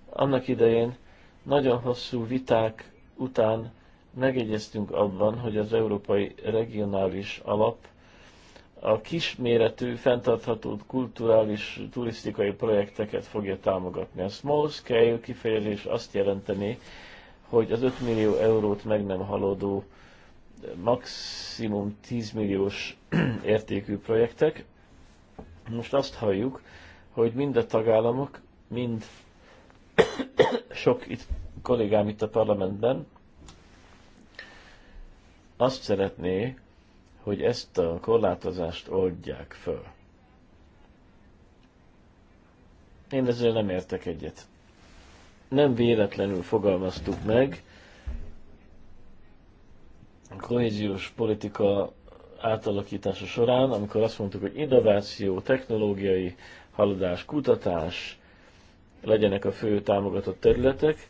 Annak idején nagyon hosszú viták után megegyeztünk abban, hogy az Európai Regionális Alap a kisméretű, fenntartható kulturális, turisztikai projekteket fogja támogatni. A small scale kifejezés azt jelenteni, hogy az 5 millió eurót meg nem haladó maximum 10 milliós <clears throat> értékű projektek, most azt halljuk, hogy mind a tagállamok, mind <coughs> sok itt kollégám itt a parlamentben azt szeretné, hogy ezt a korlátozást oldják föl. Én ezzel nem értek egyet. Nem véletlenül fogalmaztuk meg a kohéziós politika átalakítása során, amikor azt mondtuk, hogy innováció, technológiai haladás, kutatás legyenek a fő támogatott területek,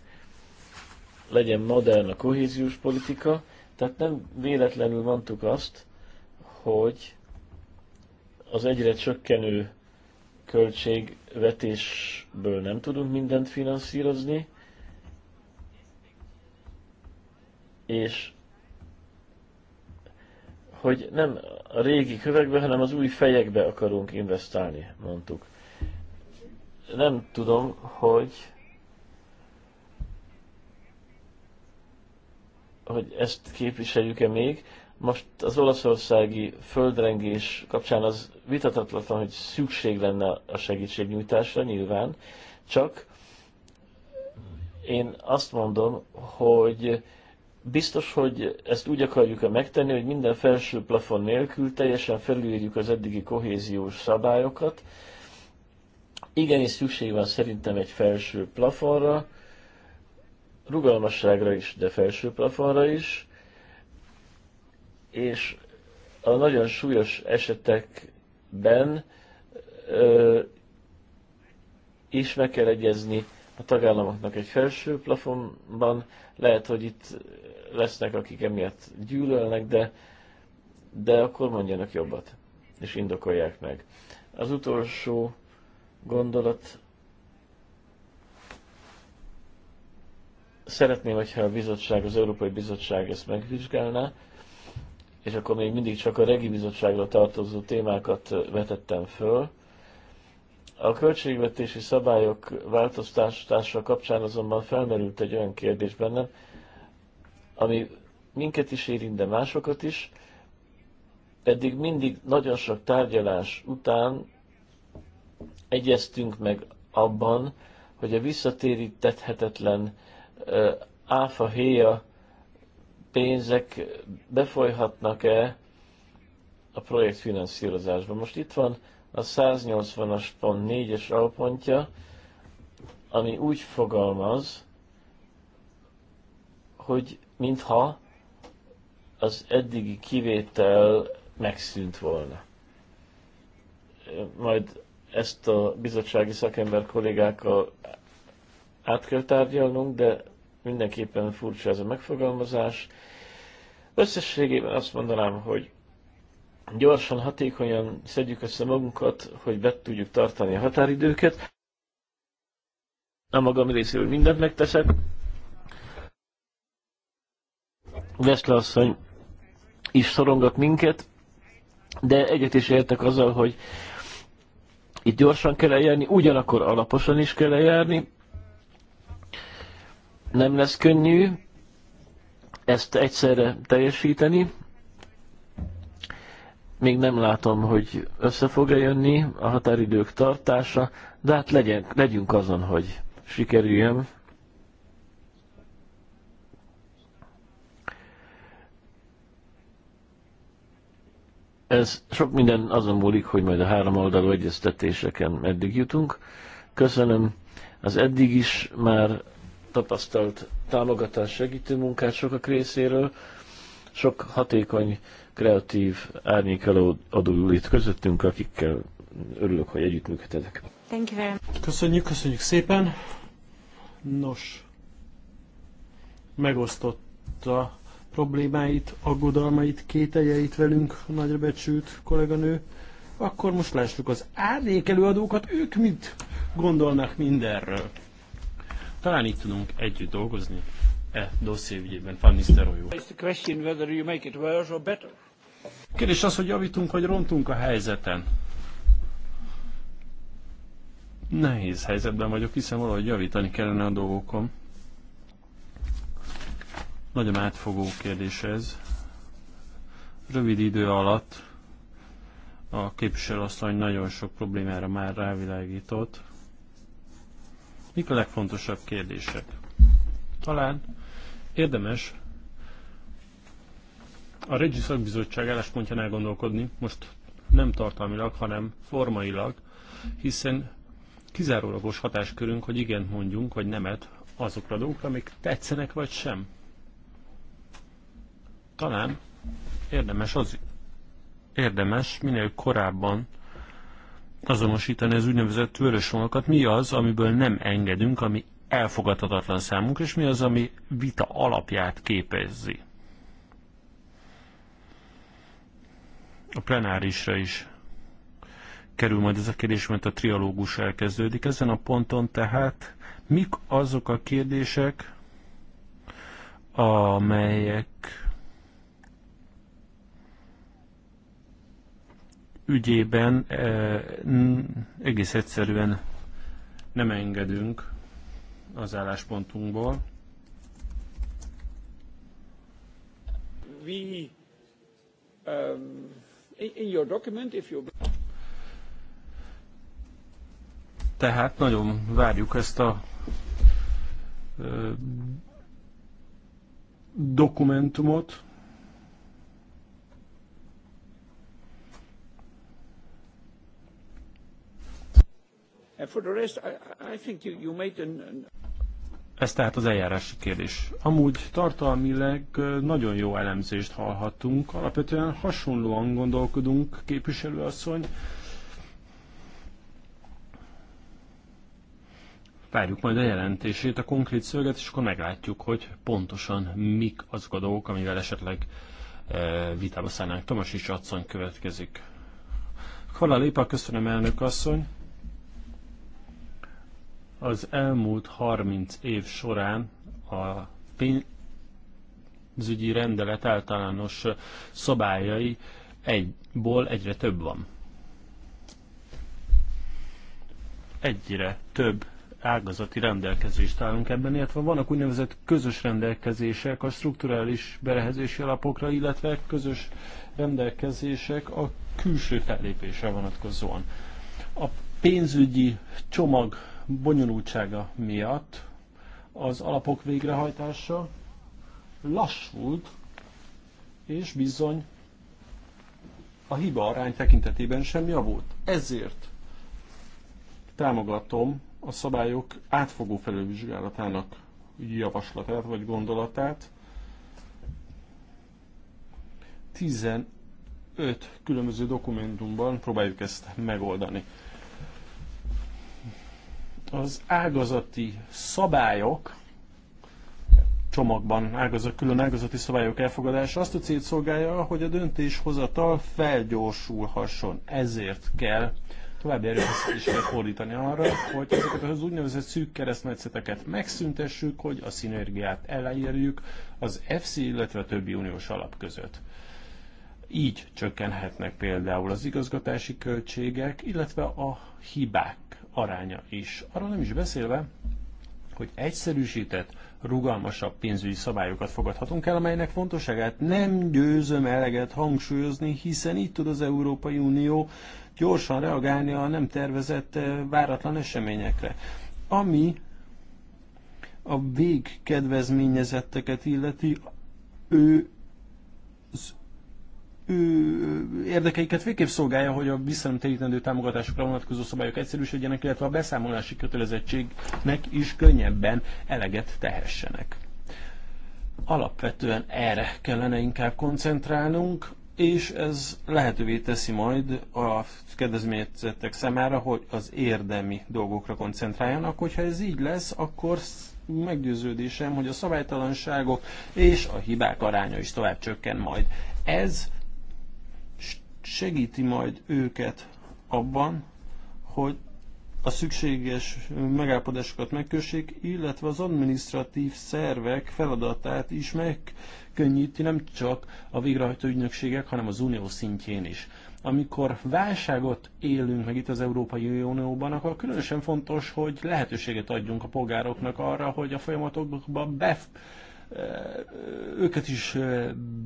legyen modern a kohéziós politika, tehát nem véletlenül mondtuk azt, hogy az egyre csökkenő költségvetésből nem tudunk mindent finanszírozni, és hogy nem a régi kövekbe, hanem az új fejekbe akarunk investálni, mondtuk. Nem tudom, hogy hogy ezt képviseljük-e még. Most az olaszországi földrengés kapcsán az vitatatlan, hogy szükség lenne a segítségnyújtásra nyilván, csak én azt mondom, hogy Biztos, hogy ezt úgy akarjuk-e megtenni, hogy minden felső plafon nélkül teljesen felülírjuk az eddigi kohéziós szabályokat. Igenis szükség van szerintem egy felső plafonra, rugalmasságra is, de felső plafonra is, és a nagyon súlyos esetekben ö, is meg kell egyezni a tagállamoknak egy felső plafonban. Lehet, hogy itt lesznek, akik emiatt gyűlölnek, de, de akkor mondjanak jobbat, és indokolják meg. Az utolsó gondolat. Szeretném, hogyha a bizottság, az Európai Bizottság ezt megvizsgálná, és akkor még mindig csak a regi bizottságra tartozó témákat vetettem föl. A költségvetési szabályok változtatása kapcsán azonban felmerült egy olyan kérdés bennem, ami minket is érint, de másokat is, eddig mindig nagyon sok tárgyalás után egyeztünk meg abban, hogy a visszatérítethetetlen áfa héja pénzek befolyhatnak-e a projekt finanszírozásba. Most itt van a 180-as pont 4-es alpontja, ami úgy fogalmaz, hogy mintha az eddigi kivétel megszűnt volna. Majd ezt a bizottsági szakember kollégákkal át kell tárgyalnunk, de mindenképpen furcsa ez a megfogalmazás. Összességében azt mondanám, hogy gyorsan, hatékonyan szedjük össze magunkat, hogy be tudjuk tartani a határidőket. A magam részéről mindent megteszek, Veszle asszony is szorongat minket, de egyet is értek azzal, hogy itt gyorsan kell eljárni, ugyanakkor alaposan is kell eljárni. Nem lesz könnyű ezt egyszerre teljesíteni. Még nem látom, hogy össze fog -e jönni a határidők tartása, de hát legyen, legyünk azon, hogy sikerüljön. ez sok minden azon múlik, hogy majd a három oldalú egyeztetéseken meddig jutunk. Köszönöm az eddig is már tapasztalt támogatás segítő munkát sokak részéről. Sok hatékony, kreatív árnyékeló adó itt közöttünk, akikkel örülök, hogy együttműködhetek. Thank you very much. Köszönjük, köszönjük szépen. Nos, megosztotta problémáit, aggodalmait, kételjeit velünk nagyra becsült kolléganő. Akkor most lássuk az árnyék előadókat, ők mit gondolnak mindenről. Talán itt tudunk együtt dolgozni e dosszé ügyében, Fanny Szterolyó. Kérdés az, hogy javítunk, vagy rontunk a helyzeten. Nehéz helyzetben vagyok, hiszen valahogy javítani kellene a dolgokon. Nagyon átfogó kérdés ez. Rövid idő alatt a képviselőasszony nagyon sok problémára már rávilágított. Mik a legfontosabb kérdések? Talán érdemes a Régi Szakbizottság álláspontján elgondolkodni, most nem tartalmilag, hanem formailag, hiszen kizárólagos hatáskörünk, hogy igen mondjunk, vagy nemet azokra a dolgokra, amik tetszenek vagy sem. Talán érdemes az érdemes minél korábban azonosítani az úgynevezett vörös vonalakat, mi az, amiből nem engedünk, ami elfogadhatatlan számunk, és mi az, ami vita alapját képezzi. A plenárisra is kerül majd ez a kérdés, mert a trialógus elkezdődik ezen a ponton, tehát mik azok a kérdések, amelyek ügyében e, egész egyszerűen nem engedünk az álláspontunkból. Um, Tehát nagyon várjuk ezt a e, dokumentumot, ez tehát az eljárási kérdés. Amúgy tartalmileg nagyon jó elemzést hallhattunk, alapvetően hasonlóan gondolkodunk, képviselőasszony. Várjuk majd a jelentését, a konkrét szöget, és akkor meglátjuk, hogy pontosan mik azok a dolgok, amivel esetleg e, vitába szállnánk. Tomas is asszony következik. Hvala lépa, köszönöm elnök asszony. Az elmúlt 30 év során a pénzügyi rendelet általános szabályai egyból egyre több van. Egyre több ágazati rendelkezést állunk ebben, illetve vannak úgynevezett közös rendelkezések a strukturális berehezési alapokra, illetve közös rendelkezések a külső fellépésre vonatkozóan. A pénzügyi csomag bonyolultsága miatt az alapok végrehajtása lassult, és bizony a hiba arány tekintetében sem javult. Ezért támogatom a szabályok átfogó felülvizsgálatának javaslatát vagy gondolatát. 15 különböző dokumentumban próbáljuk ezt megoldani az ágazati szabályok csomagban ágazat, külön ágazati szabályok elfogadása azt a célt szolgálja, hogy a döntéshozatal felgyorsulhasson. Ezért kell további erőfeszítéseket fordítani arra, hogy ezeket az úgynevezett szűk keresztmetszeteket megszüntessük, hogy a szinergiát elérjük az FC, illetve a többi uniós alap között. Így csökkenhetnek például az igazgatási költségek, illetve a hibák aránya is. Arról nem is beszélve, hogy egyszerűsített, rugalmasabb pénzügyi szabályokat fogadhatunk el, amelynek fontosságát nem győzöm eleget hangsúlyozni, hiszen itt tud az Európai Unió gyorsan reagálni a nem tervezett eh, váratlan eseményekre. Ami a végkedvezményezetteket illeti, ő ő érdekeiket végképp szolgálja, hogy a visszanemtérítendő támogatásokra vonatkozó szabályok egyszerűsödjenek, illetve a beszámolási kötelezettségnek is könnyebben eleget tehessenek. Alapvetően erre kellene inkább koncentrálnunk, és ez lehetővé teszi majd a kedvezményezettek számára, hogy az érdemi dolgokra koncentráljanak. Hogyha ez így lesz, akkor meggyőződésem, hogy a szabálytalanságok és a hibák aránya is tovább csökken majd. Ez segíti majd őket abban, hogy a szükséges megállapodásokat megkössék, illetve az administratív szervek feladatát is megkönnyíti nem csak a végrehajtó ügynökségek, hanem az unió szintjén is. Amikor válságot élünk meg itt az Európai Unióban, akkor különösen fontos, hogy lehetőséget adjunk a polgároknak arra, hogy a folyamatokba be őket is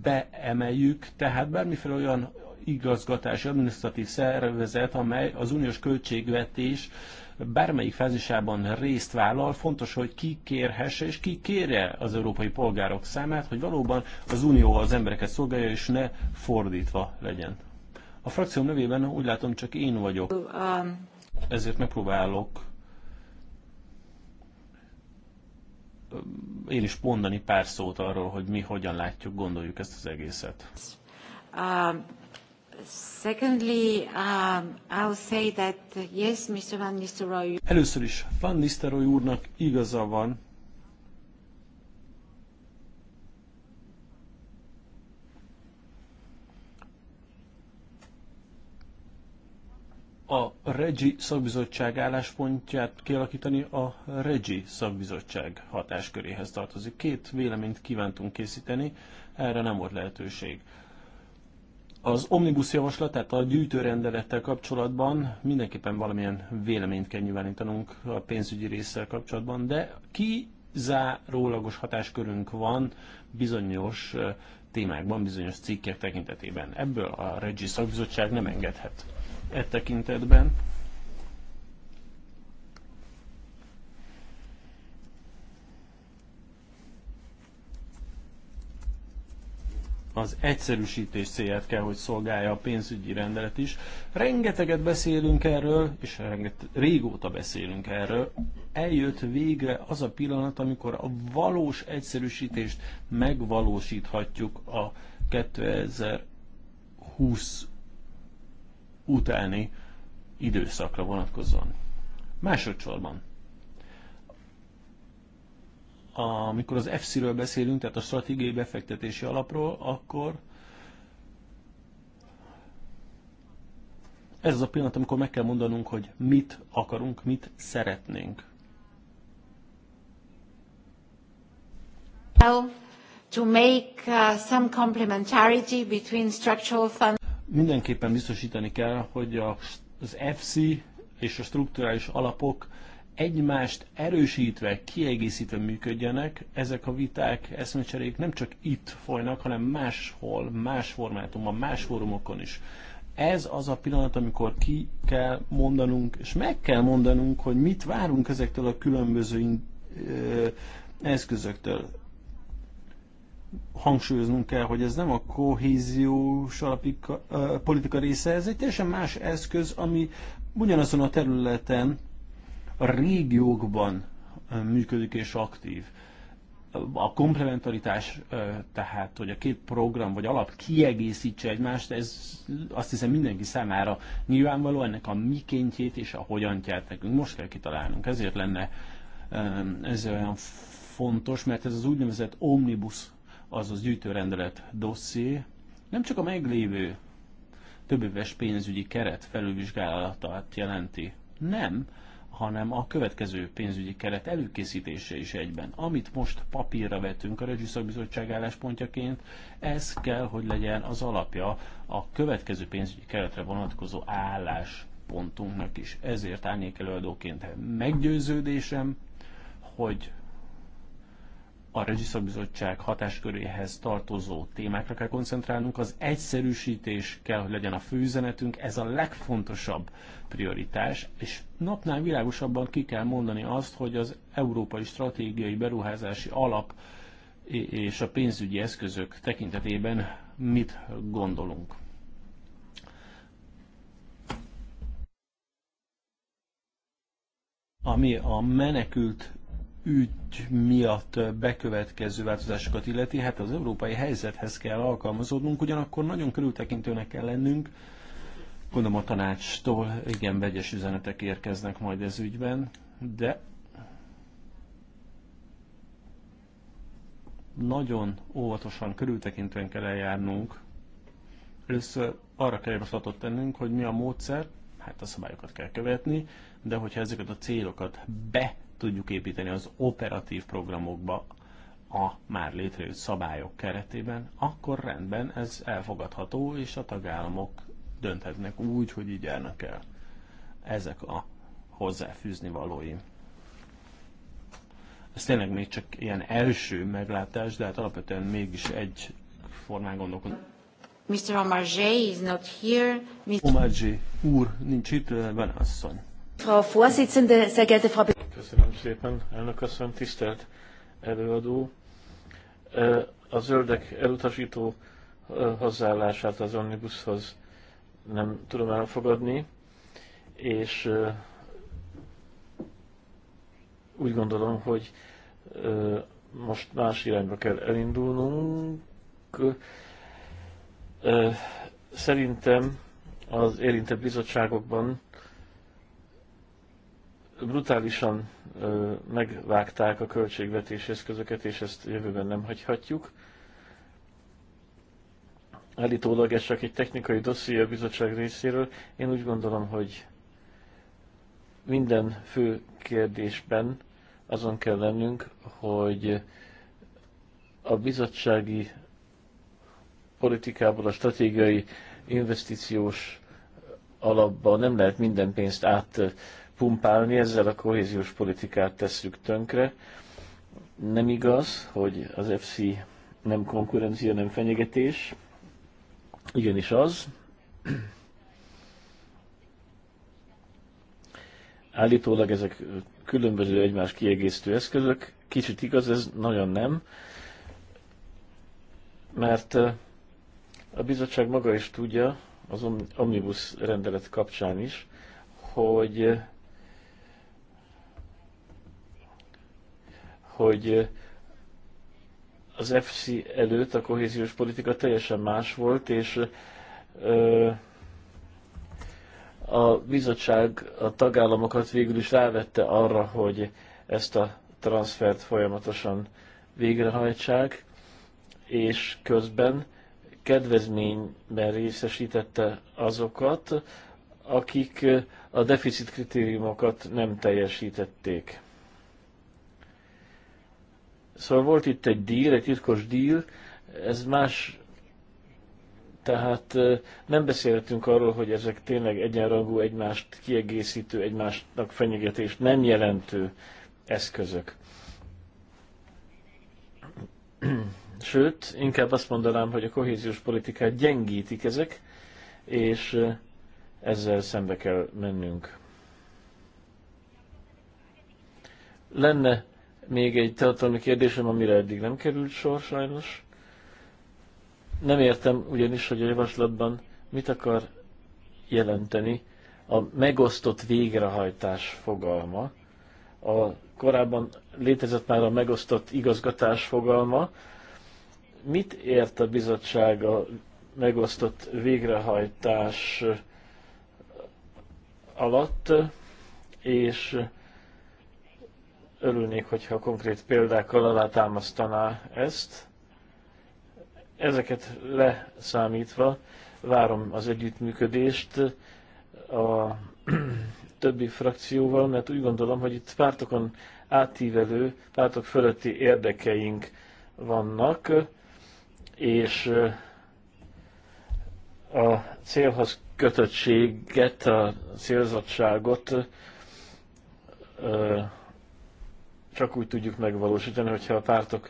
beemeljük, tehát bármiféle olyan igazgatási adminisztratív szervezet, amely az uniós költségvetés bármelyik fázisában részt vállal, fontos, hogy ki kérhesse és ki kérje az európai polgárok számát, hogy valóban az unió az embereket szolgálja, és ne fordítva legyen. A frakcióm nevében úgy látom, csak én vagyok. Um, Ezért megpróbálok én is mondani pár szót arról, hogy mi hogyan látjuk, gondoljuk ezt az egészet. Um secondly, um, I'll say that yes, Mr. Van Nistelrooy. Először is Van Nistelrooy úrnak igaza van. A Regi szakbizottság álláspontját kialakítani a Regi szakbizottság hatásköréhez tartozik. Két véleményt kívántunk készíteni, erre nem volt lehetőség. Az omnibus javaslat, tehát a gyűjtőrendelettel kapcsolatban mindenképpen valamilyen véleményt kell nyilvánítanunk a pénzügyi résszel kapcsolatban, de kizárólagos hatáskörünk van bizonyos témákban, bizonyos cikkek tekintetében. Ebből a Regi szakbizottság nem engedhet e tekintetben. az egyszerűsítés célját kell, hogy szolgálja a pénzügyi rendelet is. Rengeteget beszélünk erről, és renget, régóta beszélünk erről. Eljött végre az a pillanat, amikor a valós egyszerűsítést megvalósíthatjuk a 2020 utáni időszakra vonatkozóan. Másodszorban amikor az EFSZ-ről beszélünk, tehát a stratégiai befektetési alapról, akkor ez az a pillanat, amikor meg kell mondanunk, hogy mit akarunk, mit szeretnénk. To make uh, some complementarity between structural funds. Mindenképpen biztosítani kell, hogy az EFSI és a strukturális alapok egymást erősítve, kiegészítve működjenek, ezek a viták, eszmecserék nem csak itt folynak, hanem máshol, más formátumban, más fórumokon is. Ez az a pillanat, amikor ki kell mondanunk, és meg kell mondanunk, hogy mit várunk ezektől a különböző ö, eszközöktől. Hangsúlyoznunk kell, hogy ez nem a kohéziós alapika, ö, politika része, ez egy teljesen más eszköz, ami ugyanazon a területen a régiókban működik és aktív. A komplementaritás, tehát hogy a két program vagy alap kiegészítse egymást, ez azt hiszem mindenki számára nyilvánvaló, ennek a mikéntjét és a hogyantját nekünk most kell kitalálnunk. Ezért lenne ez olyan fontos, mert ez az úgynevezett omnibus, azaz gyűjtőrendelet dosszié, nem csak a meglévő több éves pénzügyi keret felülvizsgálatát jelenti, nem, hanem a következő pénzügyi keret előkészítése is egyben. Amit most papírra vetünk a Regiszakbizottság álláspontjaként, ez kell, hogy legyen az alapja a következő pénzügyi keretre vonatkozó álláspontunknak is. Ezért állnék előadóként meggyőződésem, hogy a Regiszterbizottság hatásköréhez tartozó témákra kell koncentrálnunk, az egyszerűsítés kell, hogy legyen a főüzenetünk, ez a legfontosabb prioritás, és napnál világosabban ki kell mondani azt, hogy az Európai Stratégiai Beruházási Alap és a pénzügyi eszközök tekintetében mit gondolunk. Ami a menekült ügy miatt bekövetkező változásokat illeti, hát az európai helyzethez kell alkalmazódnunk, ugyanakkor nagyon körültekintőnek kell lennünk. Gondolom a tanácstól igen vegyes üzenetek érkeznek majd ez ügyben, de nagyon óvatosan, körültekintően kell eljárnunk. Először arra kell javaslatot tennünk, hogy mi a módszer, hát a szabályokat kell követni, de hogyha ezeket a célokat be tudjuk építeni az operatív programokba a már létrejött szabályok keretében, akkor rendben ez elfogadható, és a tagállamok dönthetnek úgy, hogy így járnak el. Ezek a hozzáfűzni valóim. Ez tényleg még csak ilyen első meglátás, de hát alapvetően mégis egy formán gondolkodom. Mr. Omarjé is not here. Mr. Omarjé úr nincs itt, van asszony. Frau Vorsitzende, sehr geehrte Frau... Köszönöm szépen, elnök asszony, tisztelt előadó. A zöldek elutasító hozzáállását az omnibushoz nem tudom elfogadni, és úgy gondolom, hogy most más irányba kell elindulnunk. Szerintem az érintett bizottságokban brutálisan ö, megvágták a költségvetési eszközöket, és ezt jövőben nem hagyhatjuk. Állítólag ez csak egy technikai dosszié a bizottság részéről. Én úgy gondolom, hogy minden fő kérdésben azon kell lennünk, hogy a bizottsági politikából a stratégiai investíciós alapba nem lehet minden pénzt át pumpálni, ezzel a kohéziós politikát tesszük tönkre. Nem igaz, hogy az FC nem konkurencia, nem fenyegetés. Igenis az. Állítólag ezek különböző egymás kiegészítő eszközök. Kicsit igaz, ez nagyon nem. Mert a bizottság maga is tudja, az omnibus rendelet kapcsán is, hogy hogy eh, az FC előtt a kohéziós politika teljesen más volt, és eh, a bizottság a tagállamokat végül is rávette arra, hogy ezt a transfert folyamatosan végrehajtsák, és közben kedvezményben részesítette azokat, akik eh, a deficit kritériumokat nem teljesítették. Szóval volt itt egy díl, egy titkos díl, ez más, tehát nem beszéltünk arról, hogy ezek tényleg egyenrangú, egymást kiegészítő, egymásnak fenyegetést nem jelentő eszközök. Sőt, inkább azt mondanám, hogy a kohéziós politikát gyengítik ezek, és ezzel szembe kell mennünk. Lenne még egy tartalmi kérdésem, amire eddig nem került sor sajnos. Nem értem ugyanis, hogy a javaslatban mit akar jelenteni a megosztott végrehajtás fogalma, a korábban létezett már a megosztott igazgatás fogalma. Mit ért a bizottság a megosztott végrehajtás alatt, és örülnék, hogyha konkrét példákkal alátámasztaná ezt. Ezeket leszámítva várom az együttműködést a <clears throat> többi frakcióval, mert úgy gondolom, hogy itt pártokon átívelő, pártok fölötti érdekeink vannak, és eh, a célhoz kötöttséget, a célzottságot eh, csak úgy tudjuk megvalósítani, hogyha a pártok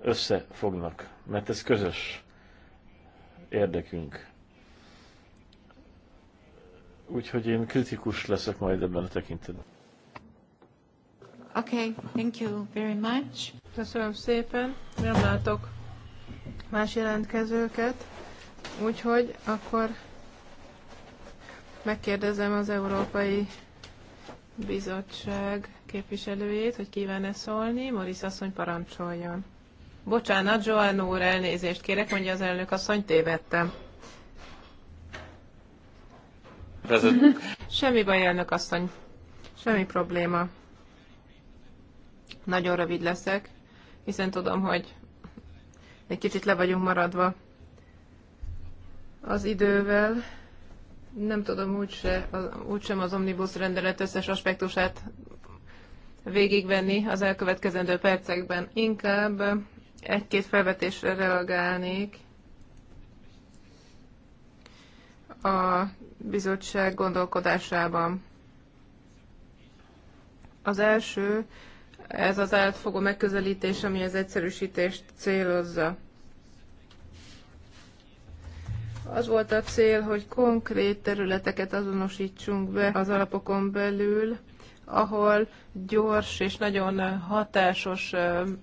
összefognak, mert ez közös érdekünk. Úgyhogy én kritikus leszek majd ebben a tekintetben. Okay, thank you very much. Köszönöm szépen, nem látok más jelentkezőket, úgyhogy akkor megkérdezem az Európai Bizottság képviselőjét, hogy kíván-e szólni. Morisz asszony parancsoljon. Bocsánat, Joan úr, elnézést kérek, mondja az elnök asszony, tévedtem. Semmi baj, elnök asszony. Semmi probléma. Nagyon rövid leszek, hiszen tudom, hogy egy kicsit le vagyunk maradva az idővel. Nem tudom úgyse, úgysem az omnibus rendelet összes aspektusát végigvenni az elkövetkezendő percekben. Inkább egy-két felvetésre reagálnék a bizottság gondolkodásában. Az első, ez az átfogó megközelítés, ami az egyszerűsítést célozza. Az volt a cél, hogy konkrét területeket azonosítsunk be az alapokon belül, ahol gyors és nagyon hatásos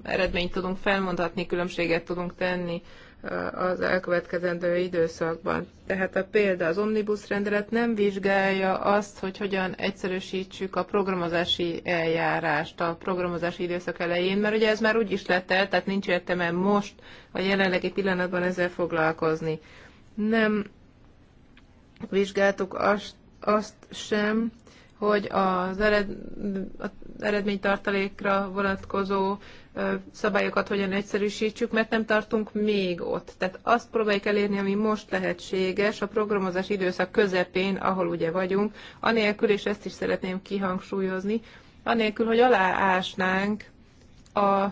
eredményt tudunk felmondhatni, különbséget tudunk tenni az elkövetkezendő időszakban. Tehát a példa az omnibus rendelet nem vizsgálja azt, hogy hogyan egyszerűsítsük a programozási eljárást a programozási időszak elején, mert ugye ez már úgy is lett el, tehát nincs értelme most a jelenlegi pillanatban ezzel foglalkozni. Nem vizsgáltuk azt, azt sem, hogy az, ered, eredménytartalékra vonatkozó szabályokat hogyan egyszerűsítsük, mert nem tartunk még ott. Tehát azt próbáljuk elérni, ami most lehetséges, a programozás időszak közepén, ahol ugye vagyunk, anélkül, és ezt is szeretném kihangsúlyozni, anélkül, hogy aláásnánk a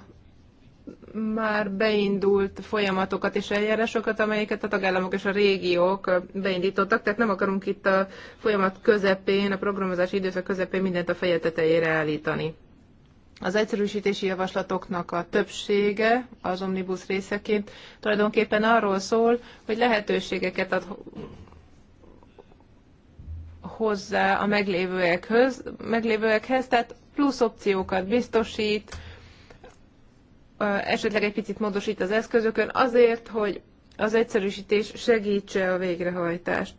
már beindult folyamatokat és eljárásokat, amelyeket a tagállamok és a régiók beindítottak, tehát nem akarunk itt a folyamat közepén, a programozási időszak közepén mindent a feje tetejére állítani. Az egyszerűsítési javaslatoknak a többsége az omnibus részeként tulajdonképpen arról szól, hogy lehetőségeket ad hozzá a meglévőekhez, meglévőekhez, tehát plusz opciókat biztosít, esetleg egy picit módosít az eszközökön, azért, hogy az egyszerűsítés segítse a végrehajtást.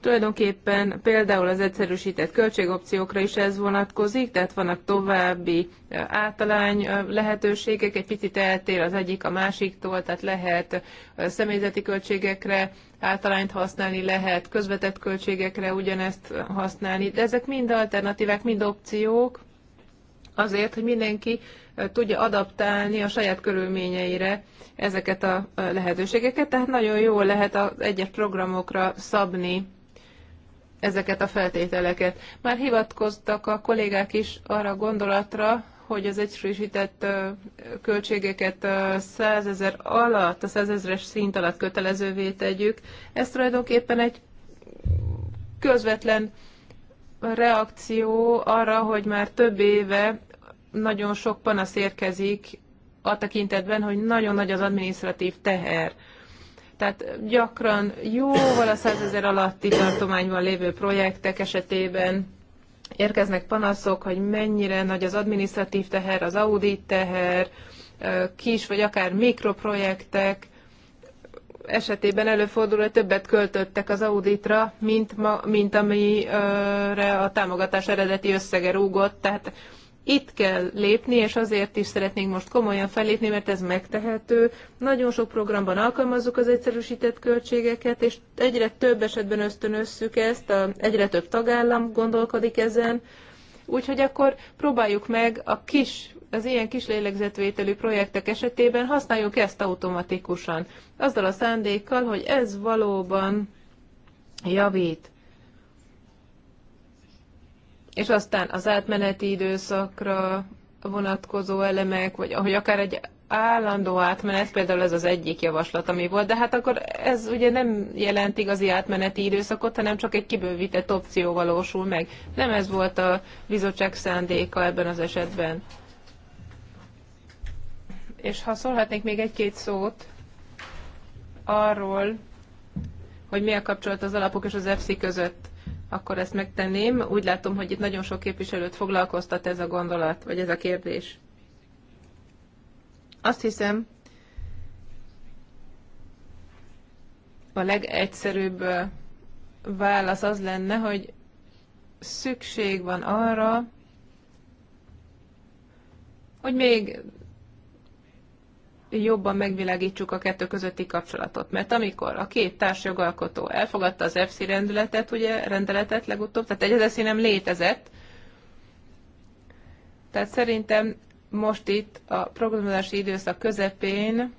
Tulajdonképpen például az egyszerűsített költségopciókra is ez vonatkozik, tehát vannak további általány lehetőségek, egy picit eltér az egyik a másiktól, tehát lehet személyzeti költségekre általányt használni, lehet közvetett költségekre ugyanezt használni, de ezek mind alternatívák, mind opciók, azért, hogy mindenki tudja adaptálni a saját körülményeire ezeket a lehetőségeket, tehát nagyon jól lehet az egyes programokra szabni ezeket a feltételeket. Már hivatkoztak a kollégák is arra gondolatra, hogy az egyfrissített költségeket 100 ezer alatt, a 100 ezeres szint alatt kötelezővé tegyük. Ez tulajdonképpen egy közvetlen reakció arra, hogy már több éve nagyon sok panasz érkezik a tekintetben, hogy nagyon nagy az adminisztratív teher. Tehát gyakran jóval a 100 ezer alatti tartományban lévő projektek esetében érkeznek panaszok, hogy mennyire nagy az adminisztratív teher, az audit teher, kis vagy akár mikroprojektek, esetében előfordul, hogy többet költöttek az auditra, mint, ma, mint amire a támogatás eredeti összege rúgott. Tehát itt kell lépni, és azért is szeretnénk most komolyan fellépni, mert ez megtehető. Nagyon sok programban alkalmazzuk az egyszerűsített költségeket, és egyre több esetben ösztönözzük ezt, a, egyre több tagállam gondolkodik ezen. Úgyhogy akkor próbáljuk meg a kis az ilyen kis lélegzetvételű projektek esetében használjuk ezt automatikusan, azzal a szándékkal, hogy ez valóban javít. És aztán az átmeneti időszakra vonatkozó elemek, vagy ahogy akár egy állandó átmenet, például ez az egyik javaslat, ami volt, de hát akkor ez ugye nem jelent igazi átmeneti időszakot, hanem csak egy kibővített opció valósul meg. Nem ez volt a bizottság szándéka ebben az esetben. És ha szólhatnék még egy-két szót arról, hogy mi a kapcsolat az alapok és az EFSI között, akkor ezt megtenném. Úgy látom, hogy itt nagyon sok képviselőt foglalkoztat ez a gondolat, vagy ez a kérdés. Azt hiszem, a legegyszerűbb válasz az lenne, hogy szükség van arra, hogy még jobban megvilágítsuk a kettő közötti kapcsolatot. Mert amikor a két társjogalkotó elfogadta az EFSI rendeletet, ugye rendeletet legutóbb, tehát egy az nem létezett, tehát szerintem most itt a programozási időszak közepén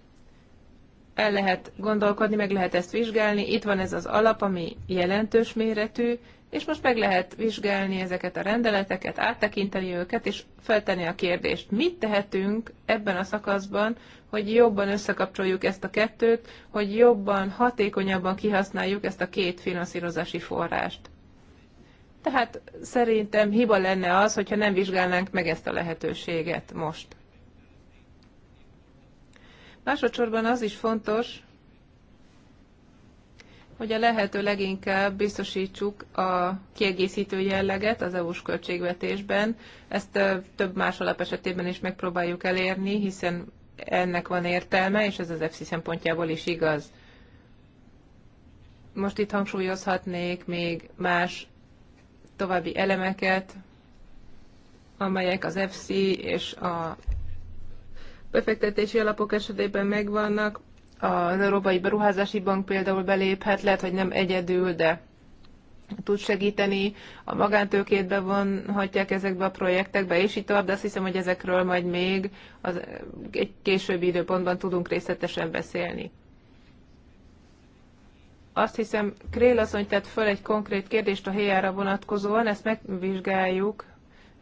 el lehet gondolkodni, meg lehet ezt vizsgálni. Itt van ez az alap, ami jelentős méretű, és most meg lehet vizsgálni ezeket a rendeleteket, áttekinteni őket, és feltenni a kérdést, mit tehetünk ebben a szakaszban, hogy jobban összekapcsoljuk ezt a kettőt, hogy jobban, hatékonyabban kihasználjuk ezt a két finanszírozási forrást. Tehát szerintem hiba lenne az, hogyha nem vizsgálnánk meg ezt a lehetőséget most. Másodszorban az is fontos, hogy a lehető leginkább biztosítsuk a kiegészítő jelleget az EU-s költségvetésben. Ezt több más alap esetében is megpróbáljuk elérni, hiszen ennek van értelme, és ez az EFSI szempontjából is igaz. Most itt hangsúlyozhatnék még más további elemeket, amelyek az EFSI és a befektetési alapok esetében megvannak, az Európai Beruházási Bank például beléphet, lehet, hogy nem egyedül, de tud segíteni, a magántőkét bevonhatják ezekbe a projektekbe, és így tovább, de azt hiszem, hogy ezekről majd még az, egy későbbi időpontban tudunk részletesen beszélni. Azt hiszem, Krél asszony tett föl egy konkrét kérdést a héjára vonatkozóan, ezt megvizsgáljuk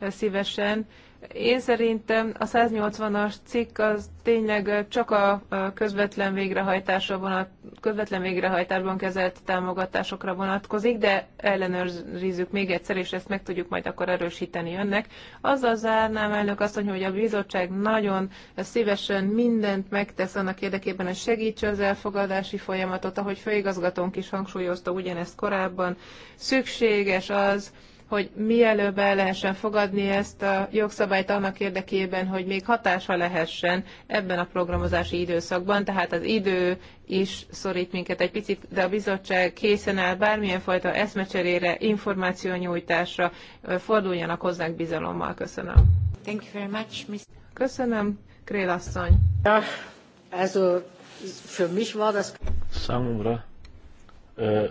szívesen, én szerintem a 180-as cikk az tényleg csak a közvetlen végrehajtásra vonat, közvetlen végrehajtásban kezelt támogatásokra vonatkozik, de ellenőrizzük még egyszer, és ezt meg tudjuk majd akkor erősíteni önnek. Azzal zárnám elnök azt, mondja, hogy a bizottság nagyon szívesen mindent megtesz annak érdekében, hogy segítse az elfogadási folyamatot, ahogy főigazgatónk is hangsúlyozta ugyanezt korábban. Szükséges az, hogy mielőbb el lehessen fogadni ezt a jogszabályt annak érdekében, hogy még hatása lehessen ebben a programozási időszakban, tehát az idő is szorít minket egy picit, de a bizottság készen áll bármilyen fajta eszmecserére, információnyújtásra, forduljanak hozzánk bizalommal. Köszönöm. Thank you very much, Ms. Köszönöm, Krél asszony. Ja, also, für mich war das... Számomra ö,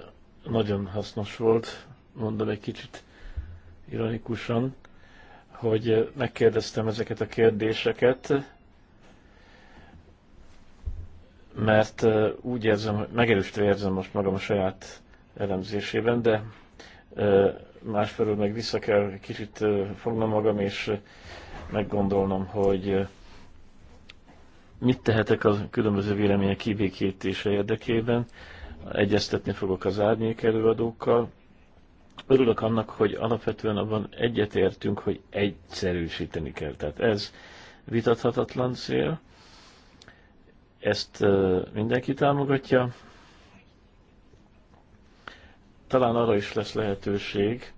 nagyon hasznos volt, mondom egy kicsit ironikusan, hogy eh, megkérdeztem ezeket a kérdéseket, mert eh, úgy érzem, megerősítve érzem most magam a saját elemzésében, de eh, másfelől meg vissza kell kicsit fognom magam, és meggondolnom, hogy mit tehetek a különböző vélemények kibékítése érdekében. Egyeztetni fogok az árnyék előadókkal, Örülök annak, hogy alapvetően abban egyetértünk, hogy egyszerűsíteni kell. Tehát ez vitathatatlan cél. Ezt mindenki támogatja. Talán arra is lesz lehetőség,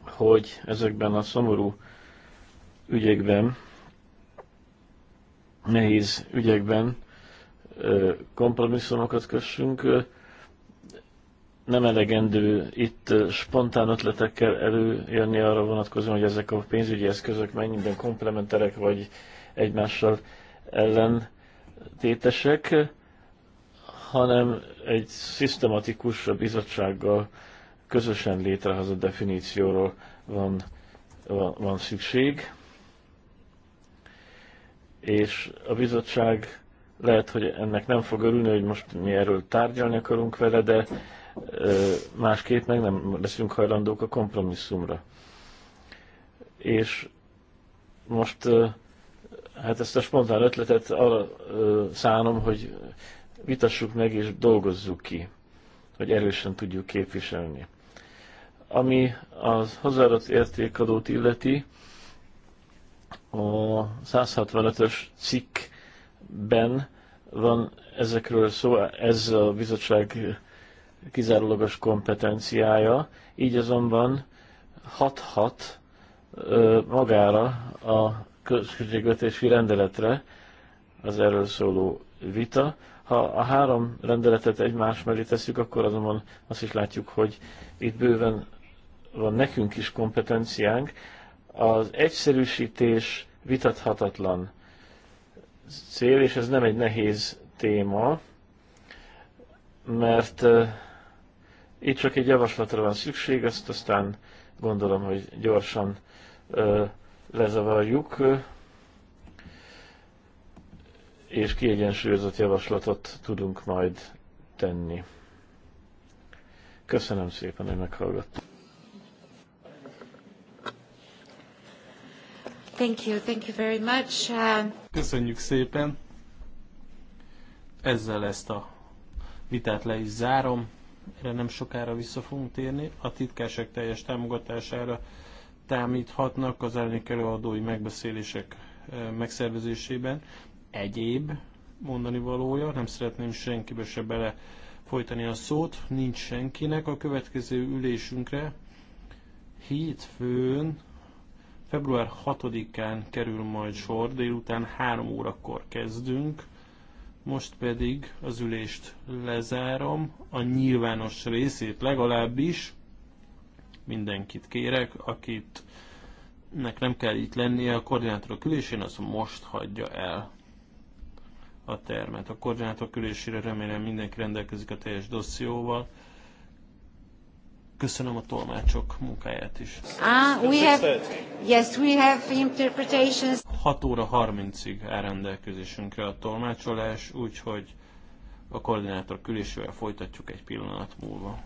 hogy ezekben a szomorú ügyekben, nehéz ügyekben kompromisszumokat kössünk nem elegendő itt spontán ötletekkel előjönni arra vonatkozóan, hogy ezek a pénzügyi eszközök mennyiben komplementerek vagy egymással ellentétesek, hanem egy szisztematikus a bizottsággal közösen létrehozott definícióról van, van, van szükség, és a bizottság lehet, hogy ennek nem fog örülni, hogy most mi erről tárgyalni akarunk vele, de másképp meg nem leszünk hajlandók a kompromisszumra. És most hát ezt a spontán ötletet arra szánom, hogy vitassuk meg és dolgozzuk ki, hogy erősen tudjuk képviselni. Ami az hozzáadott értékadót illeti, a 165-ös cikkben van ezekről szó, ez a bizottság kizárólagos kompetenciája, így azonban hathat magára a költségvetési rendeletre az erről szóló vita. Ha a három rendeletet egymás mellé tesszük, akkor azonban azt is látjuk, hogy itt bőven van nekünk is kompetenciánk. Az egyszerűsítés vitathatatlan cél, és ez nem egy nehéz téma, mert itt csak egy javaslatra van szükség, ezt aztán gondolom, hogy gyorsan ö, lezavarjuk, ö, és kiegyensúlyozott javaslatot tudunk majd tenni. Köszönöm szépen, hogy meghallgattam. Thank you, thank you very much. Köszönjük szépen. Ezzel ezt a vitát le is zárom erre nem sokára vissza fogunk térni, a titkárság teljes támogatására támíthatnak az elnök előadói megbeszélések eh, megszervezésében. Egyéb mondani valója, nem szeretném senkibe se bele folytani a szót, nincs senkinek a következő ülésünkre. Hétfőn, február 6-án kerül majd sor, délután 3 órakor kezdünk. Most pedig az ülést lezárom, a nyilvános részét legalábbis. Mindenkit kérek, akit nek nem kell itt lennie a koordinátorok ülésén, az most hagyja el a termet. A koordinátorok ülésére remélem mindenki rendelkezik a teljes dosszióval. Köszönöm a tolmácsok munkáját is. Ah, we have, yes, we have interpretations. 6 óra 30-ig áll rendelkezésünkre a tolmácsolás, úgyhogy a koordinátor külésével folytatjuk egy pillanat múlva.